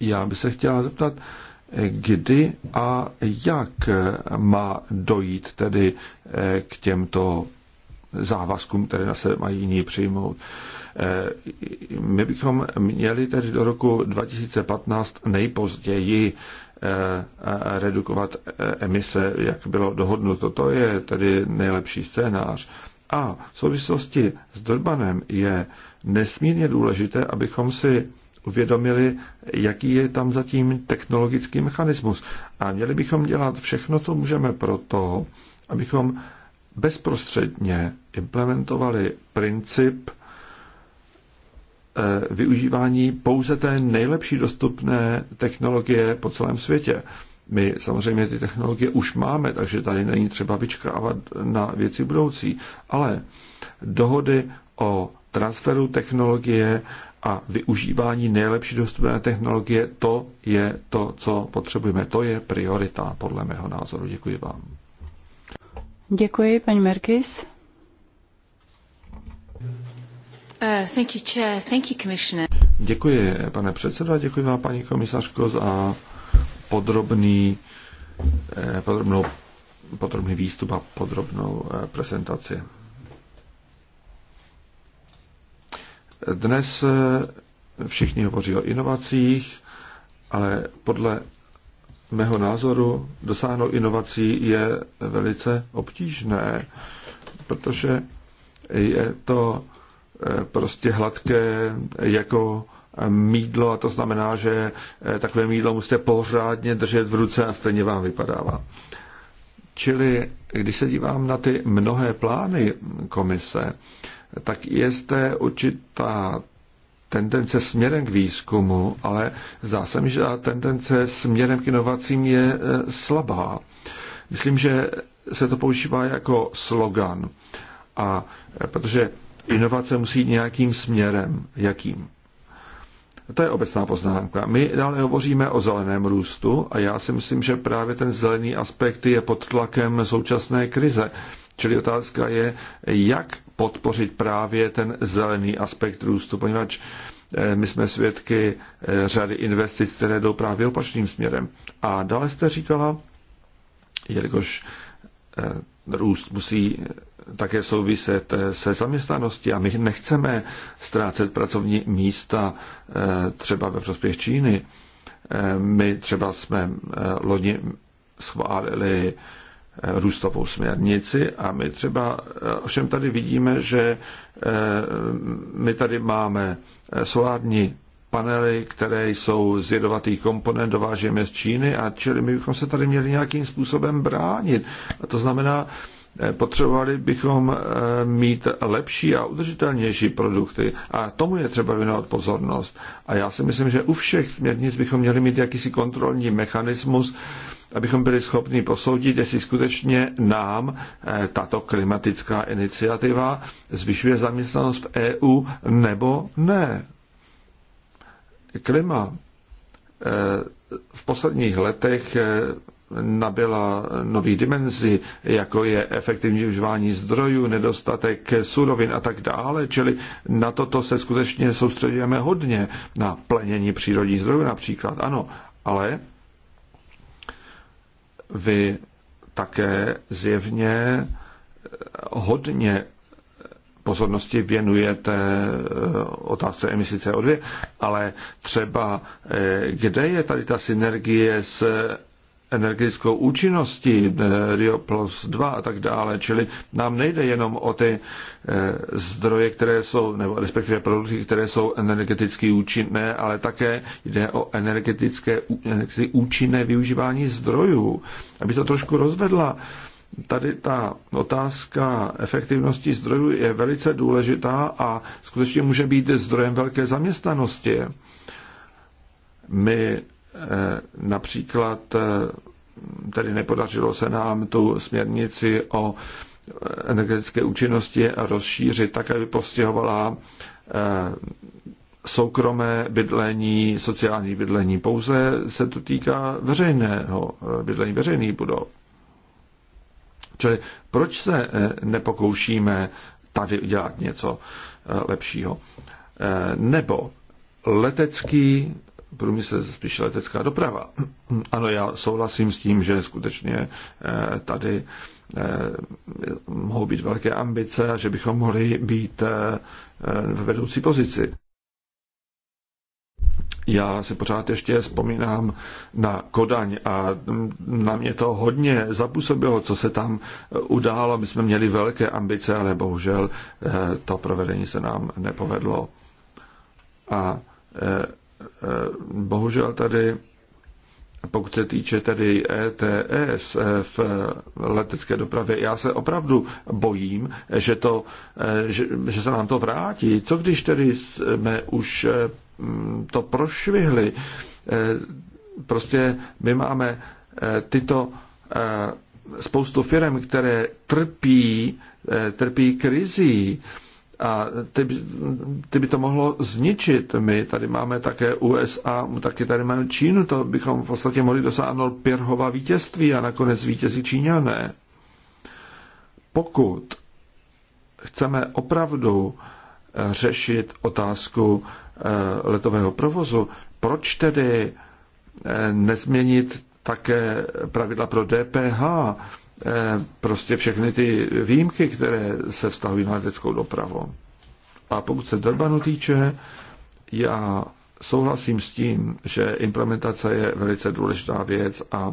Já bych se chtěla zeptat, kdy a jak má dojít tedy eh, k těmto závazkům, které na sebe mají jiní přijmout. Eh, my bychom měli tedy do roku 2015 nejpozději Eh, redukovat eh, emise, jak bylo dohodnuto. To je tedy nejlepší scénář. A v souvislosti s Durbanem je nesmírně důležité, abychom si uvědomili, jaký je tam zatím technologický mechanismus. A měli bychom dělat všechno, co můžeme pro to, abychom bezprostředně implementovali princip Eh, využívání pouze té nejlepší dostupné technologie po celém světě. My samozřejmě ty technologie už máme, takže tady není třeba vyčkávat na věci budoucí, ale dohody o transferu technologie a využívání nejlepší dostupné technologie, to je to, co potřebujeme. To je priorita, podle mého názoru. Děkuji vám. Děkuji, paní Merkis. Uh, děkuji, pane předsedo, a děkuji vám, paní komisařko, za podrobný, eh, podrobnou, podrobný výstup a podrobnou eh, prezentaci. Dnes eh, všichni hovoří o inovacích, ale podle mého názoru dosáhnout inovací je velice obtížné, protože je to Eh, prostě hladké jako mídlo a to znamená, že eh, takové mídlo musíte pořádně držet v ruce a stejně vám vypadává. Čili když se dívám na ty mnohé plány komise, tak je zde určitá tendence směrem k výzkumu, ale zdá se mi, že ta tendence směrem k inovacím je eh, slabá. Myslím, že se to používá jako slogan. A protože inovace musí jít nějakým směrem. Jakým? To je obecná poznámka. My dále hovoříme o zeleném růstu a já si myslím, že právě ten zelený aspekt je pod tlakem současné krize. Čili otázka je, jak podpořit právě ten zelený aspekt růstu, poněvadž eh, my jsme svědky eh, řady investic, které jdou právě opačným směrem. A dále jste říkala, jelikož eh, růst musí také souviset eh, se zaměstnaností a my nechceme ztrácet pracovní místa eh, třeba ve prospěch Číny. Eh, my třeba jsme loni schválili růstovou směrnici a my třeba, ovšem tady vidíme, že my tady máme solární panely, které jsou z jedovatých komponent, dovážíme z Číny a čili my bychom se tady měli nějakým způsobem bránit. A to znamená, Eh, potřebovali bychom eh, mít lepší a udržitelnější produkty a tomu je třeba věnovat pozornost. A já si myslím, že u všech směrnic bychom měli mít jakýsi kontrolní mechanismus, abychom byli schopni posoudit, jestli skutečně nám eh, tato klimatická iniciativa zvyšuje zaměstnanost v EU nebo ne. Klima v posledních letech nabyla nových dimenzí, jako je efektivní užívání zdrojů, nedostatek surovin a tak dále, čili na toto se skutečně soustředujeme hodně, na plenění přírodních zdrojů například, ano, ale vy také zjevně hodně pozornosti věnujete eh, otázce emisí CO2, ale třeba eh, kde je tady ta synergie s energetickou účinností eh, Rio Plus 2 a tak dále, čili nám nejde jenom o ty eh, zdroje, které jsou, nebo respektive produkty, které jsou energeticky účinné, ale také jde o energetické, energeticky účinné využívání zdrojů. Aby to trošku rozvedla, tady ta otázka efektivnosti zdrojů je velice důležitá a skutečně může být zdrojem velké zaměstnanosti. My Eh, například eh, tedy nepodařilo se nám tu směrnici o eh, energetické účinnosti rozšířit tak, aby postihovala soukromé bydlení, sociální bydlení. Pouze se to týká veřejného bydlení, veřejný budov. Čili proč se nepokoušíme tady udělat něco lepšího? Nebo letecký průmysl spíš letecká doprava. Ano, já souhlasím s tím, že skutečně eh, tady eh, mohou být velké ambice a že bychom mohli být eh, ve vedoucí pozici. Já si pořád ještě vzpomínám na Kodaň a mm, na mě to hodně zapůsobilo, co se tam událo. My jsme měli velké ambice, ale bohužel to provedení se nám nepovedlo. A bohužel tady, pokud se týče tedy ETS v letecké dopravě, já se opravdu bojím, že, to, že, že se nám to vrátí. Co když tedy jsme už mm, to prošvihli? Prostě my máme tyto spoustu firm, které trpí, trpí krizí, a ty, by, ty by to mohlo zničit. My tady máme také USA, taky tady máme Čínu, to bychom v podstatě mohli dosáhnout Pirhova vítězství a nakonec vítězí Číňané. Pokud chceme opravdu eh, řešit otázku eh, letového provozu, proč tedy eh, nezměnit také pravidla pro DPH, Eh, prostě všechny ty výjimky, které se vztahují na leteckou dopravu. A pokud se Durbanu týče, já souhlasím s tím, že implementace je velice důležitá věc a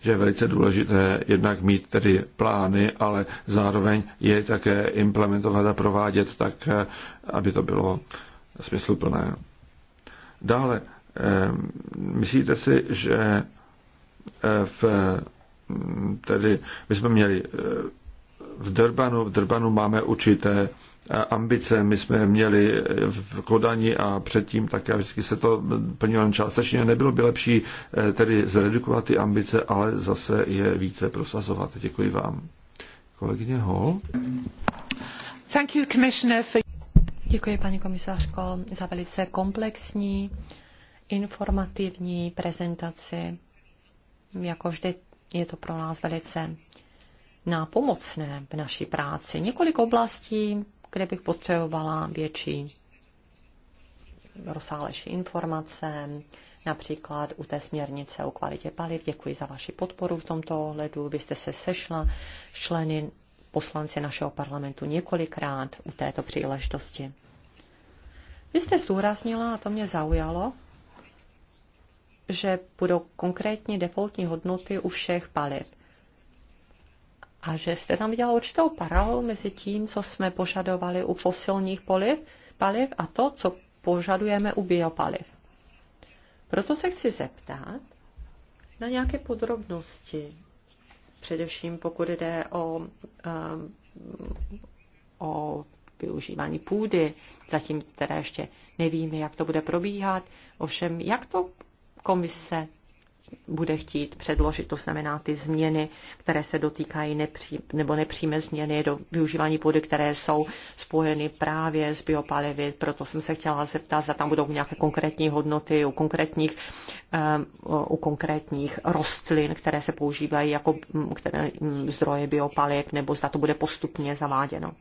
že je velice důležité jednak mít tedy plány, ale zároveň je také implementovat a provádět tak, eh, aby to bylo smysluplné. Dále, eh, myslíte si, že v Mm, tedy my jsme měli eh, v Drbanu, v Drbanu máme určité eh, ambice. My jsme měli eh, v Kodani a předtím také vždycky se to plnilo částečně. Nebylo by lepší tedy zredukovat ty ambice, ale zase je více prosazovat. Děkuji vám. Kolegyně Hall. Thank you, Commissioner, for... Děkuji, paní komisářko, za velice komplexní, informativní prezentaci. Jako vždy je to pro nás velice nápomocné v naší práci. Několik oblastí, kde bych potřebovala větší rozsálejší informace, například u té směrnice o kvalitě paliv. Děkuji za vaši podporu v tomto ohledu. Vy jste se sešla členy poslanci našeho parlamentu několikrát u této příležitosti. Vy jste zdůraznila, a to mě zaujalo, že budou konkrétní defaultní hodnoty u všech paliv. A že jste tam viděla určitou paralelu mezi tím, co jsme požadovali u fosilních poliv, paliv a to, co požadujeme u biopaliv. Proto se chci zeptat na nějaké podrobnosti, především pokud jde o, um, o využívání půdy. Zatím teda ještě nevíme, jak to bude probíhat. Ovšem, jak to komise bude chtít předložit, to znamená ty změny, které se dotýkají nepří, nebo nepřímé změny do využívání půdy, které jsou spojeny právě s biopalivy. Proto jsem se chtěla zeptat, zda tam budou nějaké konkrétní hodnoty u konkrétních, um, u konkrétních rostlin, které se používají jako mm, které, um, zdroje biopaliv, nebo zda to bude postupně zaváděno.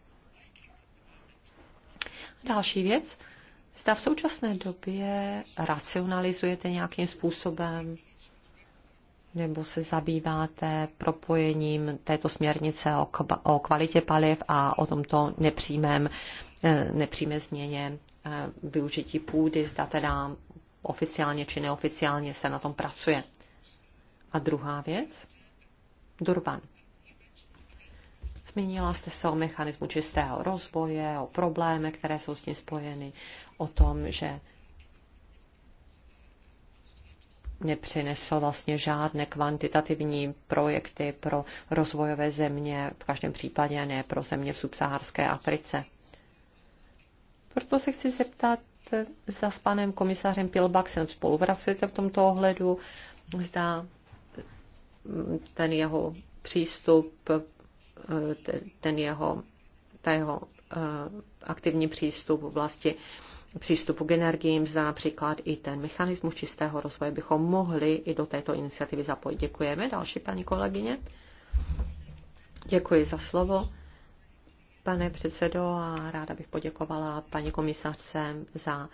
Další věc, Zda v současné době racionalizujete nějakým způsobem nebo se zabýváte propojením této směrnice o, o kvalitě paliv a o tomto nepřímém, eh, nepřímé změně eh, využití půdy, zda teda oficiálně či neoficiálně se na tom pracuje. A druhá věc, Durban. Zmínila jste se o mechanismu čistého rozvoje, o problémech, které jsou s tím spojeny, o tom, že nepřinesl vlastně žádné kvantitativní projekty pro rozvojové země, v každém případě ne pro země v subsaharské Africe. Proto se chci zeptat, zda s panem komisařem Pilbaxem spolupracujete v tomto ohledu, zda mm, ten jeho přístup, eh, ten jeho, ta jeho eh, aktivní přístup v oblasti přístupu k energiím, zda například i ten mechanismus čistého rozvoje bychom mohli i do této iniciativy zapojit. Děkujeme. Další paní kolegyně. Děkuji za slovo, pane předsedo, a ráda bych poděkovala paní komisařce za,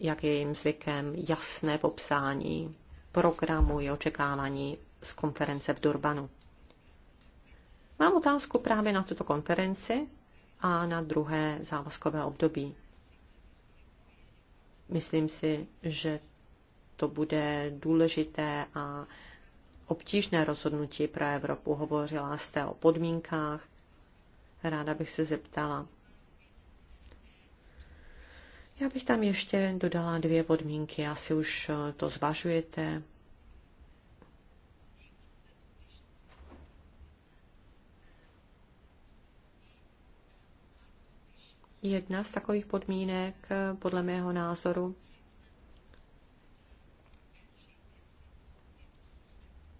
jak je zvykem, jasné popsání programu i očekávání z konference v Durbanu. Mám otázku právě na tuto konferenci a na druhé závazkové období. Myslím si, že to bude důležité a obtížné rozhodnutí pro Evropu. Hovořila jste o podmínkách. Ráda bych se zeptala. Já bych tam ještě dodala dvě podmínky. Asi už to zvažujete. Jedna z takových podmínek, eh, podle mého názoru,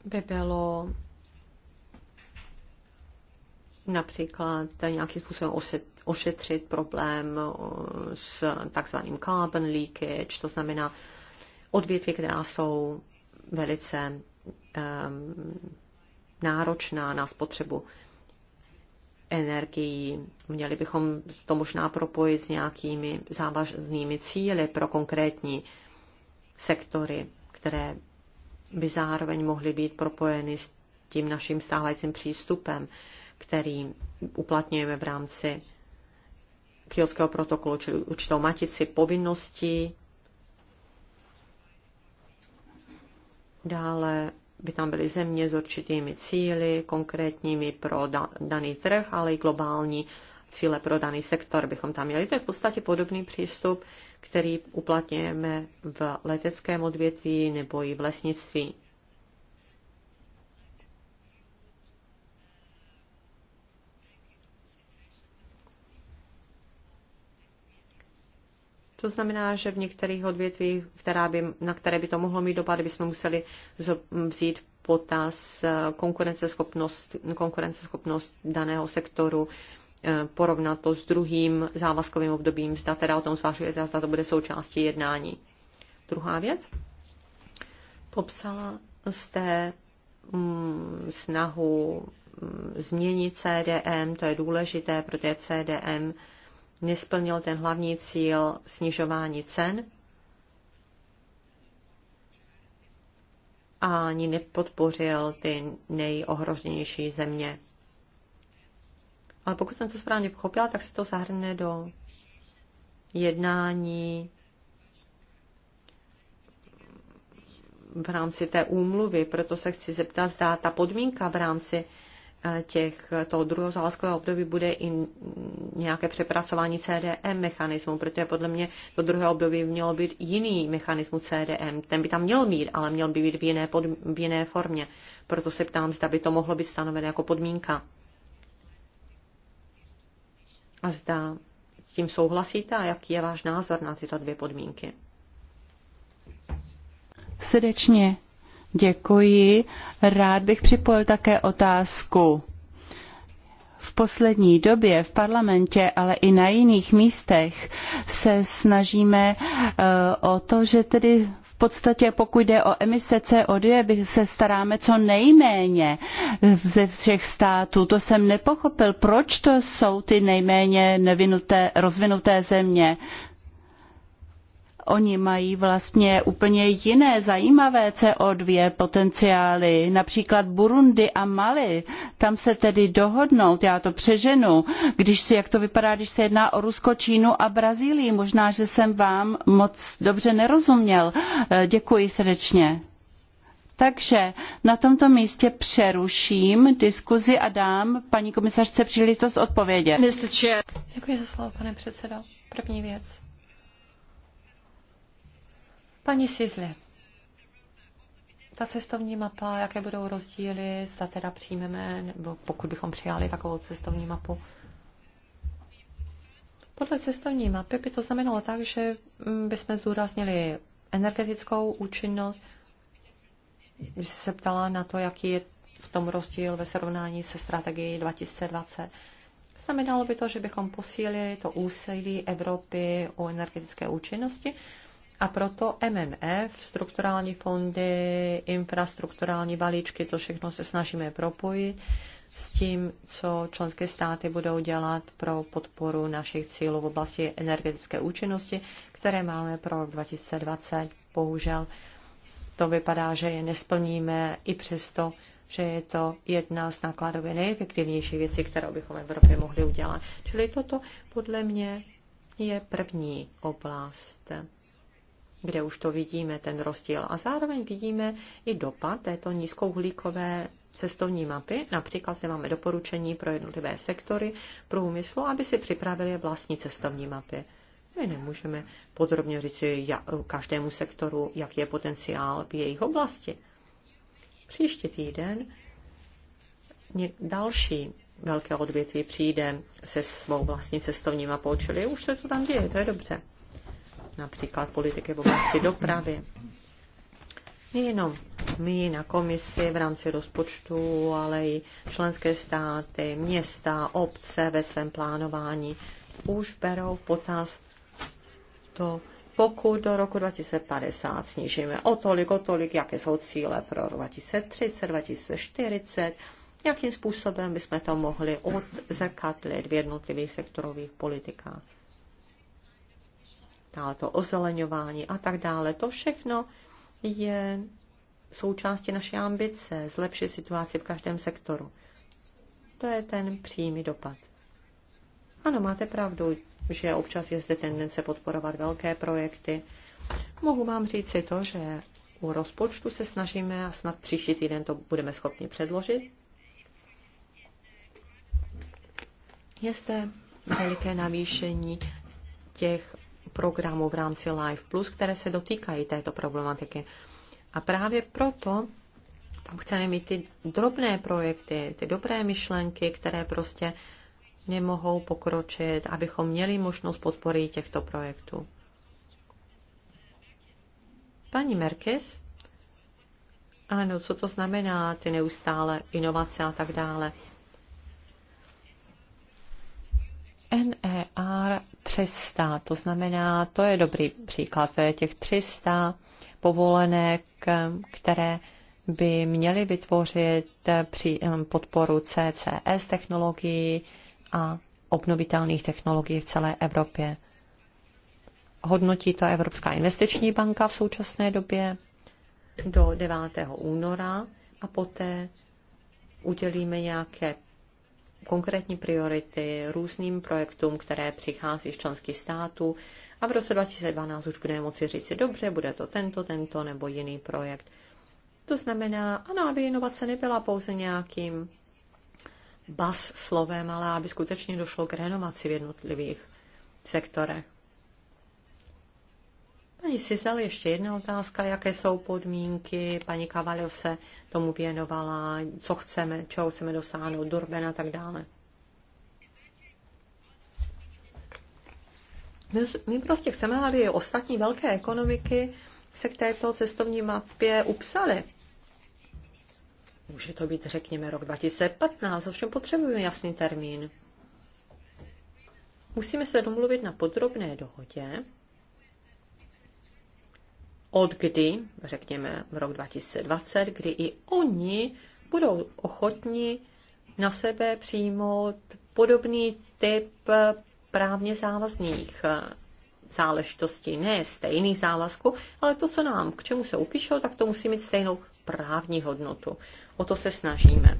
by bylo například nějakým způsobem ošetřit problém eh, s takzvaným carbon leakage, to znamená odvětví, která jsou velice um, náročná na spotřebu energií. Měli bychom to možná propojit s nějakými závažnými cíly pro konkrétní sektory, které by zároveň mohly být propojeny s tím naším stávajícím přístupem, který uplatňujeme v rámci Kyotského protokolu, čili určitou matici povinností. Dále aby tam byly země s určitými cíly, konkrétními pro da, daný trh, ale i globální cíle pro daný sektor bychom tam měli. To je v podstatě podobný přístup, který uplatňujeme v leteckém odvětví nebo i v lesnictví. To znamená, že v některých odvětvích, která by, na které by to mohlo mít dopad, bychom museli vzít v potaz eh, konkurenceschopnost, konkurenceschopnost daného sektoru, eh, porovnat to s druhým závazkovým obdobím, zda teda o tom zvažujete, zda to bude součástí jednání. Druhá věc. Popsala jste mm, snahu mm, změnit CDM, to je důležité, protože CDM nesplnil ten hlavní cíl snižování cen a ani nepodpořil ty nejohroženější země. Ale pokud jsem to správně pochopila, tak se to zahrne do jednání v rámci té úmluvy. Proto se chci zeptat, zda ta podmínka v rámci těch, toho druhého zálezkového období bude i nějaké přepracování CDM mechanismu, protože podle mě to druhé období mělo být jiný mechanismus CDM. Ten by tam měl být, ale měl by být v jiné, pod, v jiné formě. Proto se ptám, zda by to mohlo být stanoveno jako podmínka. A zda s tím souhlasíte a jaký je váš názor na tyto dvě podmínky? Srdečně Děkuji. Rád bych připojil také otázku. V poslední době v parlamentě, ale i na jiných místech se snažíme eh, o to, že tedy v podstatě pokud jde o emise CO2, se staráme co nejméně ze všech států. To jsem nepochopil, proč to jsou ty nejméně nevinuté, rozvinuté země. Oni mají vlastně úplně jiné zajímavé CO2 potenciály, například Burundi a Mali. Tam se tedy dohodnout, já to přeženu, když si, jak to vypadá, když se jedná o Rusko, Čínu a Brazílii. Možná, že jsem vám moc dobře nerozuměl. Eh, děkuji srdečně. Takže na tomto místě přeruším diskuzi a dám paní komisařce příležitost odpovědět. Děkuji za slovo, pane předsedo. První věc. Paní Sizli, ta cestovní mapa, jaké budou rozdíly, zda teda přijmeme, nebo pokud bychom přijali takovou cestovní mapu. Podle cestovní mapy by to znamenalo tak, že bychom zdůraznili energetickou účinnost. Když jsi se ptala na to, jaký je v tom rozdíl ve srovnání se strategií 2020, znamenalo by to, že bychom posílili to úsilí Evropy o energetické účinnosti a proto MMF, strukturální fondy, infrastrukturální balíčky, to všechno se snažíme propojit s tím, co členské státy budou dělat pro podporu našich cílů v oblasti energetické účinnosti, které máme pro rok 2020. Bohužel to vypadá, že je nesplníme i přesto, že je to jedna z nákladově nejefektivnějších věcí, kterou bychom v Evropě mohli udělat. Čili toto podle mě je první oblast kde už to vidíme, ten rozdíl. A zároveň vidíme i dopad této nízkouhlíkové cestovní mapy. Například zde máme doporučení pro jednotlivé sektory průmyslu, aby si připravili vlastní cestovní mapy. My nemůžeme podrobně říct každému sektoru, jaký je potenciál v jejich oblasti. Příští týden další velké odvětví přijde se svou vlastní cestovní mapou, čili už se to tam děje, to je dobře například politiky v oblasti dopravy. Nejenom my na komisi v rámci rozpočtu, ale i členské státy, města, obce ve svém plánování už berou potaz to, pokud do roku 2050 snížíme o tolik, o tolik, jaké jsou cíle pro 2030, 2040, jakým způsobem bychom to mohli odzrkadlit v jednotlivých sektorových politikách dále to ozeleňování a tak dále. To všechno je součástí naší ambice zlepšit situaci v každém sektoru. To je ten přímý dopad. Ano, máte pravdu, že občas je zde tendence podporovat velké projekty. Mohu vám říct si to, že u rozpočtu se snažíme a snad příští týden to budeme schopni předložit. Je zde veliké navýšení těch programů v rámci Life Plus, které se dotýkají této problematiky. A právě proto tam chceme mít ty drobné projekty, ty dobré myšlenky, které prostě nemohou pokročit, abychom měli možnost podpory těchto projektů. Paní Merkis? Ano, co to znamená ty neustále inovace a tak dále? NER 300, to znamená, to je dobrý příklad, to je těch 300 povolenek, které by měly vytvořit eh, při eh, podporu CCS technologií a obnovitelných technologií v celé Evropě. Hodnotí to Evropská investiční banka v současné době do 9. února a poté udělíme nějaké konkrétní priority různým projektům, které přichází z členských států a v roce 2012 už budeme moci říct si, dobře, bude to tento, tento nebo jiný projekt. To znamená, ano, aby inovace nebyla pouze nějakým bas slovem, ale aby skutečně došlo k renovaci v jednotlivých sektorech. Paní Sizal, ještě jedna otázka, jaké jsou podmínky, paní Kavalio se tomu věnovala, co chceme, čeho chceme dosáhnout, Durben a tak dále. My prostě chceme, aby ostatní velké ekonomiky se k této cestovní mapě upsaly. Může to být, řekněme, rok 2015, ovšem potřebujeme jasný termín. Musíme se domluvit na podrobné dohodě od kdy, řekněme v rok 2020, kdy i oni budou ochotni na sebe přijmout podobný typ právně závazných eh, záležitostí, ne stejný závazku, ale to, co nám, k čemu se upíšou, tak to musí mít stejnou právní hodnotu. O to se snažíme.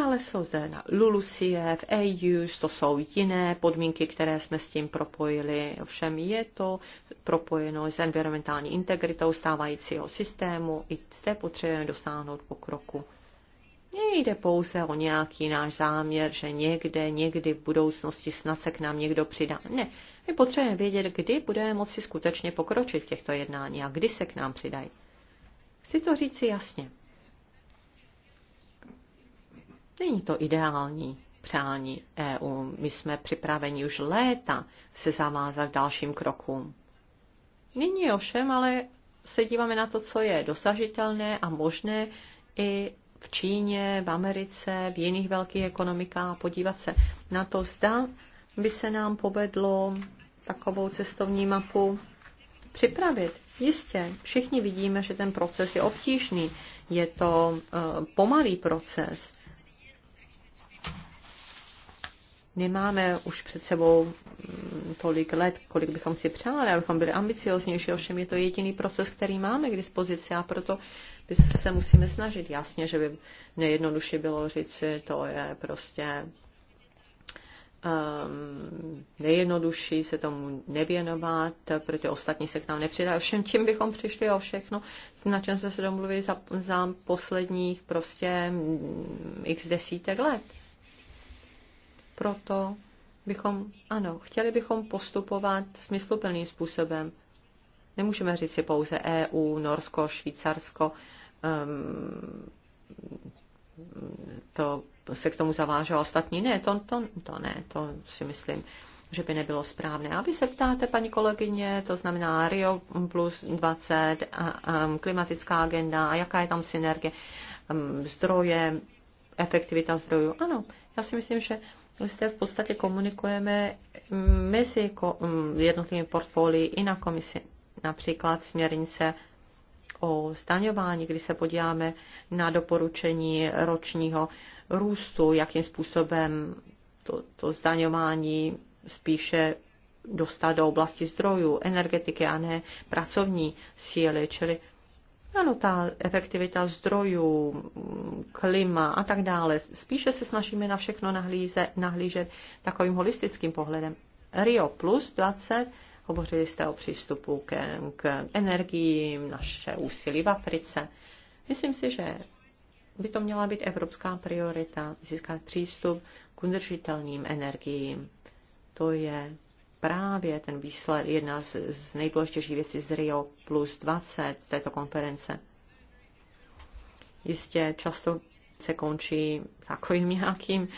Dále jsou zde na LULUCF, EU, to jsou jiné podmínky, které jsme s tím propojili. Ovšem je to propojeno s environmentální integritou stávajícího systému. I zde potřebujeme dosáhnout pokroku. Nejde pouze o nějaký náš záměr, že někde, někdy v budoucnosti snad se k nám někdo přidá. Ne, my potřebujeme vědět, kdy budeme moci skutečně pokročit v těchto jednání a kdy se k nám přidají. Chci to říci jasně. Není to ideální přání EU. My jsme připraveni už léta se zavázat k dalším krokům. Nyní ovšem, ale se díváme na to, co je dosažitelné a možné i v Číně, v Americe, v jiných velkých ekonomikách a podívat se na to, zda by se nám povedlo takovou cestovní mapu připravit. Jistě, všichni vidíme, že ten proces je obtížný, je to eh, pomalý proces, nemáme už před sebou mm, tolik let, kolik bychom si přáli, abychom byli ambicioznější, ovšem je to jediný proces, který máme k dispozici a proto se musíme snažit. Jasně, že by nejjednodušší bylo říct, že to je prostě um, nejjednodušší se tomu nevěnovat, protože ostatní se k nám nepřidají. Všem tím bychom přišli o všechno, na čem jsme se domluvili za, za posledních prostě mm, x desítek let. Proto bychom, ano, chtěli bychom postupovat smysluplným způsobem. Nemůžeme říct si pouze EU, Norsko, Švýcarsko, um, to se k tomu zaváželo ostatní. Ne, to, to, to ne, to si myslím, že by nebylo správné. A vy se ptáte, paní kolegyně, to znamená Rio plus 20, a, a, ehm, klimatická agenda, a jaká je tam synergie, um, zdroje, efektivita zdrojů. Ano, já si myslím, že zde v podstatě komunikujeme mm, mezi mm, jednotlivými portfoli i na komisi. Například směrnice o zdaňování, kdy se podíváme na doporučení ročního růstu, jakým způsobem to, to zdaňování spíše dostat do oblasti zdrojů, energetiky a ne pracovní síly. Čili ano, ta efektivita zdrojů, klima a tak dále. Spíše se snažíme na všechno nahlíze, nahlížet takovým holistickým pohledem. Rio plus 20, hovořili jste o přístupu k, k energiím, naše úsilí v Africe. Myslím si, že by to měla být evropská priorita, získat přístup k udržitelným energiím. To je právě ten výsled, jedna z, z nejdůležitějších věcí z Rio plus 20 z této konference. Jistě často se končí takovým nějakým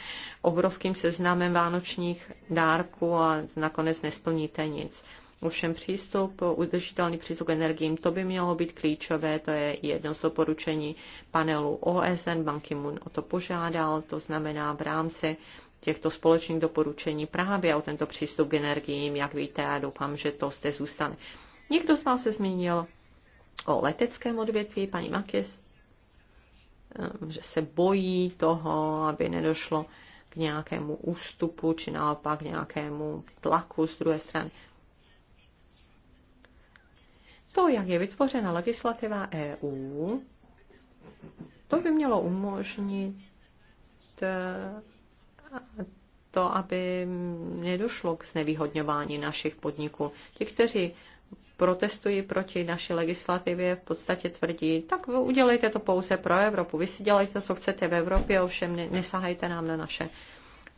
obrovským seznamem vánočních dárků a nakonec nesplníte nic. Ovšem přístup, udržitelný přístup k energiím, to by mělo být klíčové, to je jedno z doporučení panelu OSN, Banky moon o to požádal, to znamená v rámci těchto společných doporučení právě o tento přístup k energiím, jak víte, a doufám, že to zde zůstane. Někdo z vás se zmínil o leteckém odvětví, paní Makis, eh, že se bojí toho, aby nedošlo k nějakému ústupu, či naopak nějakému tlaku z druhé strany. To, jak je vytvořena legislativa EU, to by mělo umožnit eh, to, aby nedošlo k znevýhodňování našich podniků. Ti, kteří protestují proti naší legislativě, v podstatě tvrdí, tak udělejte to pouze pro Evropu, vy si dělejte, co chcete v Evropě, ovšem nesahajte nám na naše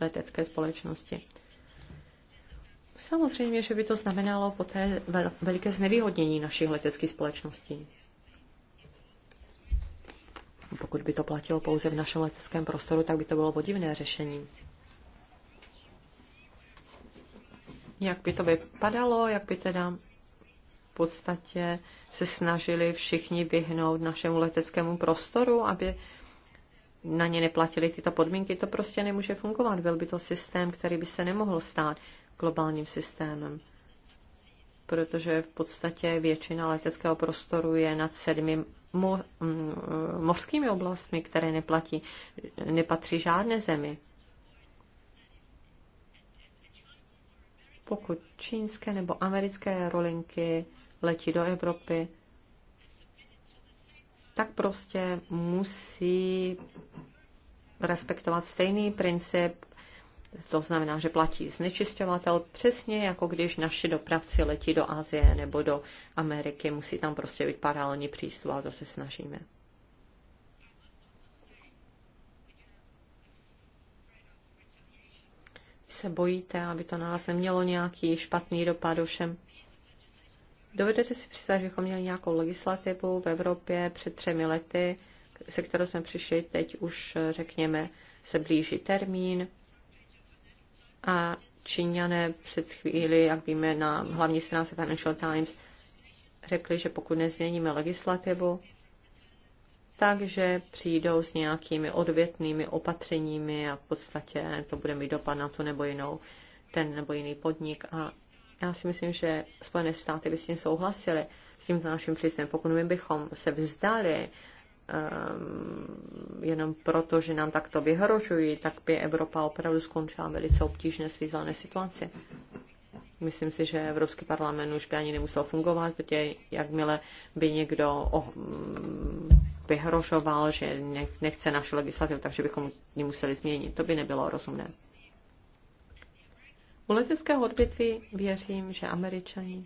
letecké společnosti. Samozřejmě, že by to znamenalo poté veliké znevýhodnění našich leteckých společností. Pokud by to platilo pouze v našem leteckém prostoru, tak by to bylo podivné řešení. jak by to vypadalo, jak by teda v podstatě se snažili všichni vyhnout našemu leteckému prostoru, aby na ně neplatili tyto podmínky, to prostě nemůže fungovat. Byl by to systém, který by se nemohl stát globálním systémem, protože v podstatě většina leteckého prostoru je nad sedmi mořskými oblastmi, které neplatí, nepatří žádné zemi. pokud čínské nebo americké rolinky letí do Evropy, tak prostě musí respektovat stejný princip, to znamená, že platí znečišťovatel přesně jako když naši dopravci letí do Asie nebo do Ameriky, musí tam prostě být paralelní přístup a to se snažíme. se bojíte, aby to na vás nemělo nějaký špatný dopad, ovšem Dovedete si představit, že bychom měli nějakou legislativu v Evropě před třemi lety, se kterou jsme přišli, teď už řekněme se blíží termín a Číňané před chvíli, jak víme, na hlavní stránce Financial Times řekli, že pokud nezměníme legislativu, takže přijdou s nějakými odvětnými opatřeními a v podstatě to bude mít dopad na to nebo jinou, ten nebo jiný podnik. A já si myslím, že Spojené státy by s tím souhlasily, s tímto naším přístupem. Pokud my bychom se vzdali um, jenom proto, že nám takto vyhrožují, tak by Evropa opravdu skončila velice obtížné svízelné situaci. Myslím si, že Evropský parlament už by ani nemusel fungovat, protože jakmile by někdo oh, vyhrožoval, že nechce naši legislativu, takže bychom ji museli změnit. To by nebylo rozumné. U leteckého odbytví věřím, že američani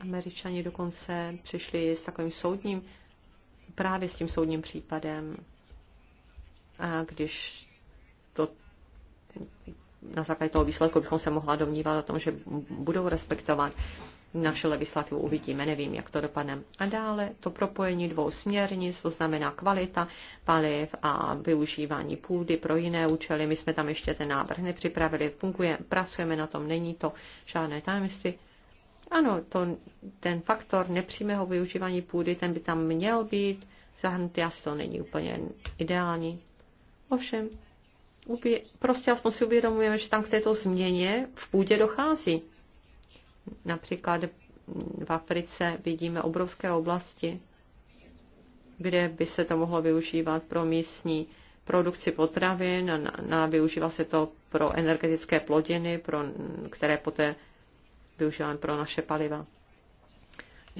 Američani dokonce přišli s takovým soudním, právě s tím soudním případem, a když to na základě toho výsledku bychom se mohla domnívat o tom, že budou respektovat naše legislativu uvidíme, nevím, jak to dopadne. A dále to propojení dvou směrnic, to znamená kvalita paliv a využívání půdy pro jiné účely. My jsme tam ještě ten návrh nepřipravili, funguje, pracujeme na tom, není to žádné tajemství. Ano, to, ten faktor nepřímého využívání půdy, ten by tam měl být zahrnutý, asi to není úplně ideální. Ovšem, prostě aspoň si uvědomujeme, že tam k této změně v půdě dochází. Například v Africe vidíme obrovské oblasti, kde by se to mohlo využívat pro místní produkci potravin, na, na, využívá se to pro energetické plodiny, pro, které poté využíváme pro naše paliva.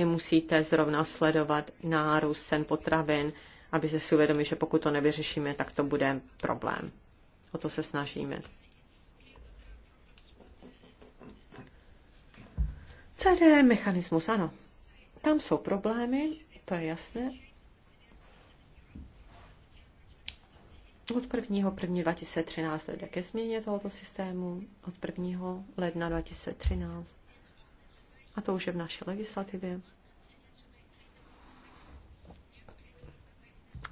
musíte zrovna sledovat nárůst cen potravin, aby se si uvědomili, že pokud to nevyřešíme, tak to bude problém. O to se snažíme. CD mechanismus, ano. Tam jsou problémy, to je jasné. Od 1. 1. 2013 dojde ke změně tohoto systému, od 1. ledna 2013. A to už je v naší legislativě.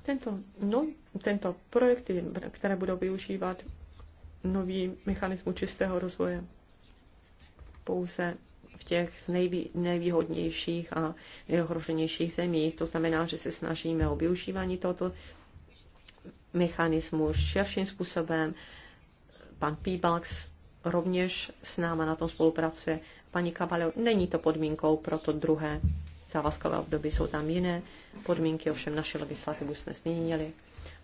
Tento, no, tento projekt, které budou využívat nový mechanismus čistého rozvoje pouze v těch z nejvý, nejvýhodnějších a nejohroženějších zemích. To znamená, že se snažíme o využívání tohoto mechanismu širším způsobem. Pan Pibax rovněž s náma na tom spolupracuje. Paní Kabaleo, není to podmínkou pro to druhé závazkové období jsou tam jiné podmínky, ovšem naši legislativu jsme změnili.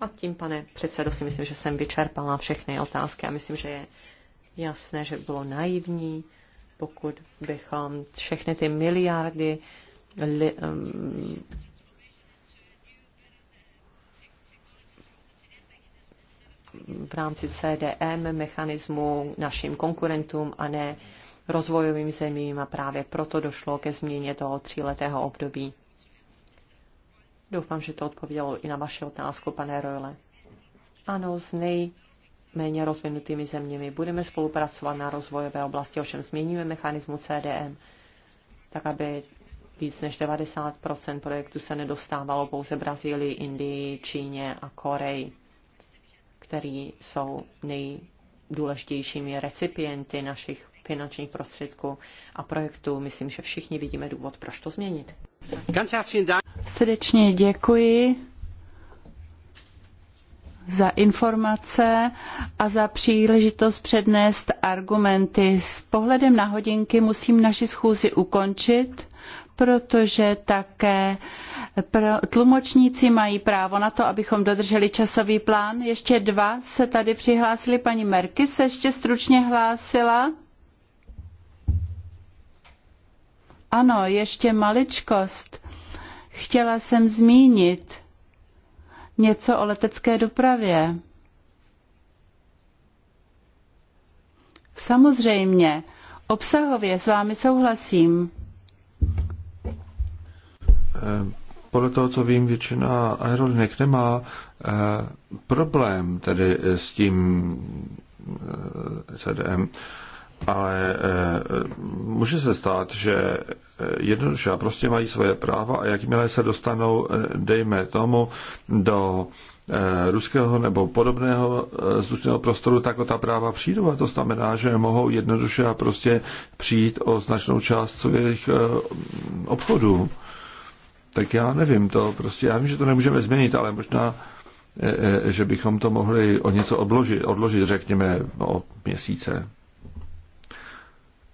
A tím, pane předsedo, si myslím, že jsem vyčerpala všechny otázky a myslím, že je jasné, že bylo naivní, pokud bychom všechny ty miliardy li, um, v rámci CDM mechanismu našim konkurentům a ne uh, rozvojovým zemím a právě proto došlo ke změně toho tříletého období. Doufám, že to odpovědělo i na vaši otázku, pane Royle. Ano, s nejméně rozvinutými zeměmi budeme spolupracovat na rozvojové oblasti, ovšem změníme mechanismu CDM, tak aby víc než 90 projektů se nedostávalo pouze Brazílii, Indii, Číně a Koreji, který jsou nejdůležitějšími recipienty našich finančních prostředků a projektů. Myslím, že všichni vidíme důvod, proč to změnit. Srdečně děkuji za informace a za příležitost přednést argumenty. S pohledem na hodinky musím naši schůzi ukončit, protože také tlumočníci mají právo na to, abychom dodrželi časový plán. Ještě dva se tady přihlásili. Paní Merky se ještě stručně hlásila. Ano, ještě maličkost. Chtěla jsem zmínit něco o letecké dopravě. Samozřejmě, obsahově s vámi souhlasím. Eh, podle toho, co vím, většina aerolinek nemá eh, problém tedy s tím CDM. Eh, ale eh, může se stát, že eh, jednoduše a prostě mají svoje práva a jakmile se dostanou, eh, dejme tomu, do ruského nebo podobného vzdušného prostoru, tak o ta práva přijdou a to znamená, že mohou jednoduše a prostě přijít o značnou část svých obchodů. Tak já nevím, to prostě, já vím, že to nemůžeme změnit, ale možná, že bychom to mohli o něco odložit, odložit řekněme, o měsíce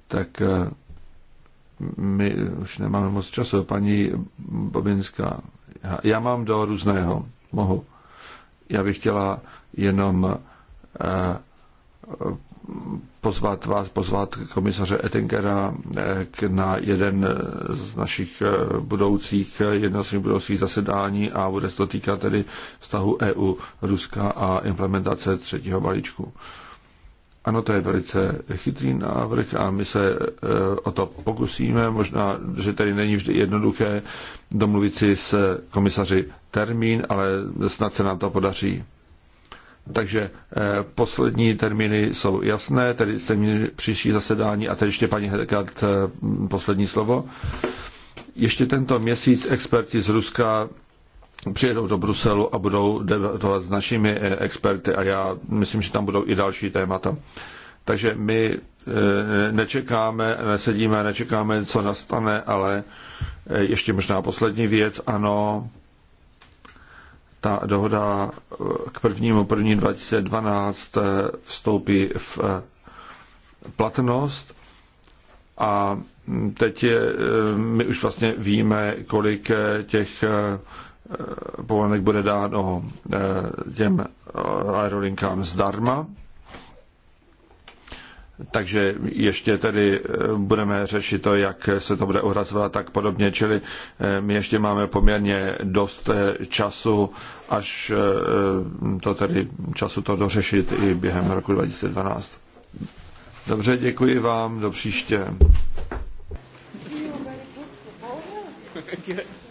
tak eh, my už nemáme moc času. Paní Bobinská, já, já mám do různého, mohu. Já bych chtěla jenom eh, pozvat vás, pozvat komisaře Ettingera eh, na jeden z našich budoucích, jedno z budoucích zasedání a bude se to týkat tedy vztahu EU, Ruska a implementace třetího balíčku. Ano, to je velice chytrý návrh a my se eh, o to pokusíme. Možná, že tady není vždy jednoduché domluvit si s komisaři termín, ale snad se nám to podaří. Takže eh, poslední termíny jsou jasné, tedy termíny příští zasedání a teď ještě paní Hedekat eh, poslední slovo. Ještě tento měsíc experti z Ruska přijedou do Bruselu a budou debatovat s našimi eh, experty a já myslím, že tam budou i další témata. Takže my eh, nečekáme, nesedíme, nečekáme, co nastane, ale eh, ještě možná poslední věc, ano, ta dohoda k prvnímu první 2012 vstoupí v platnost a mm, teď je, my už vlastně víme, kolik těch Eh, povolenek bude dáno eh, těm eh, aerolinkám zdarma. Takže ještě tedy budeme řešit to, jak se to bude uhrazovat tak podobně, čili my ještě máme poměrně dost času, až to tedy času to dořešit i během roku 2012. Dobře, děkuji vám, do příště. Good.